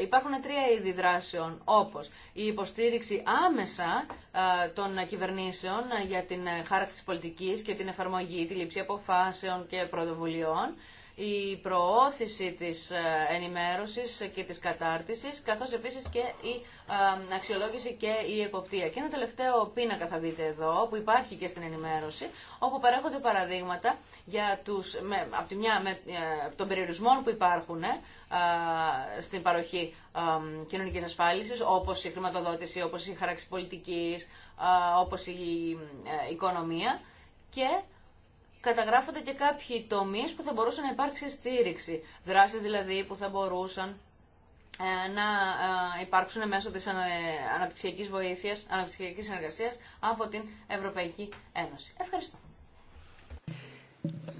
Ε, υπάρχουν τρία είδη δράσεων, όπως η υποστήριξη άμεσα ε, των κυβερνήσεων για την χάραξη τη πολιτικής και την εφαρμογή, τη λήψη αποφάσεων και πρωτοβουλειών, η προώθηση της ε, ενημέρωσης και της κατάρτισης, καθώς επίσης και η ε, αξιολόγηση και η εποπτεία. Και ένα τελευταίο πίνακα θα δείτε εδώ, που υπάρχει και στην ενημέρωση, όπου παρέχονται παραδείγματα για τους, με, από, τη μια, με, ε, των περιορισμών που υπάρχουν στην παροχή κοινωνική κοινωνικής ασφάλισης, όπως η χρηματοδότηση, όπως η χαράξη πολιτικής, όπως η οικονομία και καταγράφονται και κάποιοι τομείς που θα μπορούσαν να υπάρξει στήριξη. Δράσεις δηλαδή που θα μπορούσαν ε, να ε, υπάρξουν μέσω της ε, αναπτυξιακής βοήθειας, αναπτυξιακής συνεργασίας από την Ευρωπαϊκή Ένωση. Ευχαριστώ.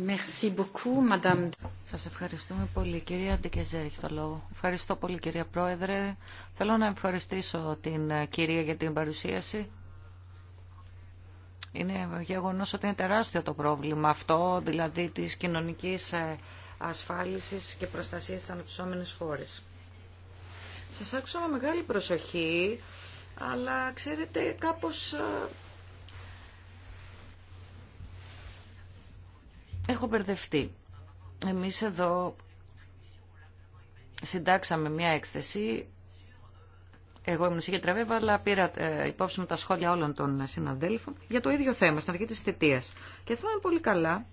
Merci beaucoup, madame. Σας ευχαριστούμε πολύ, κυρία Ντικεζέρη, το λόγο. Ευχαριστώ πολύ, κυρία Πρόεδρε. Θέλω να ευχαριστήσω την κυρία για την παρουσίαση. Είναι γεγονός ότι είναι τεράστιο το πρόβλημα αυτό, δηλαδή της κοινωνικής ε, ασφάλισης και προστασίας στις αναπτυσσόμενες χώρες. Σας άκουσα με μεγάλη προσοχή, αλλά ξέρετε κάπως... Ε, έχω μπερδευτεί. Εμείς εδώ συντάξαμε μια έκθεση εγώ ήμουν σε τραβέβα, αλλά πήρα ε, υπόψη μου τα σχόλια όλων των συναδέλφων για το ίδιο θέμα, στην αρχή τη θητεία. Και θυμάμαι πολύ καλά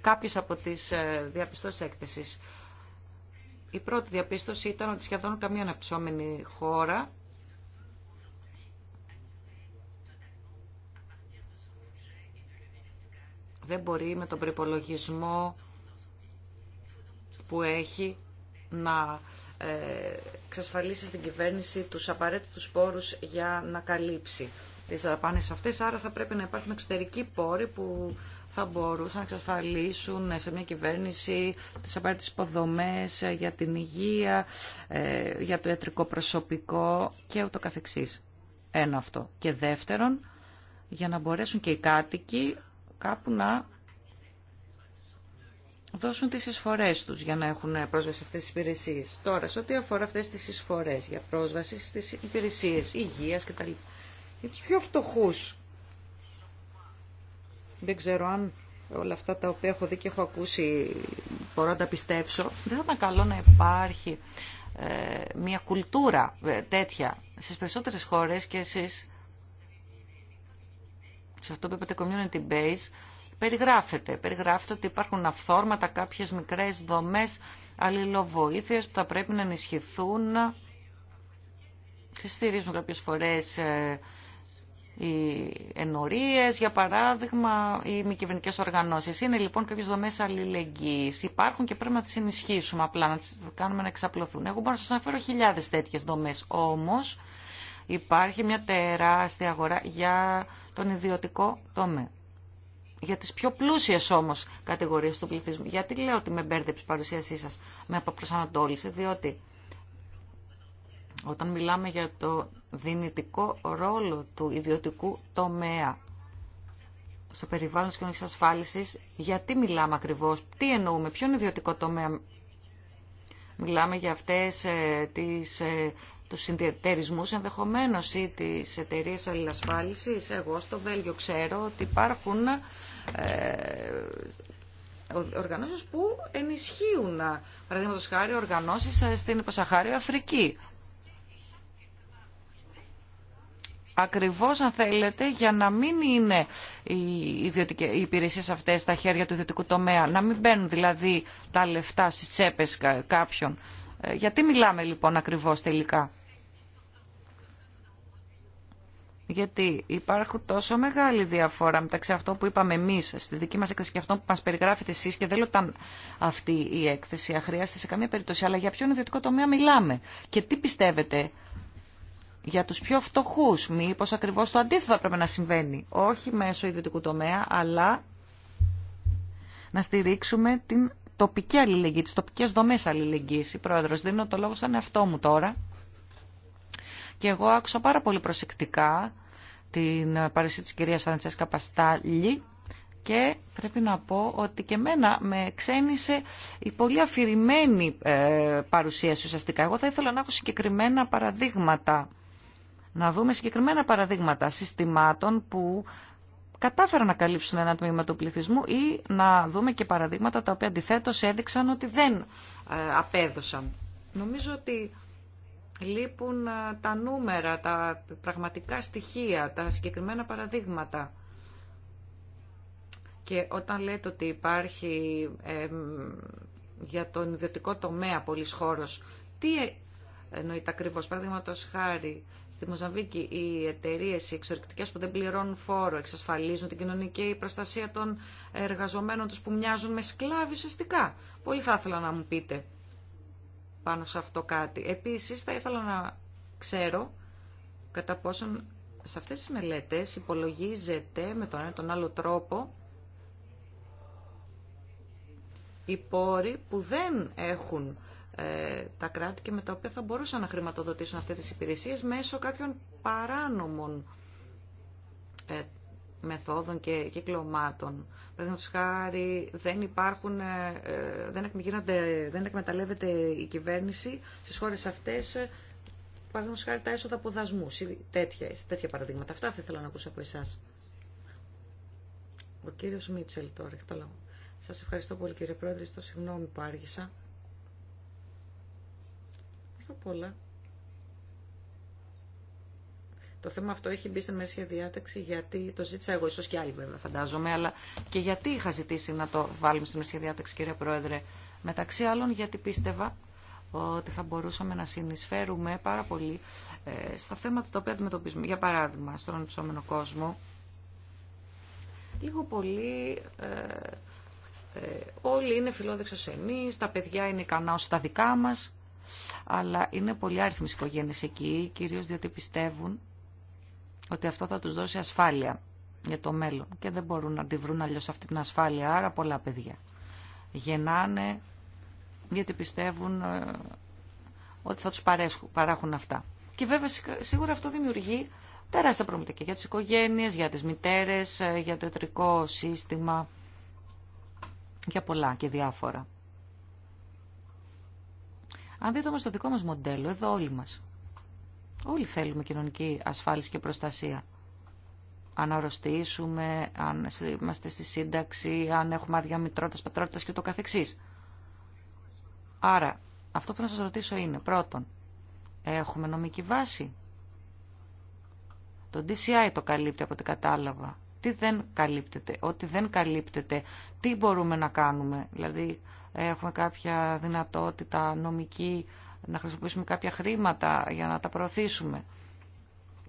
κάποιε από τι ε, διαπιστώσει έκθεση. Η πρώτη διαπίστωση ήταν ότι σχεδόν καμία αναπτυσσόμενη χώρα δεν μπορεί με τον προπολογισμό που έχει να εξασφαλίσει στην κυβέρνηση τους απαραίτητους πόρους για να καλύψει τις δαπάνε αυτές, άρα θα πρέπει να υπάρχουν εξωτερικοί πόροι που θα μπορούσαν να εξασφαλίσουν σε μια κυβέρνηση τις απαραίτητες υποδομές ε, για την υγεία, ε, για το ιατρικό προσωπικό και ούτω καθεξής. Ένα αυτό. Και δεύτερον, για να μπορέσουν και οι κάτοικοι κάπου να δώσουν τις εισφορές τους για να έχουν πρόσβαση σε αυτές τις υπηρεσίες. Τώρα, σε ό,τι αφορά αυτές τις εισφορές για πρόσβαση στις υπηρεσίες υγείας λοιπά, Για τους πιο φτωχούς. Δεν ξέρω αν όλα αυτά τα οποία έχω δει και έχω ακούσει μπορώ να τα πιστέψω. Δεν θα ήταν καλό να υπάρχει ε, μια κουλτούρα ε, τέτοια στις περισσότερες χώρες και εσείς σε αυτό που είπατε community base περιγράφεται. Περιγράφεται ότι υπάρχουν αυθόρματα κάποιες μικρές δομές αλληλοβοήθειας που θα πρέπει να ενισχυθούν. Τι στηρίζουν κάποιες φορές ε, οι ενορίες, για παράδειγμα, οι μη κυβερνικέ οργανώσεις. Είναι λοιπόν κάποιες δομές αλληλεγγύης. Υπάρχουν και πρέπει να τις ενισχύσουμε απλά, να τις κάνουμε να εξαπλωθούν. Εγώ μπορώ να σας αναφέρω χιλιάδες τέτοιες δομές. Όμως υπάρχει μια τεράστια αγορά για τον ιδιωτικό τομέα για τις πιο πλούσιες όμως κατηγορίες του πληθυσμού. Γιατί λέω ότι με μπέρδεψε η παρουσίασή σας, με αποπροσανατόλισε, διότι όταν μιλάμε για το δυνητικό ρόλο του ιδιωτικού τομέα στο περιβάλλον της κοινωνικής ασφάλισης, γιατί μιλάμε ακριβώς, τι εννοούμε, ποιον ιδιωτικό τομέα Μιλάμε για αυτές ε, τις ε, τους συντερισμούς ενδεχομένως ή τις εταιρείες αλληλασφάλισης. Εγώ στο Βέλγιο ξέρω ότι υπάρχουν ε, οργανώσεις που ενισχύουν, ε, παραδείγματο χάρη, οργανώσεις ε, στην Πασαχάριο Αφρική. Ακριβώς αν θέλετε για να μην είναι οι, οι υπηρεσίες αυτές στα χέρια του ιδιωτικού τομέα, να μην μπαίνουν δηλαδή τα λεφτά στις τσέπες κάποιων ε, γιατί μιλάμε λοιπόν ακριβώς τελικά. Γιατί υπάρχουν τόσο μεγάλη διαφορά μεταξύ αυτό που είπαμε εμεί στη δική μα έκθεση και αυτό που μα περιγράφετε εσεί και δεν λέω ήταν αυτή η έκθεση αχρίαστη σε καμία περίπτωση, αλλά για ποιον ιδιωτικό τομέα μιλάμε και τι πιστεύετε για του πιο φτωχού. Μήπω ακριβώ το αντίθετο θα πρέπει να συμβαίνει, όχι μέσω ιδιωτικού τομέα, αλλά να στηρίξουμε την τοπική αλληλεγγύη, τι τοπικές δομές αλληλεγγύης. Η Πρόεδρος δίνω το λόγο σαν εαυτό μου τώρα. Και εγώ άκουσα πάρα πολύ προσεκτικά την παρουσία της κυρίας Φραντσέσκα Παστάλη και πρέπει να πω ότι και μένα με ξένησε η πολύ αφηρημένη ε, παρουσίαση ουσιαστικά. Εγώ θα ήθελα να έχω συγκεκριμένα παραδείγματα να δούμε συγκεκριμένα παραδείγματα συστημάτων που κατάφεραν να καλύψουν ένα τμήμα του πληθυσμού ή να δούμε και παραδείγματα τα οποία αντιθέτω έδειξαν ότι δεν ε, απέδωσαν. Νομίζω ότι λείπουν ε, τα νούμερα, τα πραγματικά στοιχεία, τα συγκεκριμένα παραδείγματα. Και όταν λέτε ότι υπάρχει για τον ιδιωτικό τομέα πολλής χώρος, τι εννοείται ακριβώ. Παραδείγματο χάρη, στη Μοζαμβίκη οι εταιρείε, οι εξορρυκτικέ που δεν πληρώνουν φόρο, εξασφαλίζουν την κοινωνική προστασία των εργαζομένων του που μοιάζουν με σκλάβοι ουσιαστικά. Πολύ θα ήθελα να μου πείτε πάνω σε αυτό κάτι. Επίση, θα ήθελα να ξέρω κατά πόσον σε αυτές τις μελέτες υπολογίζεται με τον ένα τον άλλο τρόπο οι πόροι που δεν έχουν ε, τα κράτη και με τα οποία θα μπορούσαν να χρηματοδοτήσουν αυτές τις υπηρεσίες μέσω κάποιων παράνομων ε, μεθόδων και κυκλωμάτων. Παραδείγματο χάρη δεν υπάρχουν, ε, δεν, δεν εκμεταλλεύεται η κυβέρνηση στις χώρες αυτές παραδείγματο χάρη τα έσοδα από δασμού ή τέτοια, παραδείγματα. Αυτά θα ήθελα να ακούσω από εσά. Ο κύριο Μίτσελ τώρα, Σα ευχαριστώ πολύ κύριε Πρόεδρε, στο συγγνώμη που άργησα το θέμα αυτό έχει μπει στην μέση διάταξη γιατί το ζήτησα εγώ, ίσω και άλλοι βέβαια φαντάζομαι, αλλά και γιατί είχα ζητήσει να το βάλουμε στην μέση διάταξη, κύριε Πρόεδρε. Μεταξύ άλλων, γιατί πίστευα ότι θα μπορούσαμε να συνεισφέρουμε πάρα πολύ ε, στα θέματα τα οποία αντιμετωπίζουμε. Για παράδειγμα, στον ανυψόμενο κόσμο, λίγο πολύ ε, ε, όλοι είναι φιλόδεξος εμείς, τα παιδιά είναι ικανά ως τα δικά μας αλλά είναι πολύ άριθμες οικογένειες εκεί, κυρίως διότι πιστεύουν ότι αυτό θα τους δώσει ασφάλεια για το μέλλον και δεν μπορούν να τη βρουν αλλιώς αυτή την ασφάλεια, άρα πολλά παιδιά γεννάνε γιατί πιστεύουν ε, ότι θα τους παράχουν αυτά. Και βέβαια σίγουρα αυτό δημιουργεί τεράστια προβλήματα και για τις οικογένειες, για τις μητέρες, ε, για το ιατρικό σύστημα, για πολλά και διάφορα. Αν δείτε όμως το δικό μας μοντέλο, εδώ όλοι μας. Όλοι θέλουμε κοινωνική ασφάλιση και προστασία. Αν αρρωστήσουμε, αν είμαστε στη σύνταξη, αν έχουμε άδεια μητρότητα, πατρότητα και το καθεξής. Άρα, αυτό που να σας ρωτήσω είναι, πρώτον, έχουμε νομική βάση. Το DCI το καλύπτει από ό,τι κατάλαβα. Τι δεν καλύπτεται, ό,τι δεν καλύπτεται, τι μπορούμε να κάνουμε. Δηλαδή, έχουμε κάποια δυνατότητα νομική να χρησιμοποιήσουμε κάποια χρήματα για να τα προωθήσουμε.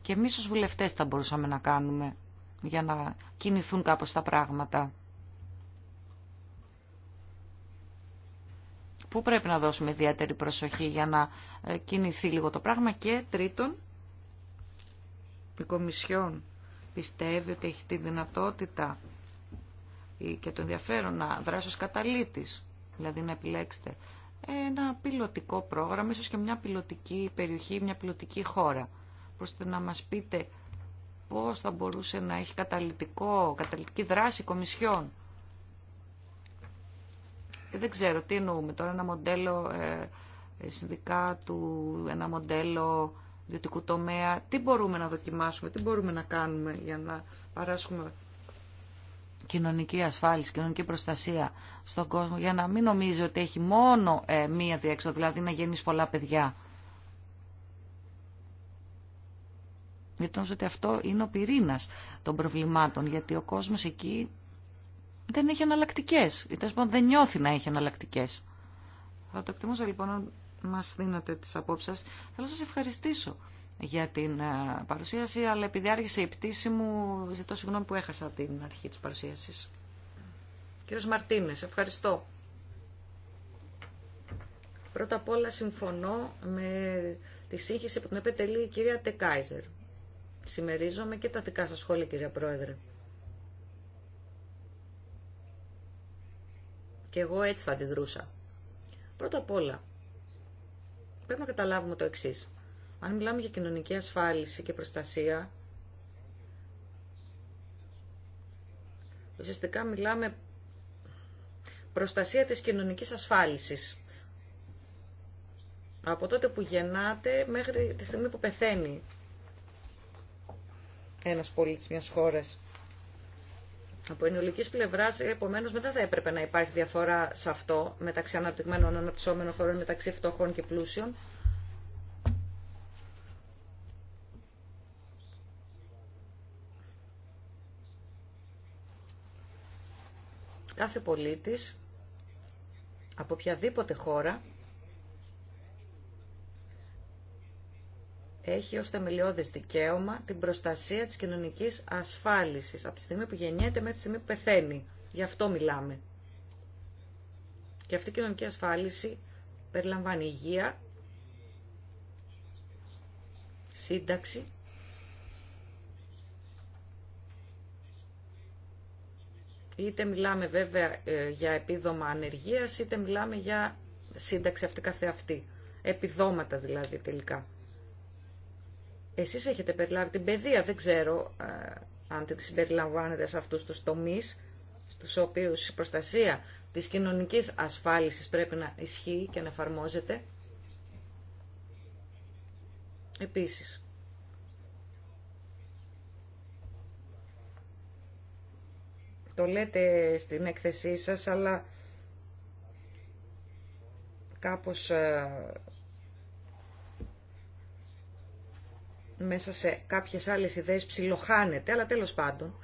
Και εμείς ως βουλευτές θα μπορούσαμε να κάνουμε για να κινηθούν κάπως τα πράγματα. Πού πρέπει να δώσουμε ιδιαίτερη προσοχή για να ε, κινηθεί λίγο το πράγμα. Και τρίτον, η Κομισιόν πιστεύει ότι έχει τη δυνατότητα και το ενδιαφέρον να δράσει ως καταλήτης δηλαδή να επιλέξετε ένα πιλωτικό πρόγραμμα, ίσως και μια πιλωτική περιοχή, μια πιλωτική χώρα, ώστε να μας πείτε πώς θα μπορούσε να έχει καταλυτικό, καταλυτική δράση κομισιών. Ε, δεν ξέρω τι εννοούμε τώρα, ένα μοντέλο ε, ε του, ένα μοντέλο ιδιωτικού τομέα. Τι μπορούμε να δοκιμάσουμε, τι μπορούμε να κάνουμε για να παράσχουμε κοινωνική ασφάλιση, κοινωνική προστασία στον κόσμο για να μην νομίζει ότι έχει μόνο ε, μία διέξοδο, δηλαδή να γεννήσει πολλά παιδιά. Γιατί νομίζω ότι αυτό είναι ο πυρήνα των προβλημάτων, γιατί ο κόσμος εκεί δεν έχει εναλλακτικέ. δεν νιώθει να έχει εναλλακτικέ. Θα το εκτιμούσα λοιπόν να μας δίνετε τις απόψεις Θέλω να σας ευχαριστήσω για την ε, παρουσίαση, αλλά επειδή άρχισε η πτήση μου, ζητώ συγγνώμη που έχασα την αρχή της παρουσίασης. Κύριος Μαρτίνες, ευχαριστώ. Πρώτα απ' όλα συμφωνώ με τη σύγχυση που την επετελεί η κυρία Τεκάιζερ. Συμμερίζομαι και τα δικά σας σχόλια, κυρία Πρόεδρε. Και εγώ έτσι θα αντιδρούσα. Πρώτα απ' όλα, πρέπει να καταλάβουμε το εξής. Αν μιλάμε για κοινωνική ασφάλιση και προστασία, ουσιαστικά μιλάμε προστασία της κοινωνικής ασφάλισης. Από τότε που γεννάται μέχρι τη στιγμή που πεθαίνει ένας πολίτης μιας χώρας. Από ενολική πλευρά, επομένω, δεν θα έπρεπε να υπάρχει διαφορά σε αυτό μεταξύ αναπτυγμένων, αναπτυσσόμενων χωρών, μεταξύ φτωχών και πλούσιων. κάθε πολίτης από οποιαδήποτε χώρα έχει ως θεμελιώδης δικαίωμα την προστασία της κοινωνικής ασφάλισης από τη στιγμή που γεννιέται μέχρι τη στιγμή που πεθαίνει. Γι' αυτό μιλάμε. Και αυτή η κοινωνική ασφάλιση περιλαμβάνει υγεία, σύνταξη, Είτε μιλάμε βέβαια ε, για επίδομα ανεργίας, είτε μιλάμε για σύνταξη αυτή καθεαυτή. Επιδόματα δηλαδή τελικά. Εσείς έχετε περιλάβει την παιδεία, δεν ξέρω ε, αν την συμπεριλαμβάνετε σε αυτούς τους τομείς, στους οποίους η προστασία της κοινωνικής ασφάλισης πρέπει να ισχύει και να εφαρμόζεται. Επίσης, Το λέτε στην έκθεσή σας, αλλά κάπως ε, μέσα σε κάποιες άλλες ιδέες ψιλοχάνεται, αλλά τέλος πάντων.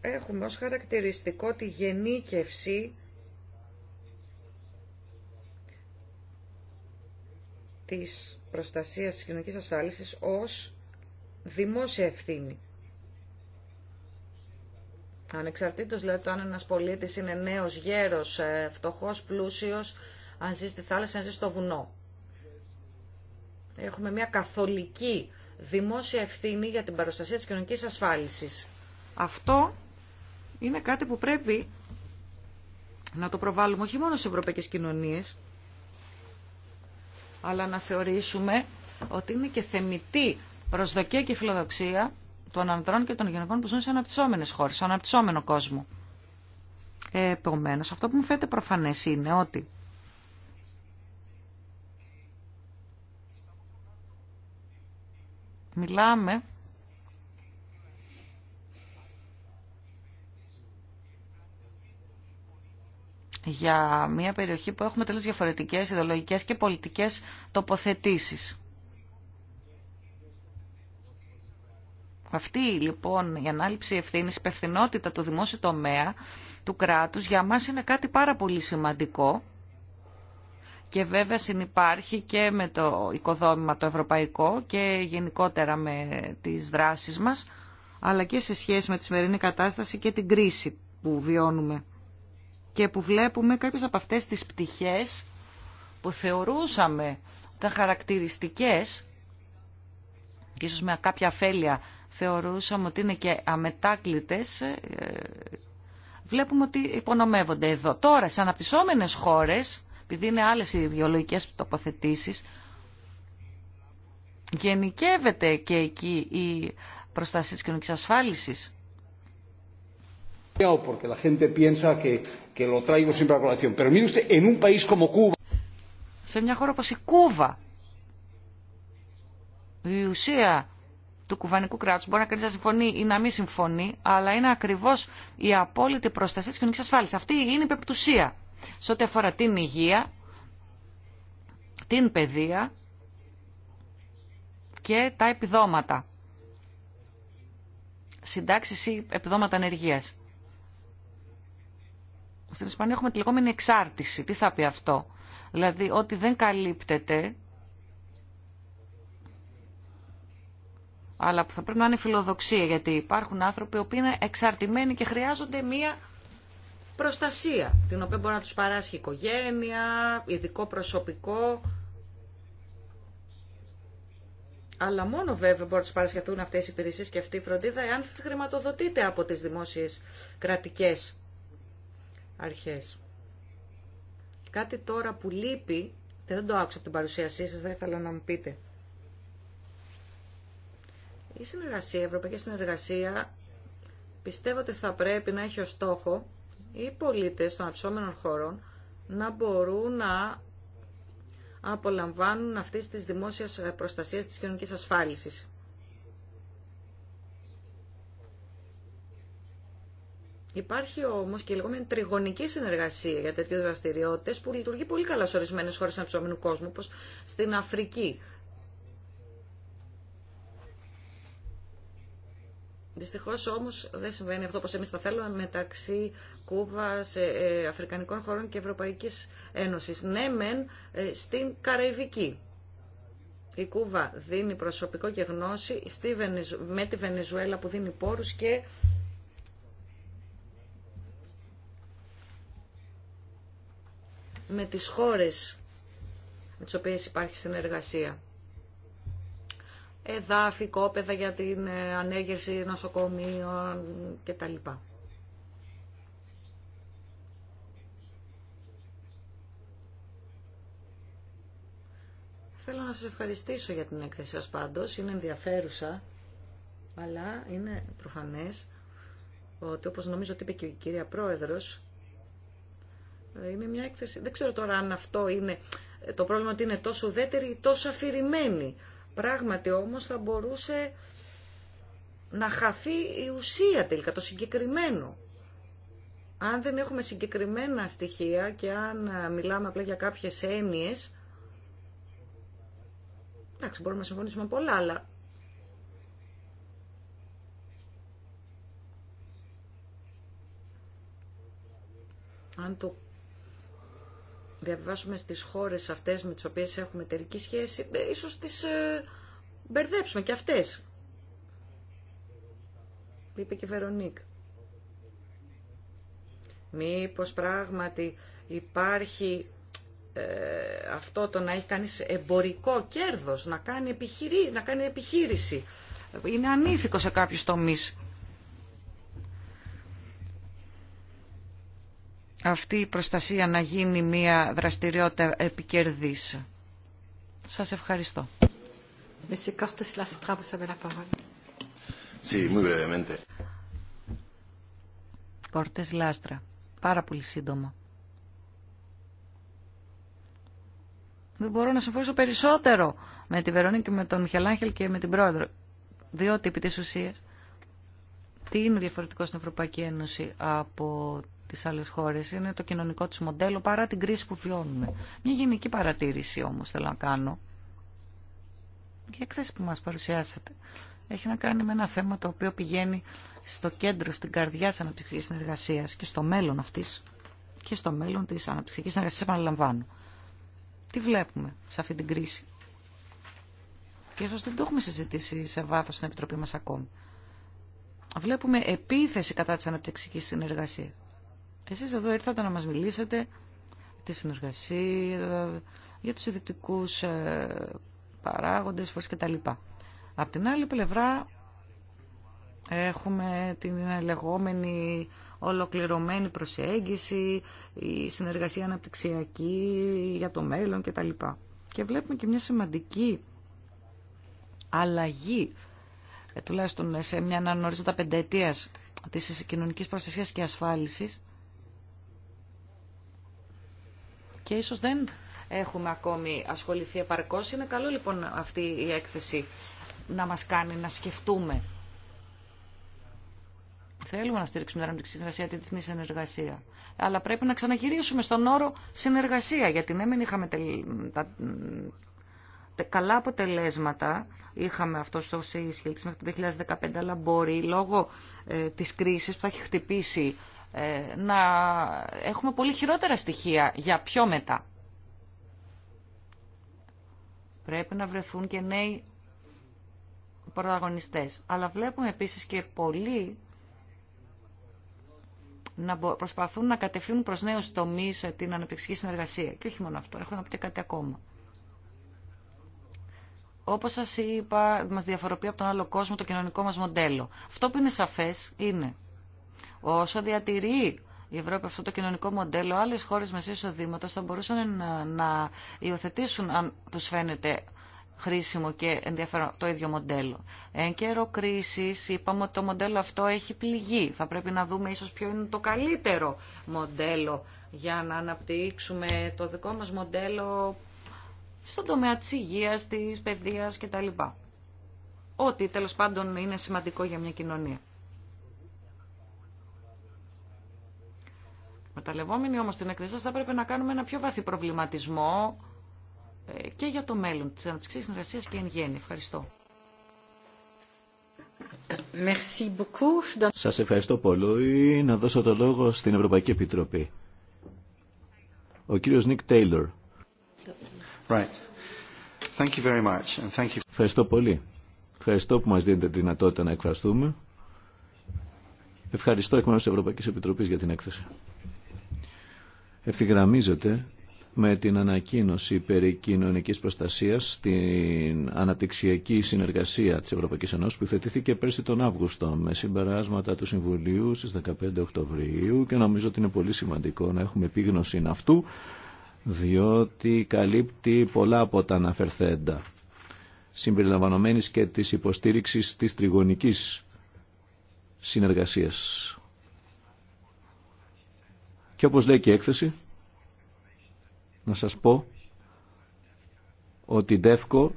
Έχουμε ως χαρακτηριστικό τη γενίκευση της προστασίας της κοινωνικής ασφάλισης ως δημόσια ευθύνη. Ανεξαρτήτως δηλαδή το αν ένας πολίτης είναι νέος, γέρος, ε, φτωχός, πλούσιος, αν ζει στη θάλασσα, αν ζει στο βουνό. Έχουμε μια καθολική δημόσια ευθύνη για την παροστασία της κοινωνικής ασφάλισης. Αυτό είναι κάτι που πρέπει να το προβάλλουμε όχι μόνο στις ευρωπαϊκές κοινωνίες, αλλά να θεωρήσουμε ότι είναι και θεμητή προσδοκία και φιλοδοξία των ανδρών και των γυναικών που ζουν σε αναπτυσσόμενες χώρες, σε αναπτυσσόμενο κόσμο. Ε, Επομένω, αυτό που μου φαίνεται προφανέ είναι ότι μιλάμε για μια περιοχή που έχουμε τελείως διαφορετικές ιδεολογικές και πολιτικές τοποθετήσεις. Αυτή λοιπόν η ανάληψη ευθύνη, η υπευθυνότητα του δημόσιου τομέα, του κράτου για μα είναι κάτι πάρα πολύ σημαντικό και βέβαια συνυπάρχει και με το οικοδόμημα το ευρωπαϊκό και γενικότερα με τις δράσεις μας, αλλά και σε σχέση με τη σημερινή κατάσταση και την κρίση που βιώνουμε και που βλέπουμε κάποιες από αυτές τις πτυχές που θεωρούσαμε τα χαρακτηριστικές με κάποια αφέλεια θεωρούσαμε ότι είναι και αμετάκλητες, ε, βλέπουμε ότι υπονομεύονται εδώ. Τώρα, σε αναπτυσσόμενες χώρες, επειδή είναι άλλες οι ιδεολογικές τοποθετήσεις, γενικεύεται και εκεί η προστασία της κοινωνικής ασφάλισης. Σε μια χώρα όπως η Κούβα, η ουσία του κουβανικού κράτου. Μπορεί να κανεί να συμφωνεί ή να μην συμφωνεί, αλλά είναι ακριβώ η απόλυτη προστασία τη κοινωνική ασφάλεια. Αυτή είναι η πεπτουσία σε ό,τι αφορά την υγεία, την παιδεία και τα επιδόματα. Συντάξει ή επιδόματα ανεργία. Στην Ισπανία έχουμε τη λεγόμενη εξάρτηση. Τι θα πει αυτό. Δηλαδή ότι δεν καλύπτεται αλλά που θα πρέπει να είναι φιλοδοξία, γιατί υπάρχουν άνθρωποι που είναι εξαρτημένοι και χρειάζονται μία προστασία, την οποία μπορεί να τους παράσχει οικογένεια, ειδικό προσωπικό, αλλά μόνο βέβαια μπορεί να τους παρασχεθούν αυτές οι υπηρεσίες και αυτή η φροντίδα εάν χρηματοδοτείται από τις δημόσιες κρατικές αρχές Κάτι τώρα που λείπει, δεν το άκουσα από την παρουσίασή σας δεν ήθελα να μου πείτε. Η συνεργασία, η ευρωπαϊκή συνεργασία πιστεύω ότι θα πρέπει να έχει ως στόχο οι πολίτες των αψόμενων χωρών να μπορούν να απολαμβάνουν αυτή τη δημόσια προστασία της κοινωνικής ασφάλισης. Υπάρχει όμως και η λεγόμενη τριγωνική συνεργασία για τέτοιες δραστηριότητες που λειτουργεί πολύ καλά σε ορισμένες χώρες του κόσμου, όπως στην Αφρική. Δυστυχώ όμως δεν συμβαίνει αυτό όπω εμεί θα θέλουμε μεταξύ Κούβας, ε, Αφρικανικών χωρών και Ευρωπαϊκής Ένωσης. Ναι μεν ε, στην Καραϊβική. Η Κούβα δίνει προσωπικό και γνώση με τη Βενεζουέλα που δίνει πόρους και με τις χώρες με τις οποίες υπάρχει συνεργασία εδάφη, κόπεδα για την ε, ανέγερση νοσοκομείων κτλ. Θέλω να σας ευχαριστήσω για την έκθεση σας πάντως, είναι ενδιαφέρουσα, αλλά είναι προφανές ότι όπως νομίζω ότι είπε και η κυρία Πρόεδρος, ε, είναι μια έκθεση, δεν ξέρω τώρα αν αυτό είναι το πρόβλημα ότι είναι τόσο ουδέτερη ή τόσο αφηρημένη. Πράγματι όμως θα μπορούσε να χαθεί η ουσία τελικά, το συγκεκριμένο. Αν δεν έχουμε συγκεκριμένα στοιχεία και αν ε, μιλάμε απλά για κάποιες έννοιες, εντάξει μπορούμε να συμφωνήσουμε πολλά, αλλά αν το διαβιβάσουμε στις χώρες αυτές με τις οποίες έχουμε εταιρική σχέση, ε, ίσως τις ε, μπερδέψουμε και αυτές. Είπε και η Βερονίκ. Μήπως πράγματι υπάρχει ε, αυτό το να έχει κανείς εμπορικό κέρδος, να κάνει, επιχειρή, να κάνει επιχείρηση. Είναι ανήθικο σε κάποιους τομείς. αυτή η προστασία να γίνει μια δραστηριότητα επικερδής. Σας ευχαριστώ. Κόρτες Λάστρα. Πάρα πολύ σύντομα. Δεν μπορώ να συμφωνήσω περισσότερο με τη Βερονίκη με τον Μιχελάνχελ και με την πρόεδρο. Διότι επί της ουσίας, τι είναι διαφορετικό στην Ευρωπαϊκή Ένωση από τις άλλες χώρες. Είναι το κοινωνικό τους μοντέλο παρά την κρίση που βιώνουμε. Μια γενική παρατήρηση όμως θέλω να κάνω. Και η έκθεση που μας παρουσιάσατε έχει να κάνει με ένα θέμα το οποίο πηγαίνει στο κέντρο, στην καρδιά της αναπτυξικής συνεργασίας και στο μέλλον αυτής και στο μέλλον της αναπτυξικής συνεργασίας επαναλαμβάνω. Τι βλέπουμε σε αυτή την κρίση. Και ίσως δεν το έχουμε συζητήσει σε βάθος στην Επιτροπή μας ακόμη. Βλέπουμε επίθεση κατά της αναπτυξικής συνεργασίας. Εσείς εδώ ήρθατε να μας μιλήσετε τη συνεργασία, για τους ειδικούς ε, παράγοντες, φορές λοιπά. Απ' την άλλη πλευρά έχουμε την λεγόμενη ολοκληρωμένη προσέγγιση, η συνεργασία αναπτυξιακή για το μέλλον και λοιπά. Και βλέπουμε και μια σημαντική αλλαγή, ε, τουλάχιστον σε μια αναγνωρίζοντα πενταετίας της κοινωνικής προστασίας και ασφάλισης, και ίσως δεν έχουμε ακόμη ασχοληθεί επαρκώς. Είναι καλό λοιπόν αυτή η έκθεση να μας κάνει να σκεφτούμε. Θέλουμε να στηρίξουμε την αναπτυξή συνεργασία, τη διεθνή συνεργασία. Αλλά πρέπει να ξαναγυρίσουμε στον όρο συνεργασία, γιατί ναι, μην είχαμε τα, καλά αποτελέσματα είχαμε αυτό στο CISHIELD μέχρι το 2015, αλλά μπορεί λόγω ε, της κρίσης που θα έχει χτυπήσει ε, να έχουμε πολύ χειρότερα στοιχεία για πιο μετά. Πρέπει να βρεθούν και νέοι πρωταγωνιστές. Αλλά βλέπουμε επίσης και πολλοί να προσπαθούν να κατευθύνουν προς νέους τομείς ε, την αναπτυξική συνεργασία. Και όχι μόνο αυτό, έχω να πω και κάτι ακόμα. Όπως σας είπα, μας διαφοροποιεί από τον άλλο κόσμο το κοινωνικό μας μοντέλο. Αυτό που είναι σαφές είναι Όσο διατηρεί η Ευρώπη αυτό το κοινωνικό μοντέλο, άλλες χώρες μεσής οδήματος θα μπορούσαν να, να υιοθετήσουν, αν τους φαίνεται χρήσιμο και ενδιαφέρον το ίδιο μοντέλο. Εν καιρό κρίση, είπαμε ότι το μοντέλο αυτό έχει πληγεί. Θα πρέπει να δούμε ίσως ποιο είναι το καλύτερο μοντέλο για να αναπτύξουμε το δικό μας μοντέλο στον τομέα της υγείας, της παιδείας κτλ. Ό,τι τέλος πάντων είναι σημαντικό για μια κοινωνία. Μεταλλευόμενοι όμως την σα θα πρέπει να κάνουμε ένα πιο βαθύ προβληματισμό ε, και για το μέλλον της αναπτυξής συνεργασίας και εν γέννη. Ευχαριστώ. Σας ευχαριστώ πολύ. Να δώσω το λόγο στην Ευρωπαϊκή Επιτροπή. Ο κύριος Νίκ Τέιλορ. Ευχαριστώ πολύ. Ευχαριστώ που μας δίνετε τη δυνατότητα να εκφραστούμε. Ευχαριστώ εκ μέρους της Ευρωπαϊκής Επιτροπής για την έκθεση ευθυγραμμίζεται με την ανακοίνωση περί κοινωνικής προστασίας στην αναπτυξιακή συνεργασία της Ευρωπαϊκής Ενώσης που θετήθηκε πέρσι τον Αύγουστο με συμπεράσματα του Συμβουλίου στις 15 Οκτωβρίου και νομίζω ότι είναι πολύ σημαντικό να έχουμε επίγνωση αυτού διότι καλύπτει πολλά από τα αναφερθέντα συμπεριλαμβανομένη και της υποστήριξης της τριγωνικής συνεργασίας. Και όπως λέει και η έκθεση, να σας πω ότι DEFCO,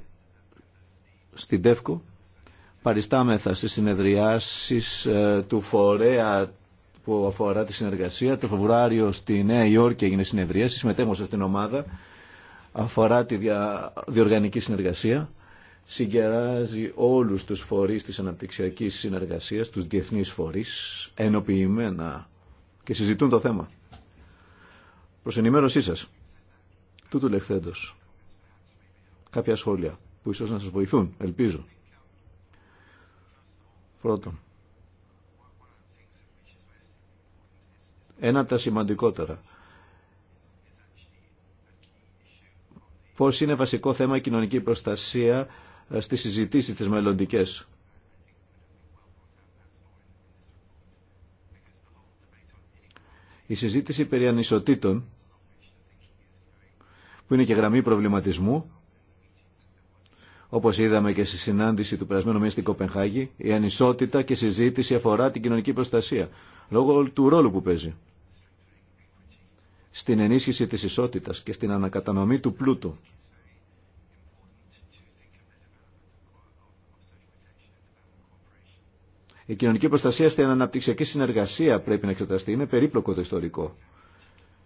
στην ΤΕΦΚΟ παριστάμεθα στις συνεδριάσεις ε, του φορέα που αφορά τη συνεργασία. Το Φεβρουάριο στη Νέα Υόρκη έγινε συνεδρία, συμμετέχω σε αυτήν την ομάδα, αφορά τη διοργανική συνεργασία. Συγκεράζει όλους τους φορείς της αναπτυξιακής συνεργασίας, τους διεθνείς φορείς, ενοποιημένα και συζητούν το θέμα προς ενημέρωσή σας. Τούτου λεχθέντος. Κάποια σχόλια που ίσως να σας βοηθούν, ελπίζω. Πρώτον, ένα τα σημαντικότερα. Πώς είναι βασικό θέμα η κοινωνική προστασία ε, στις συζητήσεις τις μελλοντικές Η συζήτηση περί ανισοτήτων, που είναι και γραμμή προβληματισμού, όπως είδαμε και στη συνάντηση του περασμένου μήνα στην Κοπενχάγη, η ανισότητα και συζήτηση αφορά την κοινωνική προστασία, λόγω του ρόλου που παίζει στην ενίσχυση της ισότητας και στην ανακατανομή του πλούτου Η κοινωνική προστασία στην αναπτυξιακή συνεργασία πρέπει να εξεταστεί. Είναι περίπλοκο το ιστορικό.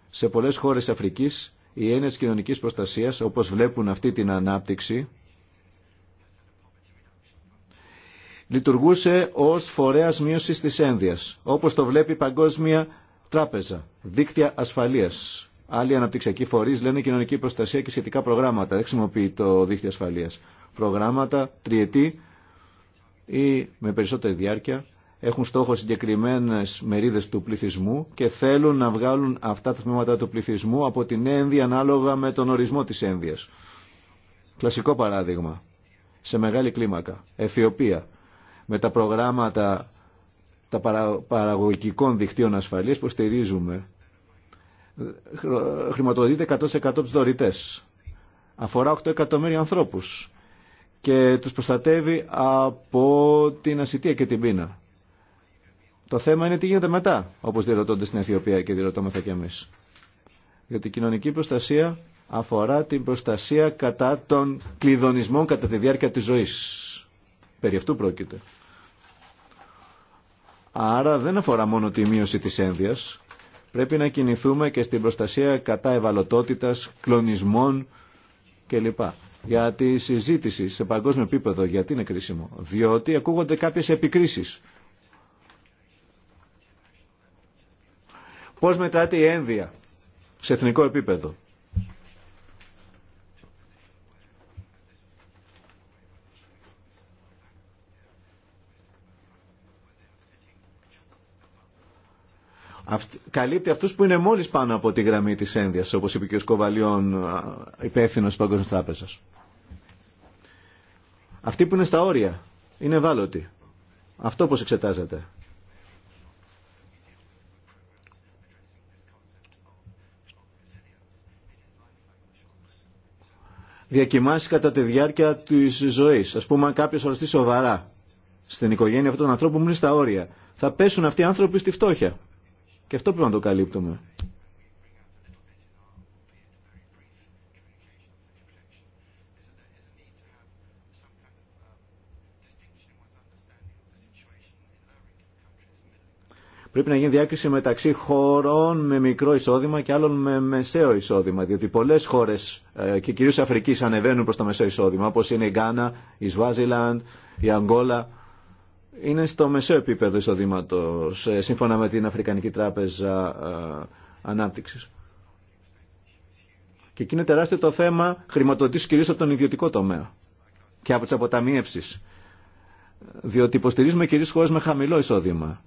Σε πολλέ χώρε Αφρική, οι έννοιε κοινωνική προστασία, όπω βλέπουν αυτή την ανάπτυξη, λειτουργούσε ω φορέα μείωση τη ένδυα, όπω το βλέπει η Παγκόσμια Τράπεζα. Δίκτυα ασφαλεία. Άλλοι αναπτυξιακοί φορεί λένε κοινωνική προστασία και σχετικά προγράμματα. Δεν χρησιμοποιεί το δίκτυο ασφαλεία. Προγράμματα τριετή ή με περισσότερη διάρκεια έχουν στόχο συγκεκριμένε μερίδε του πληθυσμού και θέλουν να βγάλουν αυτά τα τμήματα του πληθυσμού από την ένδυα ανάλογα με τον ορισμό τη ένδυα. Κλασικό παράδειγμα. Σε μεγάλη κλίμακα. Αιθιοπία. Με τα προγράμματα τα παραγωγικών δικτύων ασφαλείας που στηρίζουμε χρηματοδοτείται 100% από τους Αφορά 8 εκατομμύρια ανθρώπους και τους προστατεύει από την ασυτεία και την πείνα. Το θέμα είναι τι γίνεται μετά, όπως διερωτώνται στην Αιθιοπία και διερωτώμεθα κι εμείς. Γιατί η κοινωνική προστασία αφορά την προστασία κατά των κλειδονισμών κατά τη διάρκεια της ζωής. Περί αυτού πρόκειται. Άρα δεν αφορά μόνο τη μείωση της ένδυας. Πρέπει να κινηθούμε και στην προστασία κατά ευαλωτότητας, κλονισμών κλπ για τη συζήτηση σε παγκόσμιο επίπεδο. Γιατί είναι κρίσιμο. Διότι ακούγονται κάποιες επικρίσεις. Πώς μετράτε η ένδυα σε εθνικό επίπεδο. καλύπτει αυτούς που είναι μόλις πάνω από τη γραμμή της ένδυα, όπως είπε και ο Σκοβαλιών, υπεύθυνο τη Παγκόσμια Τράπεζας. Αυτοί που είναι στα όρια, είναι ευάλωτοι. Αυτό πώς εξετάζεται. Διακοιμάσει κατά τη διάρκεια της ζωής. Ας πούμε, αν κάποιος οραστεί σοβαρά στην οικογένεια αυτών των ανθρώπων που είναι στα όρια, θα πέσουν αυτοί οι άνθρωποι στη φτώχεια. Και αυτό πρέπει να το καλύπτουμε. Πρέπει να γίνει διάκριση μεταξύ χωρών με μικρό εισόδημα και άλλων με μεσαίο εισόδημα. Διότι πολλέ χώρε ε, και κυρίω Αφρική ανεβαίνουν προ το μεσαίο εισόδημα, όπω είναι η Γκάνα, η Σβάζιλαντ, η Αγγόλα είναι στο μεσαίο επίπεδο εισοδήματο, ε, σύμφωνα με την Αφρικανική Τράπεζα ε, Ανάπτυξη. Και εκεί είναι τεράστιο το θέμα χρηματοδοτήσεω κυρίω από τον ιδιωτικό τομέα και από τι αποταμίευσει. Διότι υποστηρίζουμε κυρίω χώρε με χαμηλό εισόδημα.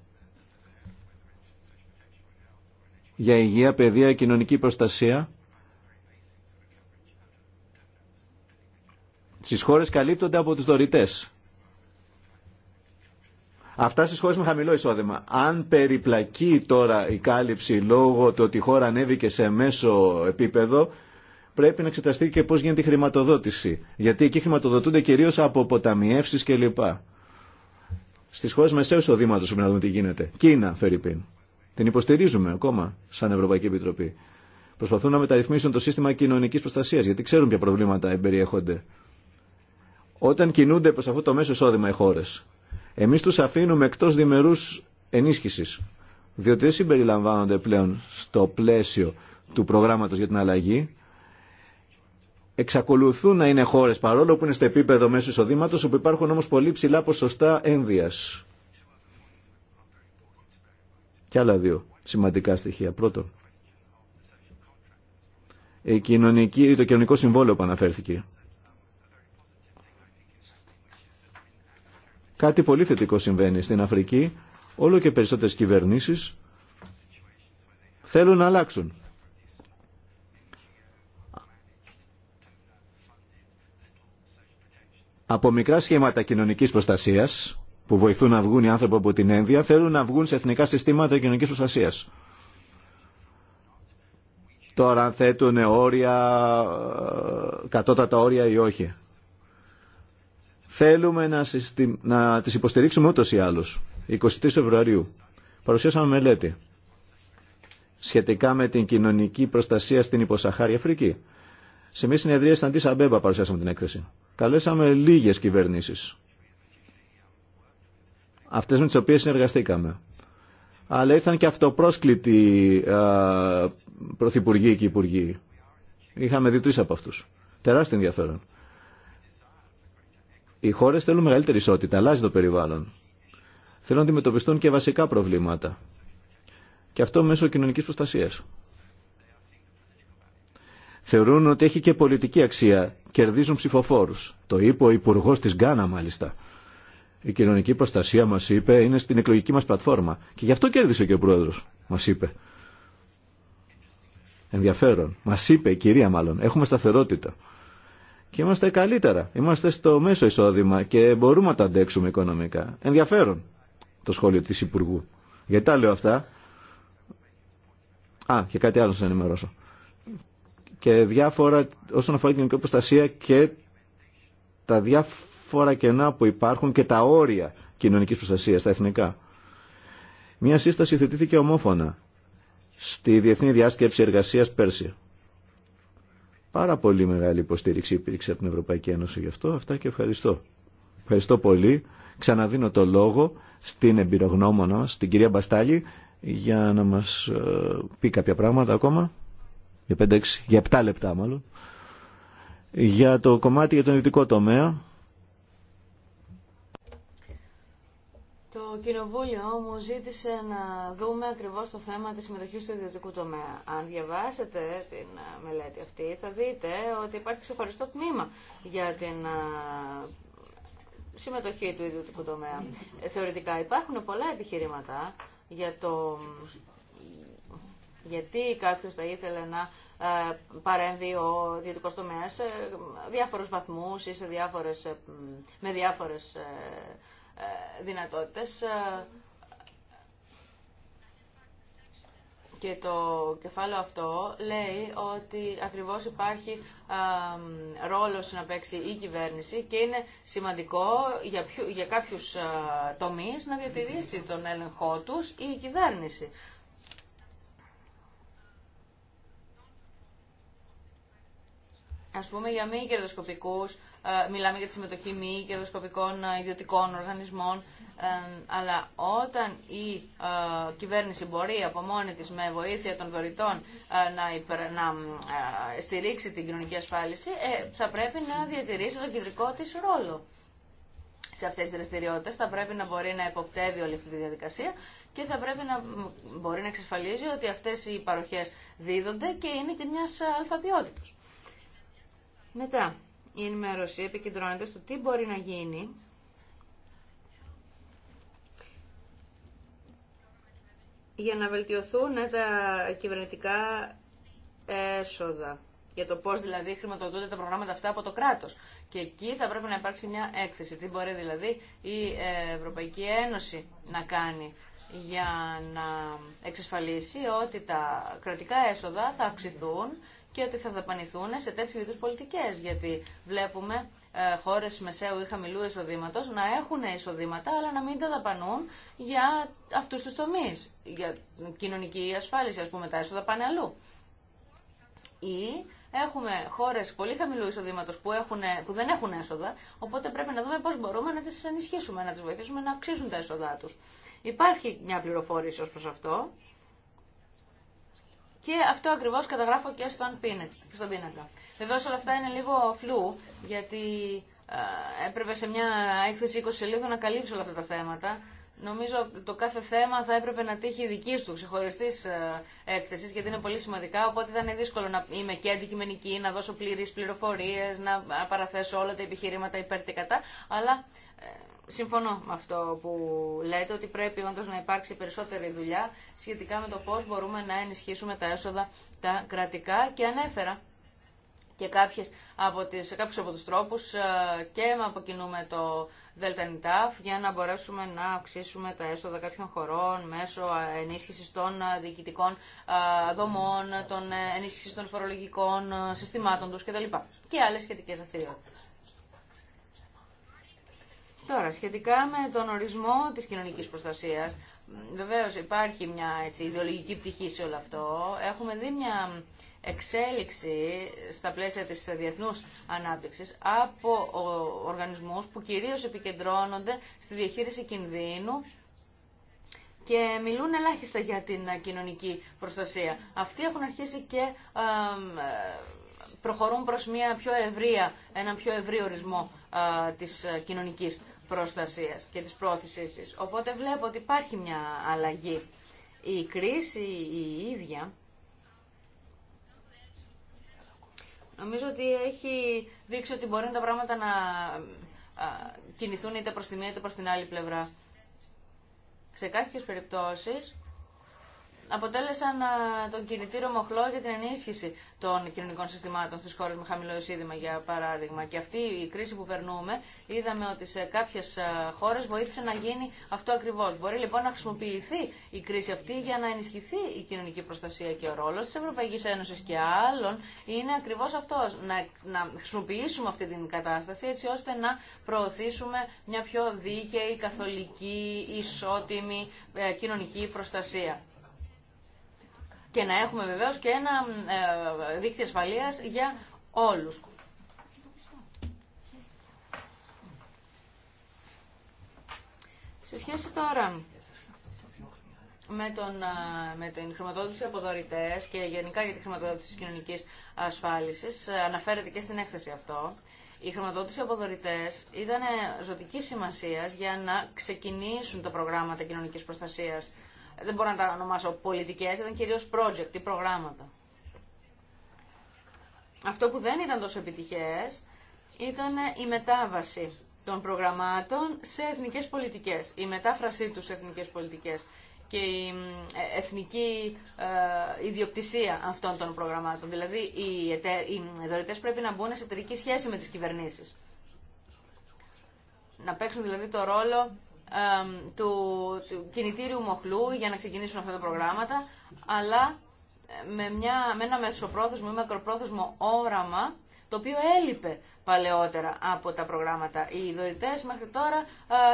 Για υγεία, παιδεία, κοινωνική προστασία. Στι χώρες καλύπτονται από του δωρητέ. Αυτά στι χώρε με χαμηλό εισόδημα. Αν περιπλακεί τώρα η κάλυψη λόγω του ότι η χώρα ανέβηκε σε μέσο επίπεδο, πρέπει να εξεταστεί και πώ γίνεται η χρηματοδότηση. Γιατί εκεί χρηματοδοτούνται κυρίω από ποταμιεύσει κλπ. Στι χώρε μεσαίου εισοδήματο πρέπει να δούμε τι γίνεται. Κίνα, Φερρυπίν. Την υποστηρίζουμε ακόμα σαν Ευρωπαϊκή Επιτροπή. Προσπαθούν να μεταρρυθμίσουν το σύστημα κοινωνική προστασία γιατί ξέρουν ποια προβλήματα εμπεριέχονται. Όταν κινούνται προ αυτό το μέσο εισόδημα οι χώρε εμείς τους αφήνουμε εκτός διμερούς ενίσχυσης, διότι δεν συμπεριλαμβάνονται πλέον στο πλαίσιο του προγράμματος για την αλλαγή. Εξακολουθούν να είναι χώρες παρόλο που είναι στο επίπεδο μέσου εισοδήματος, όπου υπάρχουν όμως πολύ ψηλά ποσοστά ένδυας. Και άλλα δύο σημαντικά στοιχεία. Πρώτον, η κοινωνική, το κοινωνικό συμβόλαιο που αναφέρθηκε. Κάτι πολύ θετικό συμβαίνει στην Αφρική. Όλο και περισσότερες κυβερνήσεις θέλουν να αλλάξουν. Από μικρά σχήματα κοινωνικής προστασίας που βοηθούν να βγουν οι άνθρωποι από την ένδια θέλουν να βγουν σε εθνικά συστήματα κοινωνικής προστασίας. Τώρα αν θέτουν όρια, ε, κατώτατα όρια ή όχι. Θέλουμε να, συστη... να τις υποστηρίξουμε ούτως ή άλλως. 23 Φεβρουαρίου παρουσιάσαμε μελέτη σχετικά με την κοινωνική προστασία στην υποσαχάρη Αφρική. Σε μια συνεδρία στην Αντίσα Μπέμπα παρουσιάσαμε την έκθεση. Καλέσαμε λίγες κυβερνήσεις. Αυτές με τις οποίες συνεργαστήκαμε. Αλλά ήρθαν και αυτοπρόσκλητοι α, πρωθυπουργοί και υπουργοί. Είχαμε δει τρεις από αυτούς. Τεράστιο ενδιαφέρον. Οι χώρε θέλουν μεγαλύτερη ισότητα, αλλάζει το περιβάλλον. Θέλουν να αντιμετωπιστούν και βασικά προβλήματα. Και αυτό μέσω κοινωνική προστασία. Θεωρούν ότι έχει και πολιτική αξία. Κερδίζουν ψηφοφόρου. Το είπε ο Υπουργό τη Γκάνα, μάλιστα. Η κοινωνική προστασία, μα είπε, είναι στην εκλογική μα πλατφόρμα. Και γι' αυτό κέρδισε και ο Πρόεδρο, μα είπε. Ενδιαφέρον. Μα είπε η κυρία, μάλλον. Έχουμε σταθερότητα και είμαστε καλύτερα. Είμαστε στο μέσο εισόδημα και μπορούμε να τα αντέξουμε οικονομικά. Ενδιαφέρον το σχόλιο της Υπουργού. Γιατί τα λέω αυτά. Α, και κάτι άλλο να σας ενημερώσω. Και διάφορα όσον αφορά την κοινωνική προστασία και τα διάφορα κενά που υπάρχουν και τα όρια κοινωνικής προστασίας, τα εθνικά. Μια σύσταση θετήθηκε ομόφωνα στη Διεθνή Διάσκεψη Εργασίας πέρσι Πάρα πολύ μεγάλη υποστήριξη υπήρξε από την Ευρωπαϊκή Ένωση γι' αυτό. Αυτά και ευχαριστώ. Ευχαριστώ πολύ. Ξαναδίνω το λόγο στην εμπειρογνώμονα στην κυρία Μπαστάλη, για να μας ε, πει κάποια πράγματα ακόμα. Για 5-6, για 7 λεπτά μάλλον. Για το κομμάτι για τον ειδικό τομέα, Κοινοβούλιο μου ζήτησε να δούμε ακριβώς το θέμα της συμμετοχή του ιδιωτικού τομέα. Αν διαβάσετε την ε, μελέτη αυτή θα δείτε ότι υπάρχει ξεχωριστό τμήμα για την ε, συμμετοχή του ιδιωτικού τομέα. Ε, θεωρητικά υπάρχουν πολλά επιχειρήματα για το γιατί κάποιος θα ήθελε να παρέμβει ο ιδιωτικός τομέας σε διάφορους βαθμούς ή σε διάφορες, με διάφορες ε, δυνατότητες ε, και το κεφάλαιο αυτό λέει ότι ακριβώς υπάρχει α, ε, ρόλος να παίξει η κυβέρνηση και είναι σημαντικό για, για κάποιους τομείς να διατηρήσει τον έλεγχό τους η κυβέρνηση. Ας πούμε για μη κερδοσκοπικούς ε, μιλάμε για τη συμμετοχή μη κερδοσκοπικών ε, ιδιωτικών οργανισμών, ε, αλλά όταν η κυβέρνηση μπορεί από μόνη της με βοήθεια των δωρητών να, να στηρίξει την κοινωνική ασφάλιση, θα πρέπει να διατηρήσει τον κεντρικό της ρόλο σε αυτέ τι δραστηριότητε. Θα πρέπει να μπορεί να εποπτεύει όλη αυτή τη διαδικασία και θα πρέπει να μπορεί να εξασφαλίζει ότι αυτέ οι παροχέ δίδονται και είναι και μια αλφαπιότητα. Μετά, η ενημέρωση επικεντρώνεται στο τι μπορεί να γίνει για να βελτιωθούν ε, τα κυβερνητικά έσοδα. Για το πώς δηλαδή χρηματοδοτούνται τα προγράμματα αυτά από το κράτος. Και εκεί θα πρέπει να υπάρξει μια έκθεση. Τι μπορεί δηλαδή η ε, Ευρωπαϊκή Ένωση να κάνει για να εξασφαλίσει ότι τα κρατικά έσοδα θα αυξηθούν και ότι θα δαπανηθούν σε τέτοιου είδου πολιτικέ. Γιατί βλέπουμε ε, χώρε μεσαίου ή χαμηλού εισοδήματο να έχουν εισοδήματα, αλλά να μην τα δαπανούν για αυτού του τομεί. Για κοινωνική ασφάλιση, α πούμε, τα έσοδα πάνε αλλού. Ή έχουμε χώρε πολύ χαμηλού εισοδήματο που, που δεν έχουν έσοδα, οπότε πρέπει να δούμε πώ μπορούμε να τι ενισχύσουμε, να τι βοηθήσουμε να αυξήσουν τα έσοδά του. Υπάρχει μια πληροφόρηση ω προ αυτό και αυτό ακριβώ καταγράφω και στον, στον πίνακα. Βεβαίω όλα αυτά είναι λίγο φλού, γιατί ε, έπρεπε σε μια έκθεση 20 σελίδων να καλύψω όλα αυτά τα θέματα. Νομίζω το κάθε θέμα θα έπρεπε να τύχει δική του ξεχωριστή ε, έκθεση, γιατί είναι πολύ σημαντικά. Οπότε θα είναι δύσκολο να είμαι και αντικειμενική, να δώσω πλήρε πληροφορίε, να παραθέσω όλα τα επιχειρήματα υπέρ και κατά. Αλλά ε, συμφωνώ με αυτό που λέτε, ότι πρέπει όντω να υπάρξει περισσότερη δουλειά σχετικά με το πώ μπορούμε να ενισχύσουμε τα έσοδα τα κρατικά και ανέφερα και κάποιες από τις, κάποιους από τους τρόπους ε, και αποκινούμε το ΔΕΛΤΑΝΙΤΑΦ για να μπορέσουμε να αυξήσουμε τα έσοδα κάποιων χωρών μέσω ε, ενίσχυσης των ε, διοικητικών δομών, των ενίσχυσης των φορολογικών συστημάτων τους κτλ. Και άλλες σχετικές δραστηριότητες. Τώρα, σχετικά με τον ορισμό της κοινωνική προστασίας, βεβαίως υπάρχει μια έτσι, ιδεολογική πτυχή σε όλο αυτό. Έχουμε δει μια εξέλιξη στα πλαίσια της διεθνούς ανάπτυξης από οργανισμούς που κυρίως επικεντρώνονται στη διαχείριση κινδύνου και μιλούν ελάχιστα για την κοινωνική προστασία. Αυτοί έχουν αρχίσει και προχωρούν προς μια πιο ένα πιο ευρύ ορισμό της κοινωνικής προστασίας και της πρόθεσής της. Οπότε βλέπω ότι υπάρχει μια αλλαγή. Η κρίση η ίδια νομίζω ότι έχει δείξει ότι μπορεί τα πράγματα να κινηθούν είτε προς τη μία είτε προς την άλλη πλευρά. Σε κάποιες περιπτώσεις αποτέλεσαν ε, τον κινητήρο μοχλό για την ενίσχυση των κοινωνικών συστημάτων στις χώρες με χαμηλό εισίδημα, για παράδειγμα. Και αυτή η κρίση που περνούμε, είδαμε ότι σε κάποιες ε, χώρες βοήθησε να γίνει αυτό ακριβώς. Μπορεί λοιπόν να χρησιμοποιηθεί η κρίση αυτή για να ενισχυθεί η κοινωνική προστασία και ο ρόλος της Ευρωπαϊκής Ένωσης και άλλων είναι ακριβώς αυτός. Να, να χρησιμοποιήσουμε αυτή την κατάσταση έτσι ώστε να προωθήσουμε μια πιο δίκαιη, καθολική, ισότιμη ε, κοινωνική προστασία και να έχουμε βεβαίω και ένα ε, δίκτυο ασφαλείας για όλους. Σε σχέση τώρα με, τον, ε, με την χρηματοδότηση από και γενικά για τη χρηματοδότηση της κοινωνικής ασφάλισης, ε, αναφέρεται και στην έκθεση αυτό, η χρηματοδότηση από ήταν ζωτική σημασίας... για να ξεκινήσουν τα προγράμματα κοινωνικής προστασίας δεν μπορώ να τα ονομάσω πολιτικές, ήταν κυρίω project ή προγράμματα. Αυτό που δεν ήταν τόσο επιτυχέ ήταν η μετάβαση των προγραμμάτων σε εθνικές πολιτικές, η μετάφρασή τους σε εθνικές πολιτικές και η ε, εθνική ε, ιδιοκτησία αυτών των προγραμμάτων. Δηλαδή, οι, πρέπει να μπουν σε εταιρική σχέση με τις κυβερνήσει. Να παίξουν δηλαδή το ρόλο του κινητήριου μοχλού για να ξεκινήσουν αυτά τα προγράμματα, αλλά με, μια, με ένα μεσοπρόθεσμο ή μακροπρόθεσμο όραμα το οποίο έλειπε παλαιότερα από τα προγράμματα. Οι δωρητέ μέχρι τώρα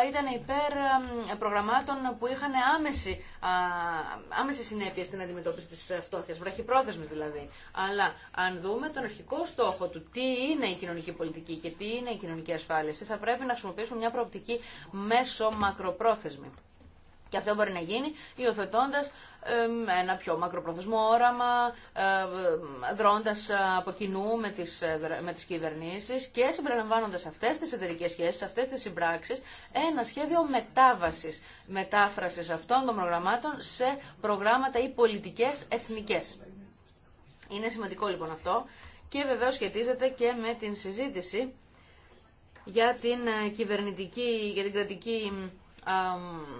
ήταν υπέρ προγραμμάτων που είχαν άμεση, άμεση συνέπεια στην αντιμετώπιση της φτώχεια, βραχυπρόθεσμη δηλαδή. Αλλά αν δούμε τον αρχικό στόχο του τι είναι η κοινωνική πολιτική και τι είναι η κοινωνική ασφάλιση, θα πρέπει να χρησιμοποιήσουμε μια προοπτική μέσο μακροπρόθεσμη. Και αυτό μπορεί να γίνει υιοθετώντα ένα πιο μακροπροθεσμό όραμα, δρώντας από κοινού με τις, ε, με τις κυβερνήσεις και συμπεριλαμβάνοντας αυτές τις εταιρικές σχέσεις, αυτές τις συμπράξεις, ένα σχέδιο μετάβασης, μετάφρασης αυτών των προγραμμάτων σε προγράμματα ή πολιτικές εθνικές. Είναι σημαντικό λοιπόν αυτό και βεβαίως σχετίζεται και με την συζήτηση για την ε, κυβερνητική, για την κρατική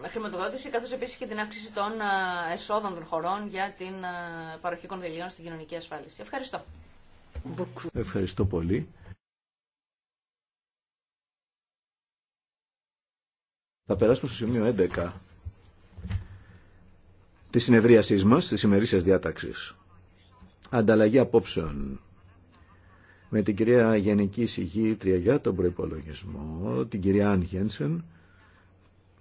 χρηματοδότηση, καθώς επίσης και την αύξηση των εσόδων των χωρών για την παροχή κονδυλίων στην κοινωνική ασφάλιση. Ευχαριστώ. Ευχαριστώ πολύ. Θα περάσουμε στο σημείο 11 τη συνεδρίασή μα, τη ημερήσια διάταξη. Ανταλλαγή απόψεων με την κυρία Γενική Συγήτρια για τον προπολογισμό, την κυρία Αν Γένσεν,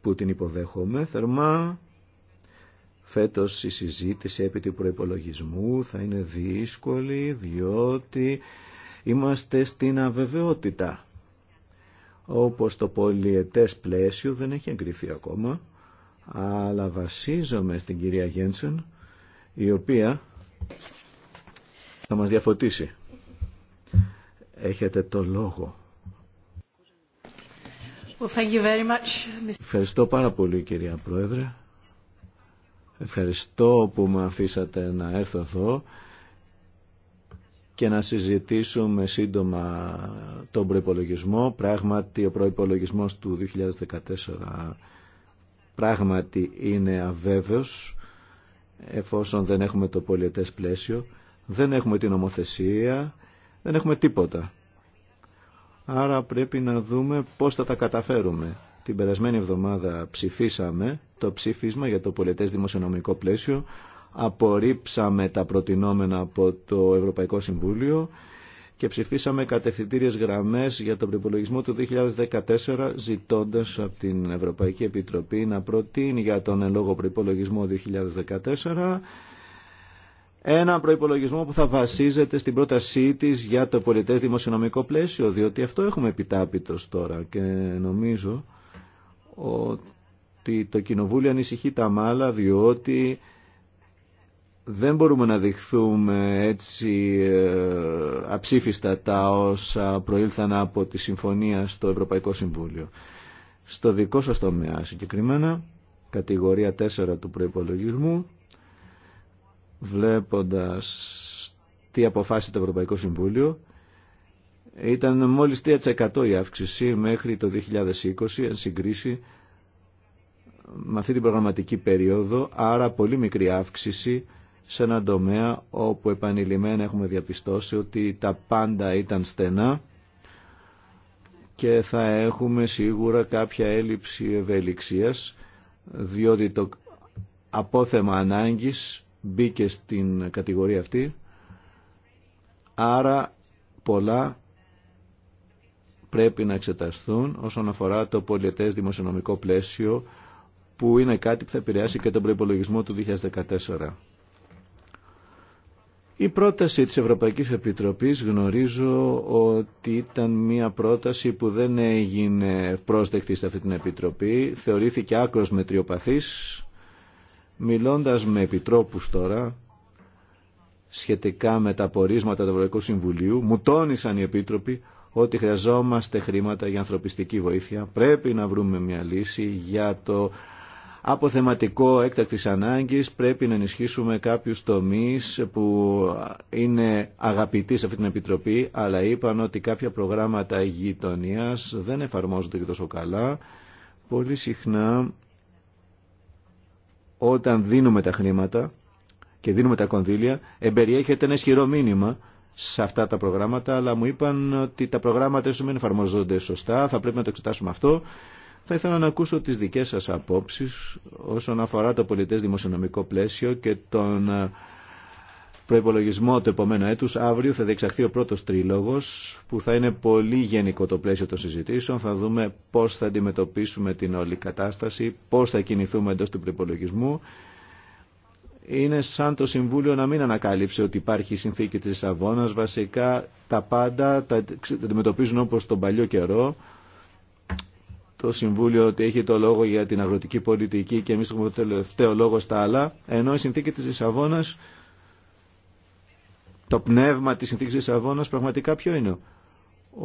που την υποδέχομαι θερμά. Φέτος η συζήτηση επί του προϋπολογισμού θα είναι δύσκολη διότι είμαστε στην αβεβαιότητα. Όπως το πολιετές πλαίσιο δεν έχει εγκριθεί ακόμα, αλλά βασίζομαι στην κυρία Γένσεν, η οποία θα μας διαφωτίσει. Έχετε το λόγο. Ευχαριστώ πάρα πολύ κυρία Πρόεδρε. Ευχαριστώ που με αφήσατε να έρθω εδώ και να συζητήσουμε σύντομα τον προϋπολογισμό. Πράγματι, ο προϋπολογισμός του 2014 πράγματι είναι αβέβαιος, εφόσον δεν έχουμε το πολιετές πλαίσιο, δεν έχουμε την ομοθεσία, δεν έχουμε τίποτα άρα πρέπει να δούμε πώς θα τα καταφέρουμε. Την περασμένη εβδομάδα ψηφίσαμε το ψήφισμα για το πολιτές δημοσιονομικό πλαίσιο, απορρίψαμε τα προτινόμενα από το Ευρωπαϊκό Συμβούλιο και ψηφίσαμε κατευθυντήριες γραμμές για τον προπολογισμό του 2014 ζητώντας από την Ευρωπαϊκή Επιτροπή να προτείνει για τον ελόγο προπολογισμό 2014 ένα προϋπολογισμό που θα βασίζεται στην πρότασή τη για το πολιτές δημοσιονομικό πλαίσιο, διότι αυτό έχουμε επιτάπητος τώρα και νομίζω ότι το Κοινοβούλιο ανησυχεί τα μάλα διότι δεν μπορούμε να δειχθούμε έτσι ε, αψήφιστα τα όσα προήλθαν από τη συμφωνία στο Ευρωπαϊκό Συμβούλιο. Στο δικό σας τομέα συγκεκριμένα, κατηγορία 4 του προϋπολογισμού, βλέποντας τι αποφάσισε το Ευρωπαϊκό Συμβούλιο ήταν μόλις 3% η αύξηση μέχρι το 2020 εν συγκρίση με αυτή την προγραμματική περίοδο άρα πολύ μικρή αύξηση σε έναν τομέα όπου επανειλημμένα έχουμε διαπιστώσει ότι τα πάντα ήταν στενά και θα έχουμε σίγουρα κάποια έλλειψη ευελιξίας διότι το απόθεμα ανάγκης μπήκε στην κατηγορία αυτή. Άρα πολλά πρέπει να εξεταστούν όσον αφορά το πολιετές δημοσιονομικό πλαίσιο που είναι κάτι που θα επηρεάσει και τον προϋπολογισμό του 2014. Η πρόταση της Ευρωπαϊκής Επιτροπής γνωρίζω ότι ήταν μια πρόταση που δεν έγινε πρόσδεκτη σε αυτή την Επιτροπή. Θεωρήθηκε άκρος μετριοπαθής Μιλώντας με επιτρόπους τώρα σχετικά με τα πορίσματα του Ευρωπαϊκού Συμβουλίου, μου τόνισαν οι επίτροποι ότι χρειαζόμαστε χρήματα για ανθρωπιστική βοήθεια. Πρέπει να βρούμε μια λύση για το αποθεματικό έκτακτης ανάγκης. Πρέπει να ενισχύσουμε κάποιους τομείς που είναι αγαπητοί σε αυτή την Επιτροπή, αλλά είπαν ότι κάποια προγράμματα γειτονία δεν εφαρμόζονται και τόσο καλά. Πολύ συχνά όταν δίνουμε τα χρήματα και δίνουμε τα κονδύλια, εμπεριέχεται ένα ισχυρό μήνυμα σε αυτά τα προγράμματα, αλλά μου είπαν ότι τα προγράμματα σου μην εφαρμοζόνται σωστά, θα πρέπει να το εξετάσουμε αυτό. Θα ήθελα να ακούσω τις δικές σας απόψεις όσον αφορά το πολιτές δημοσιονομικό πλαίσιο και τον ε, προπολογισμό του επόμενου έτου, Αύριο θα διεξαχθεί ο πρώτο τρίλογος που θα είναι πολύ γενικό το πλαίσιο των συζητήσεων. Θα δούμε πώ θα αντιμετωπίσουμε την όλη κατάσταση, πώ θα κινηθούμε εντό του προπολογισμού. Είναι σαν το Συμβούλιο να μην ανακάλυψε ότι υπάρχει η συνθήκη της Λισαβόνα. Βασικά τα πάντα τα αντιμετωπίζουν όπω τον παλιό καιρό. Το Συμβούλιο ότι έχει το λόγο για την αγροτική πολιτική και εμεί έχουμε το τελευταίο λόγο στα άλλα. Ενώ η συνθήκη τη Λισαβόνα το πνεύμα της συνθήκης της Αβώνας πραγματικά ποιο είναι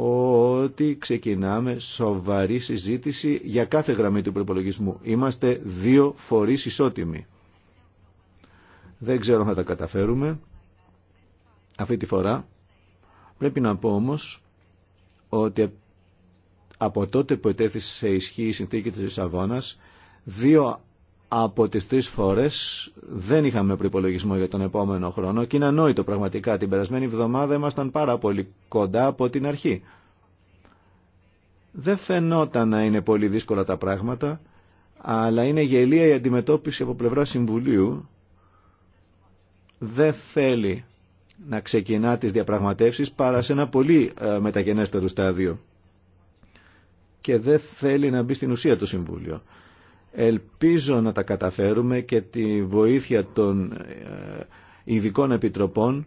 ότι ξεκινάμε σοβαρή συζήτηση για κάθε γραμμή του προπολογισμού. Είμαστε δύο φορείς ισότιμοι. Δεν ξέρω αν θα τα καταφέρουμε αυτή τη φορά. Πρέπει να πω όμως ότι από τότε που ετέθησε σε ισχύ η συνθήκη της Λισαβόνας δύο από τις τρεις φορές δεν είχαμε προπολογισμό για τον επόμενο χρόνο και είναι ανόητο πραγματικά. Την περασμένη εβδομάδα ήμασταν πάρα πολύ κοντά από την αρχή. Δεν φαινόταν να είναι πολύ δύσκολα τα πράγματα, αλλά είναι γελία η αντιμετώπιση από πλευρά Συμβουλίου. Δεν θέλει να ξεκινά τις διαπραγματεύσεις παρά σε ένα πολύ ε, μεταγενέστερο στάδιο και δεν θέλει να μπει στην ουσία το Συμβούλιο. Ελπίζω να τα καταφέρουμε και τη βοήθεια των ε, ειδικών επιτροπών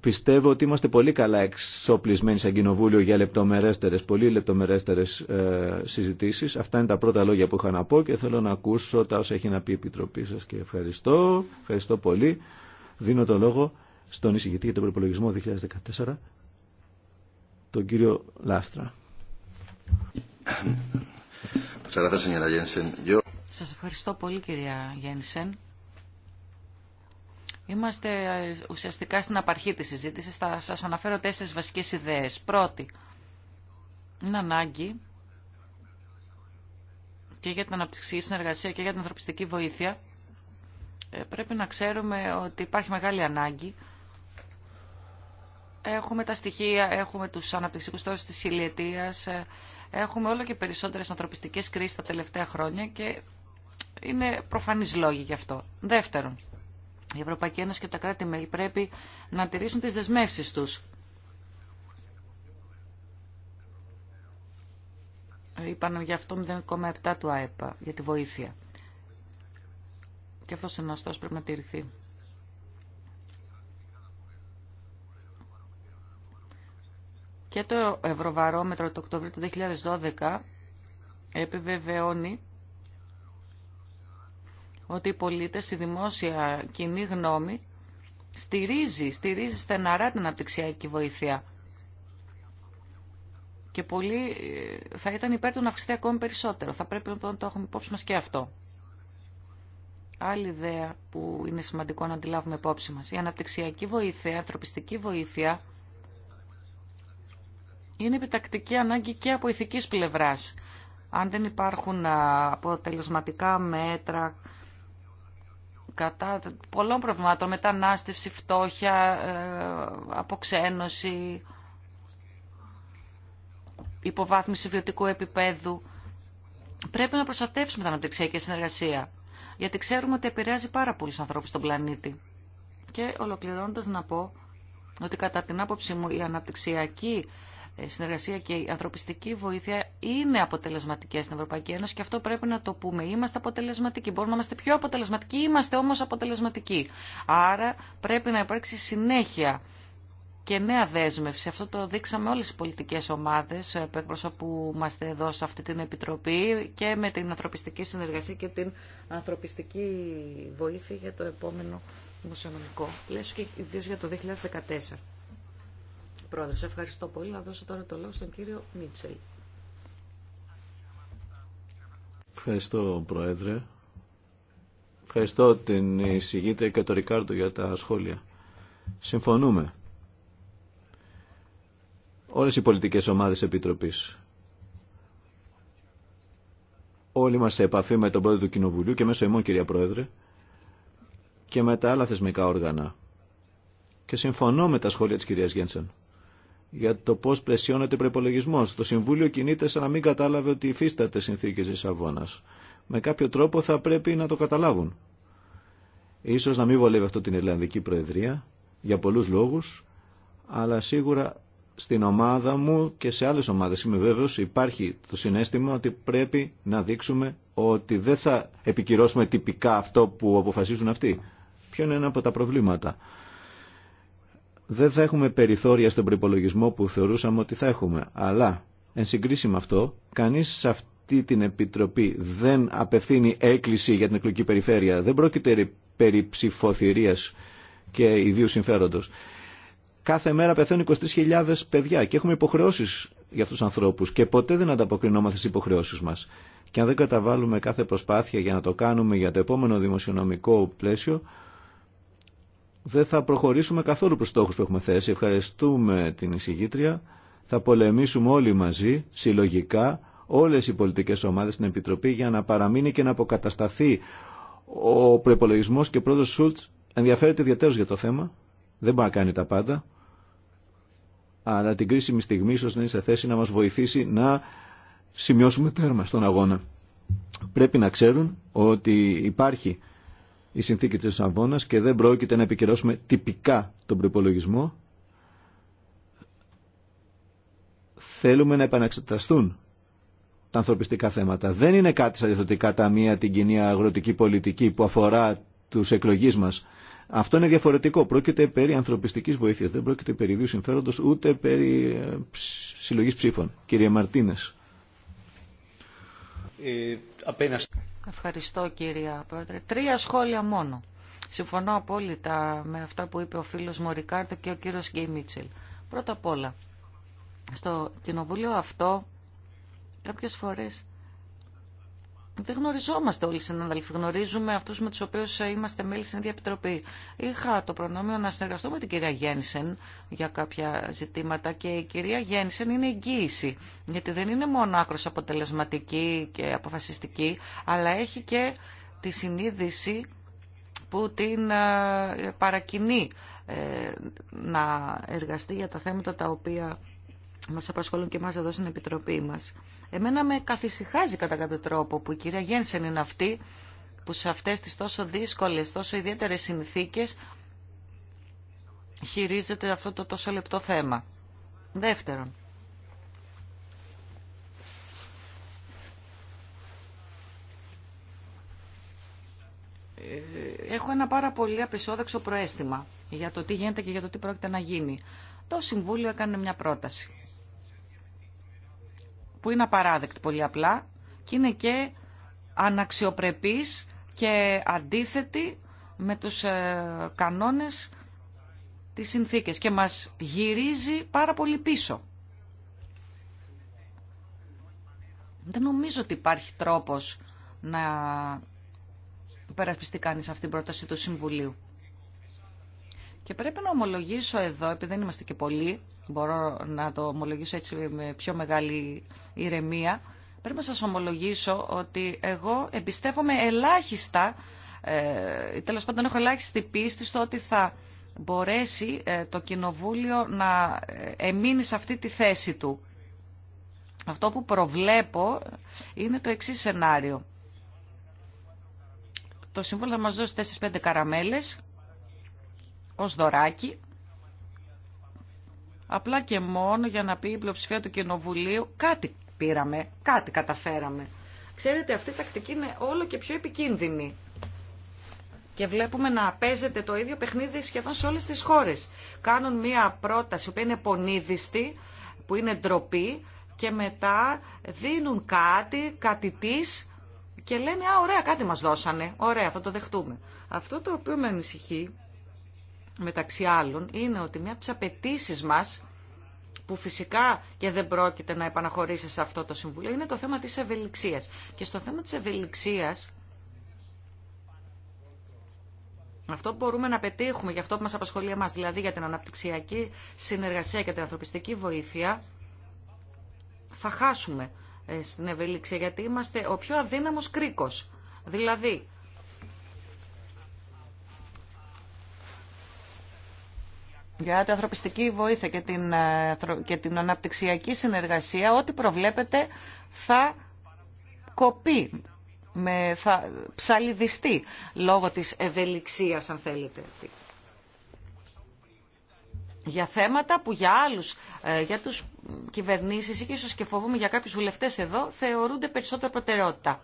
πιστεύω ότι είμαστε πολύ καλά εξοπλισμένοι σαν κοινοβούλιο για λεπτομερέστερες, πολύ λεπτομερέστερες ε, συζητήσεις. Αυτά είναι τα πρώτα λόγια που είχα να πω και θέλω να ακούσω τα όσα έχει να πει η Επιτροπή σας και ευχαριστώ, ευχαριστώ πολύ. Δίνω το λόγο στον εισηγητή για τον προπολογισμό 2014, τον κύριο Λάστρα. Σας ευχαριστώ πολύ κυρία Γένσεν. Είμαστε ε, ουσιαστικά στην απαρχή της συζήτησης. Θα σας αναφέρω τέσσερις βασικές ιδέες. Πρώτη, είναι ανάγκη και για την αναπτυξιακή συνεργασία και για την ανθρωπιστική βοήθεια. Ε, πρέπει να ξέρουμε ότι υπάρχει μεγάλη ανάγκη. Έχουμε τα στοιχεία, έχουμε τους αναπτυξιακούς τόσους της χιλιετίας, ε, Έχουμε όλο και περισσότερες ανθρωπιστικές κρίσεις τα τελευταία χρόνια και είναι προφανείς λόγοι γι' αυτό. Δεύτερον, η Ευρωπαϊκή Ένωση και τα κράτη-μέλη πρέπει να τηρήσουν τις δεσμεύσεις τους. Είπαμε γι' αυτό 0,7 του ΑΕΠΑ για τη βοήθεια. Και αυτός ο νοστός πρέπει να τηρηθεί. Και το Ευρωβαρόμετρο το Οκτωβρίου του 2012 επιβεβαιώνει ότι οι πολίτες, η δημόσια κοινή γνώμη, στηρίζει, στηρίζει στεναρά την αναπτυξιακή βοήθεια. Και πολλοί ε, θα ήταν υπέρ του να αυξηθεί ακόμη περισσότερο. Θα πρέπει να το έχουμε υπόψη μας και αυτό. Άλλη ιδέα που είναι σημαντικό να αντιλάβουμε υπόψη μας. Η αναπτυξιακή βοήθεια, η ανθρωπιστική βοήθεια είναι επιτακτική ανάγκη και από ηθικής πλευράς. Αν δεν υπάρχουν αποτελεσματικά μέτρα κατά πολλών προβλημάτων, μετανάστευση, φτώχεια, ε, αποξένωση, υποβάθμιση βιωτικού επίπεδου, πρέπει να προστατεύσουμε την αναπτυξιακή συνεργασία. Γιατί ξέρουμε ότι επηρεάζει πάρα πολλούς ανθρώπους στον πλανήτη. Και ολοκληρώνοντας να πω ότι κατά την άποψή μου η αναπτυξιακή συνεργασία και η ανθρωπιστική βοήθεια είναι αποτελεσματικέ στην Ευρωπαϊκή Ένωση και αυτό πρέπει να το πούμε. Είμαστε αποτελεσματικοί. Μπορούμε να είμαστε πιο αποτελεσματικοί, είμαστε όμω αποτελεσματικοί. Άρα πρέπει να υπάρξει συνέχεια και νέα δέσμευση. Αυτό το δείξαμε όλες τις πολιτικές ομάδες ε, που εκπροσωπούμαστε εδώ σε αυτή την Επιτροπή και με την ανθρωπιστική συνεργασία και την ανθρωπιστική βοήθεια για το επόμενο δημοσιονομικό πλαίσιο και ιδίως για το 2014. Πρόεδρος. Ευχαριστώ πολύ. να δώσω τώρα το λόγο στον κύριο Μίτσελ. Ευχαριστώ, Πρόεδρε. Ευχαριστώ την εισηγήτρια και τον Ρικάρντο για τα σχόλια. Συμφωνούμε. Όλες οι πολιτικές ομάδες Επιτροπής. Όλοι είμαστε σε επαφή με τον Πρόεδρο του Κοινοβουλίου και μέσω ημών, κυρία Πρόεδρε, και με τα άλλα θεσμικά όργανα. Και συμφωνώ με τα σχόλια της κυρίας Γένσεν για το πώ πλαισιώνεται ο προπολογισμό. Το Συμβούλιο κινείται σαν να μην κατάλαβε ότι υφίσταται συνθήκε Λισαβόνα. Με κάποιο τρόπο θα πρέπει να το καταλάβουν. σω να μην βολεύει αυτό την Ιρλανδική Προεδρία, για πολλού λόγου, αλλά σίγουρα στην ομάδα μου και σε άλλες ομάδες είμαι βέβαιος υπάρχει το συνέστημα ότι πρέπει να δείξουμε ότι δεν θα επικυρώσουμε τυπικά αυτό που αποφασίζουν αυτοί. Ποιο είναι ένα από τα προβλήματα δεν θα έχουμε περιθώρια στον προπολογισμό που θεωρούσαμε ότι θα έχουμε. Αλλά, εν συγκρίση με αυτό, κανείς σε αυτή την Επιτροπή δεν απευθύνει έκκληση για την εκλογική περιφέρεια. Δεν πρόκειται περί ψηφοθυρίας και ιδίου συμφέροντος. Κάθε μέρα πεθαίνουν 23.000 παιδιά και έχουμε υποχρεώσεις για αυτούς τους ανθρώπους και ποτέ δεν ανταποκρινόμαστε στις υποχρεώσεις μας. Και αν δεν καταβάλουμε κάθε προσπάθεια για να το κάνουμε για το επόμενο δημοσιονομικό πλαίσιο, δεν θα προχωρήσουμε καθόλου προς στόχους που έχουμε θέσει. Ευχαριστούμε την εισηγήτρια. Θα πολεμήσουμε όλοι μαζί, συλλογικά, όλες οι πολιτικές ομάδες στην Επιτροπή για να παραμείνει και να αποκατασταθεί ο προπολογισμό και ο πρόεδρος Σούλτς ενδιαφέρεται ιδιαίτερως για το θέμα. Δεν μπορεί να κάνει τα πάντα. Αλλά την κρίσιμη στιγμή ίσω να είναι σε θέση να μας βοηθήσει να σημειώσουμε τέρμα στον αγώνα. Πρέπει να ξέρουν ότι υπάρχει η συνθήκη της Λισαβόνας και δεν πρόκειται να επικυρώσουμε τυπικά τον προπολογισμό. Θέλουμε να επαναξεταστούν τα ανθρωπιστικά θέματα. Δεν είναι κάτι σαν διευθυντικά ταμεία την κοινή αγροτική πολιτική που αφορά τους εκλογείς μας. Αυτό είναι διαφορετικό. Πρόκειται περί ανθρωπιστικής βοήθειας. Δεν πρόκειται περί ιδίου συμφέροντος ούτε περί ε, συλλογής ψήφων. Κύριε Μαρτίνες. Ε, Ευχαριστώ κυρία Πρόεδρε. Τρία σχόλια μόνο. Συμφωνώ απόλυτα με αυτά που είπε ο φίλος Μωρικάρτο και ο κύριος Γκέι Μίτσελ. Πρώτα απ' όλα, στο κοινοβούλιο αυτό κάποιες φορές δεν γνωριζόμαστε όλοι οι συνάδελφοι. Γνωρίζουμε αυτού με του οποίου ε, είμαστε μέλη στην ίδια επιτροπή. Είχα το προνόμιο να συνεργαστώ με την κυρία Γένσεν για κάποια ζητήματα και η κυρία Γένσεν είναι εγγύηση. Γιατί δεν είναι μόνο άκρο αποτελεσματική και αποφασιστική, αλλά έχει και τη συνείδηση που την ε, παρακινεί ε, να εργαστεί για τα θέματα τα οποία Μα απασχολούν και μας εδώ στην Επιτροπή μας. Εμένα με καθησυχάζει κατά κάποιο τρόπο που η κυρία Γένσεν είναι αυτή που σε αυτές τις τόσο δύσκολε, τόσο ιδιαίτερες συνθήκες χειρίζεται αυτό το τόσο λεπτό θέμα. Δεύτερον, ε, έχω ένα πάρα πολύ απεσιόδοξο προέστημα για το τι γίνεται και για το τι πρόκειται να γίνει. Το Συμβούλιο έκανε μια πρόταση που είναι απαράδεκτη πολύ απλά και είναι και αναξιοπρεπής και αντίθετη με τους ε, κανόνες της συνθήκες και μας γυρίζει πάρα πολύ πίσω. Δεν νομίζω ότι υπάρχει τρόπος να υπερασπιστεί κανείς αυτή την πρόταση του Συμβουλίου. Και πρέπει να ομολογήσω εδώ, επειδή δεν είμαστε και πολλοί, μπορώ να το ομολογήσω έτσι με πιο μεγάλη ηρεμία, πρέπει να σας ομολογήσω ότι εγώ εμπιστεύομαι ελάχιστα, ε, τέλος πάντων έχω ελάχιστη πίστη στο ότι θα μπορέσει ε, το Κοινοβούλιο να ε, εμείνει σε αυτή τη θέση του. Αυτό που προβλέπω είναι το εξής σενάριο. Το Συμβούλιο θα μας δώσει 4-5 καραμέλες ως δωράκι απλά και μόνο για να πει η πλειοψηφία του Κοινοβουλίου κάτι πήραμε, κάτι καταφέραμε. Ξέρετε, αυτή η τακτική είναι όλο και πιο επικίνδυνη. Και βλέπουμε να παίζεται το ίδιο παιχνίδι σχεδόν σε όλες τις χώρες. Κάνουν μία πρόταση που είναι πονίδιστη, που είναι ντροπή και μετά δίνουν κάτι, κάτι της και λένε «Α, ωραία, κάτι μας δώσανε, ωραία, θα το δεχτούμε». Αυτό το οποίο με ανησυχεί μεταξύ άλλων, είναι ότι μια από απαιτήσει μα που φυσικά και δεν πρόκειται να επαναχωρήσει σε αυτό το Συμβουλίο, είναι το θέμα της ευελιξίας. Και στο θέμα της ευελιξίας, αυτό που μπορούμε να πετύχουμε για αυτό που μας απασχολεί εμάς, δηλαδή για την αναπτυξιακή συνεργασία και την ανθρωπιστική βοήθεια, θα χάσουμε ε, στην ευελιξία, γιατί είμαστε ο πιο αδύναμος κρίκος. Δηλαδή, για την ανθρωπιστική βοήθεια και την, ε, και την αναπτυξιακή συνεργασία, ό,τι προβλέπετε θα κοπεί, με, θα ψαλιδιστεί λόγω της ευελιξίας, αν θέλετε. Για θέματα που για άλλους, ε, για τους κυβερνήσεις ή ίσως και φοβούμε για κάποιους βουλευτές εδώ, θεωρούνται περισσότερο προτεραιότητα.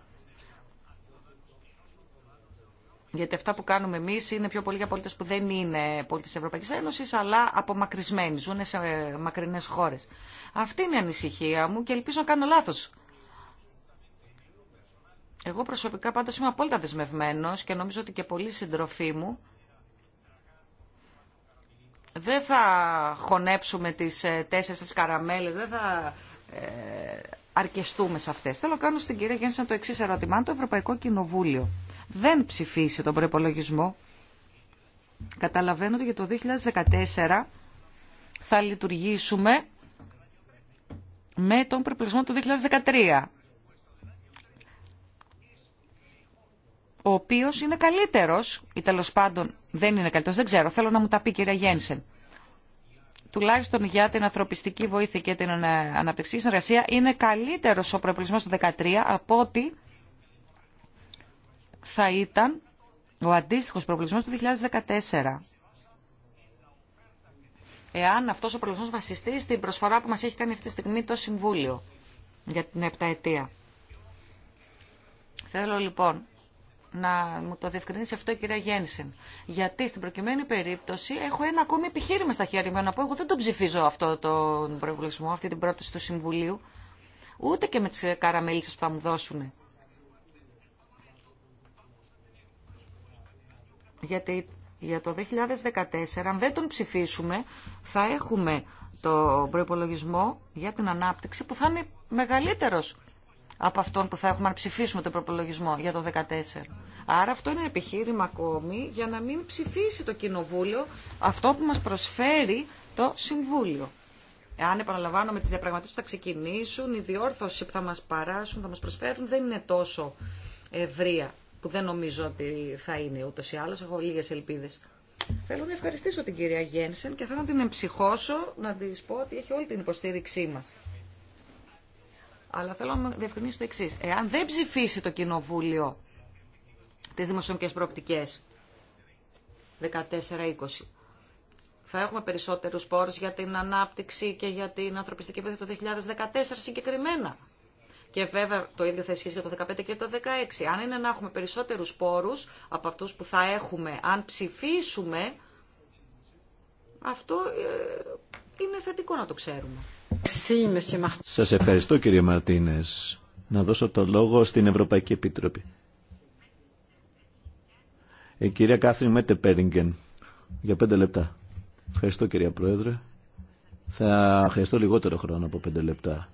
Γιατί αυτά που κάνουμε εμεί είναι πιο πολύ για πολίτε που δεν είναι πολίτε τη Ευρωπαϊκή Ένωση, αλλά απομακρυσμένοι, ζουν σε μακρινέ χώρε. Αυτή είναι η ανησυχία μου και ελπίζω να κάνω λάθο. Εγώ προσωπικά πάντως είμαι απόλυτα δεσμευμένο και νομίζω ότι και πολλοί συντροφοί μου δεν θα χωνέψουμε τις ε, τέσσερις καραμέλες, δεν θα ε, αρκεστούμε σε αυτές. Θέλω να κάνω στην κυρία Γένσεν το εξή ερώτημα. Αν το Ευρωπαϊκό Κοινοβούλιο δεν ψηφίσει τον προπολογισμό, καταλαβαίνω ότι για το 2014 θα λειτουργήσουμε με τον προπολογισμό του 2013. ο οποίος είναι καλύτερος ή τέλο πάντων δεν είναι καλύτερος, δεν ξέρω, θέλω να μου τα πει κυρία Γένσεν τουλάχιστον για την ανθρωπιστική βοήθεια και την ε, αναπτυξική συνεργασία, είναι καλύτερο ο προπολογισμό του 2013 από ότι θα ήταν ο αντίστοιχος προπολογισμό του 2014. Εάν αυτός ο προπολογισμό βασιστεί στην προσφορά που μας έχει κάνει αυτή τη στιγμή το Συμβούλιο για την επταετία. Θέλω λοιπόν να μου το διευκρινίσει αυτό η κυρία Γένσεν. Γιατί στην προκειμένη περίπτωση έχω ένα ακόμη επιχείρημα στα χέρια μου να πω εγώ δεν τον ψηφίζω αυτό τον προϋπολογισμό, αυτή την πρόταση του Συμβουλίου, ούτε και με τι καραμελίσει που θα μου δώσουν. Γιατί για το 2014, αν δεν τον ψηφίσουμε, θα έχουμε το προπολογισμό για την ανάπτυξη που θα είναι μεγαλύτερος από αυτόν που θα έχουμε να ψηφίσουμε τον προπολογισμό για το 2014. Άρα αυτό είναι ένα επιχείρημα ακόμη για να μην ψηφίσει το Κοινοβούλιο αυτό που μας προσφέρει το Συμβούλιο. Αν επαναλαμβάνω με τις διαπραγματεύσεις που θα ξεκινήσουν, η διόρθωση που θα μας παράσουν, θα μας προσφέρουν δεν είναι τόσο ευρεία που δεν νομίζω ότι θα είναι ούτως ή άλλως. Έχω λίγες ελπίδες. Θέλω να ευχαριστήσω την κυρία Γένσεν και θέλω να την εμψυχώσω, να τη πω ότι έχει όλη την υποστήριξή μας. Αλλά θέλω να διευκρινίσω το εξή. Εάν δεν ψηφίσει το Κοινοβούλιο τι δημοσιονομικέ προοπτικές 14-20, θα έχουμε περισσότερους πόρους για την ανάπτυξη και για την ανθρωπιστική βοήθεια το 2014 συγκεκριμένα. Και βέβαια το ίδιο θα ισχύσει για το 2015 και το 2016. Αν είναι να έχουμε περισσότερους πόρους από αυτού που θα έχουμε, αν ψηφίσουμε, αυτό ε, είναι θετικό να το ξέρουμε. Σας ευχαριστώ κύριε Μαρτίνες. Να δώσω το λόγο στην Ευρωπαϊκή Επίτροπη. Η κυρία Κάθριν Μέτε Πέριγκεν, για πέντε λεπτά. Ευχαριστώ κυρία Πρόεδρε. Θα χρειαστώ λιγότερο χρόνο από πέντε λεπτά.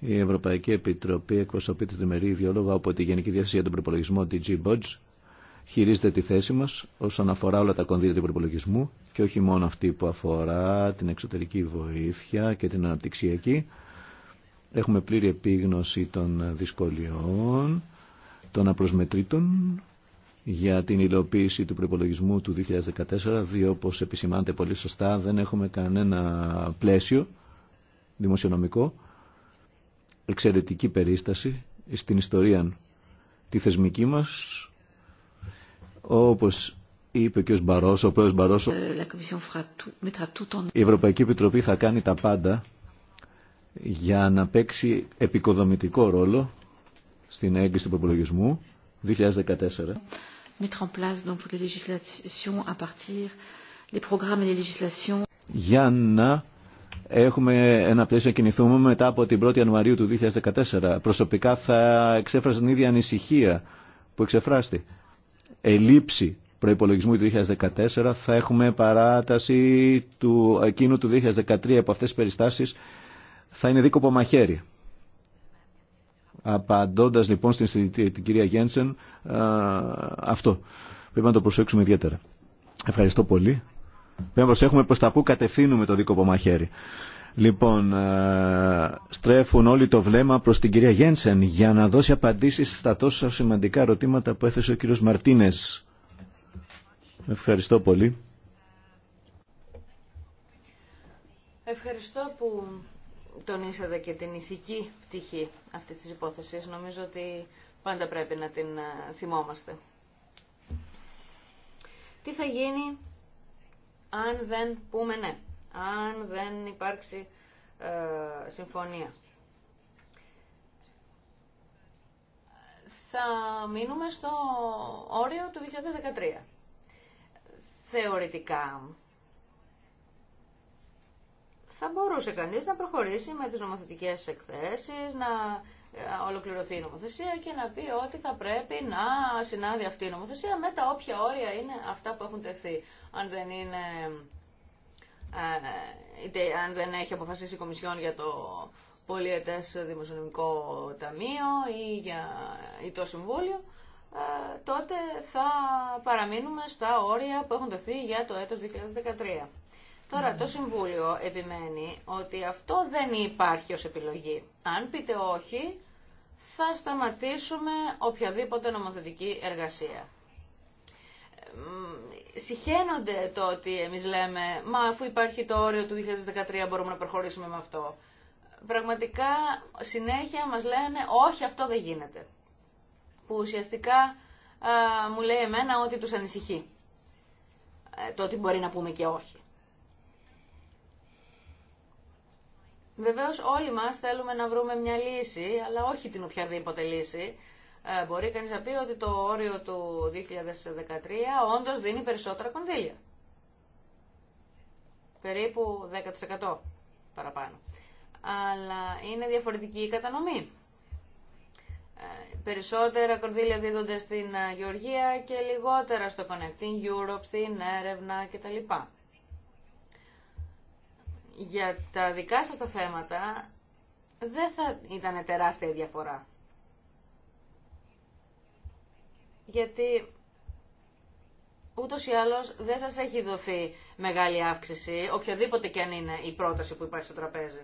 Η Ευρωπαϊκή Επιτροπή εκπροσωπεί τη τριμερή ιδιόλογα από τη Γενική Διεύθυνση για τον Προπολογισμό DG Bodge χειρίζεται τη θέση μας όσον αφορά όλα τα κονδύλια του προπολογισμού και όχι μόνο αυτή που αφορά την εξωτερική βοήθεια και την αναπτυξιακή. Έχουμε πλήρη επίγνωση των δυσκολιών, των απροσμετρήτων για την υλοποίηση του προπολογισμού του 2014, διότι όπως επισημάνεται πολύ σωστά δεν έχουμε κανένα πλαίσιο δημοσιονομικό, εξαιρετική περίσταση στην ιστορία τη θεσμική μας όπως είπε και ο Μπαρός, ο πρόεδρος Μπαρός, ε, η Ευρωπαϊκή Επιτροπή θα κάνει τα πάντα για να παίξει επικοδομητικό ρόλο στην έγκριση του προπολογισμού 2014. Για να έχουμε ένα πλαίσιο να κινηθούμε μετά από την 1η Ιανουαρίου του 2014. Προσωπικά θα εξέφραζα την ίδια ανησυχία που εξεφράστηκε ελήψη προϋπολογισμού του 2014 θα έχουμε παράταση του εκείνου του 2013 από αυτές τις περιστάσεις θα είναι δίκοπο μαχαίρι. Απαντώντας λοιπόν στην, κυρία Γέντσεν, αυτό πρέπει να το προσέξουμε ιδιαίτερα. Ευχαριστώ πολύ. Πρέπει να προσέχουμε προς τα που κατευθύνουμε το δίκοπο μαχαίρι. Λοιπόν, ε, στρέφουν όλοι το βλέμμα προς την κυρία Γένσεν για να δώσει απαντήσεις στα τόσο σημαντικά ερωτήματα που έθεσε ο κύριος Μαρτίνες. Ευχαριστώ πολύ. Ευχαριστώ που τονίσατε και την ηθική πτυχή αυτής της υπόθεσης. Νομίζω ότι πάντα πρέπει να την ε, θυμόμαστε. Τι θα γίνει αν δεν πούμε ναι αν δεν υπάρξει ε, συμφωνία. Θα μείνουμε στο όριο του 2013. Θεωρητικά θα μπορούσε κανείς να προχωρήσει με τις νομοθετικές εκθέσεις, να ε, ολοκληρωθεί η νομοθεσία και να πει ότι θα πρέπει να συνάδει αυτή η νομοθεσία με τα όποια όρια είναι αυτά που έχουν τεθεί. Αν δεν είναι είτε αν δεν έχει αποφασίσει η Κομισιόν για το πολιετές δημοσιονομικό ταμείο ή, για, ή το Συμβούλιο, τότε θα παραμείνουμε στα όρια που έχουν δοθεί για το έτος 2013. Τώρα το Συμβούλιο επιμένει ότι αυτό δεν υπάρχει ως επιλογή. Αν πείτε όχι, θα σταματήσουμε οποιαδήποτε νομοθετική εργασία συχαίνονται το ότι εμείς λέμε «Μα αφού υπάρχει το όριο του 2013 μπορούμε να προχωρήσουμε με αυτό». Πραγματικά συνέχεια μας λένε «Όχι, αυτό δεν γίνεται». Που ουσιαστικά α, μου λέει εμένα ότι τους ανησυχεί. Ε, το ότι μπορεί να πούμε και όχι. Βεβαίως όλοι μας θέλουμε να βρούμε μια λύση, αλλά όχι την οποιαδήποτε λύση. Ε, μπορεί κανεί να πει ότι το όριο του 2013 όντω δίνει περισσότερα κονδύλια. Περίπου 10% παραπάνω. Αλλά είναι διαφορετική η κατανομή. Ε, περισσότερα κονδύλια δίδονται στην ε, Γεωργία και λιγότερα στο Connecting Europe, στην έρευνα κτλ. Για τα δικά σας τα θέματα δεν θα ήταν τεράστια διαφορά. γιατί ούτως ή άλλως δεν σας έχει δοθεί μεγάλη αύξηση, οποιοδήποτε και αν είναι η πρόταση που υπάρχει στο τραπέζι.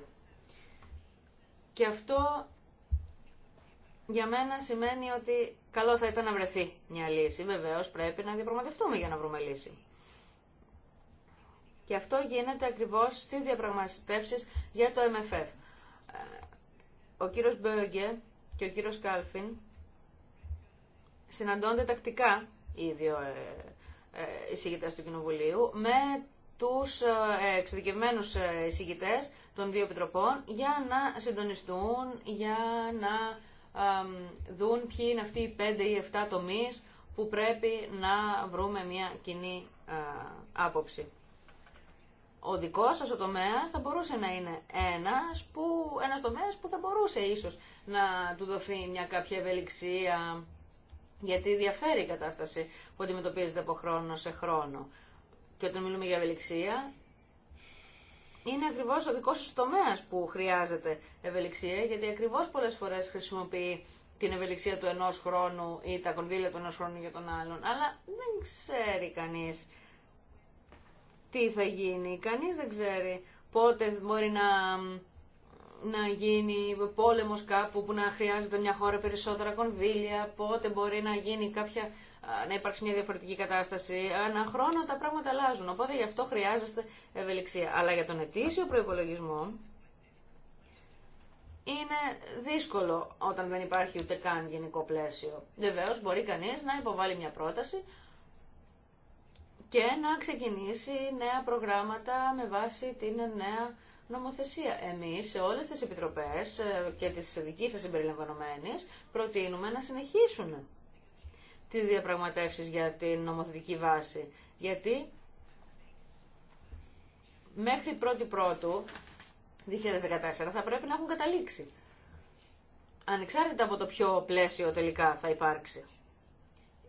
Και αυτό για μένα σημαίνει ότι καλό θα ήταν να βρεθεί μια λύση. Βεβαίως πρέπει να διαπραγματευτούμε για να βρούμε λύση. Και αυτό γίνεται ακριβώς στις διαπραγματεύσεις για το MFF. Ο κύριος Μπέγκε και ο κύριος Κάλφιν συναντώνται τακτικά οι δύο ε, ε, εισηγητές του Κοινοβουλίου με τους ε, εξειδικευμένους εισηγητές των δύο επιτροπών για να συντονιστούν, για να δουν ποιοι είναι αυτοί οι πέντε ή εφτά τομείς που πρέπει να βρούμε μια κοινή άποψη. Ο δικός σας ο τομέας θα μπορούσε να είναι ένας, που, ένας τομέας που θα μπορούσε ίσως να του δοθεί μια κάποια ευελιξία γιατί διαφέρει η κατάσταση που αντιμετωπίζεται από χρόνο σε χρόνο. Και όταν μιλούμε για ευελιξία, είναι ακριβώ ο δικό σου τομέα που χρειάζεται ευελιξία, γιατί ακριβώ πολλέ φορέ χρησιμοποιεί την ευελιξία του ενό χρόνου ή τα κονδύλια του ενό χρόνου για τον άλλον. Αλλά δεν ξέρει κανεί τι θα γίνει. Κανεί δεν ξέρει πότε μπορεί να να γίνει πόλεμος κάπου που να χρειάζεται μια χώρα περισσότερα κονδύλια, πότε μπορεί να γίνει κάποια να υπάρξει μια διαφορετική κατάσταση. Ανά χρόνο τα πράγματα αλλάζουν, οπότε γι' αυτό χρειάζεστε ευελιξία. Αλλά για τον ετήσιο προπολογισμό είναι δύσκολο όταν δεν υπάρχει ούτε καν γενικό πλαίσιο. Βεβαίω μπορεί κανείς να υποβάλει μια πρόταση και να ξεκινήσει νέα προγράμματα με βάση την νέα νομοθεσία. Εμείς σε όλες τις επιτροπές ε, και τις δική σας συμπεριλαμβανομένες προτείνουμε να συνεχίσουν τις διαπραγματεύσεις για την νομοθετική βάση. Γιατί μέχρι 1η Πρώτου 2014 θα πρέπει να έχουν καταλήξει. Ανεξάρτητα από το ποιο πλαίσιο τελικά θα υπάρξει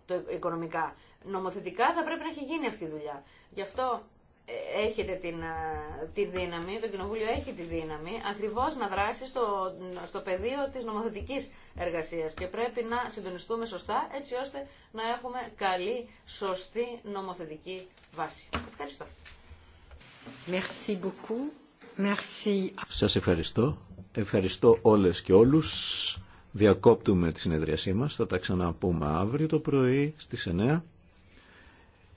το οικονομικά. Νομοθετικά θα πρέπει να έχει γίνει αυτή η δουλειά. Γι' αυτό έχετε την, τη δύναμη, το Κοινοβούλιο έχει τη δύναμη ακριβώς να δράσει στο, στο πεδίο της νομοθετικής εργασίας και πρέπει να συντονιστούμε σωστά έτσι ώστε να έχουμε καλή, σωστή νομοθετική βάση. Ευχαριστώ. Merci beaucoup. Merci. Σας ευχαριστώ. Ευχαριστώ όλες και όλους. Διακόπτουμε τη συνεδρίασή μας. Θα τα ξαναπούμε αύριο το πρωί στις 9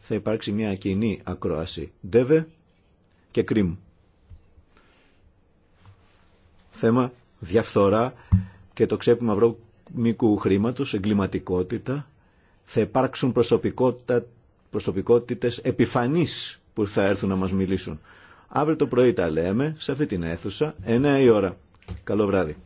θα υπάρξει μια κοινή ακρόαση. Ντεβε και Κρίμ. Θέμα διαφθορά και το ξέπημα βρώμικου χρήματος, εγκληματικότητα. Θα υπάρξουν προσωπικότητα, προσωπικότητες επιφανείς που θα έρθουν να μας μιλήσουν. Αύριο το πρωί τα λέμε σε αυτή την αίθουσα, 9 η ώρα. Καλό βράδυ.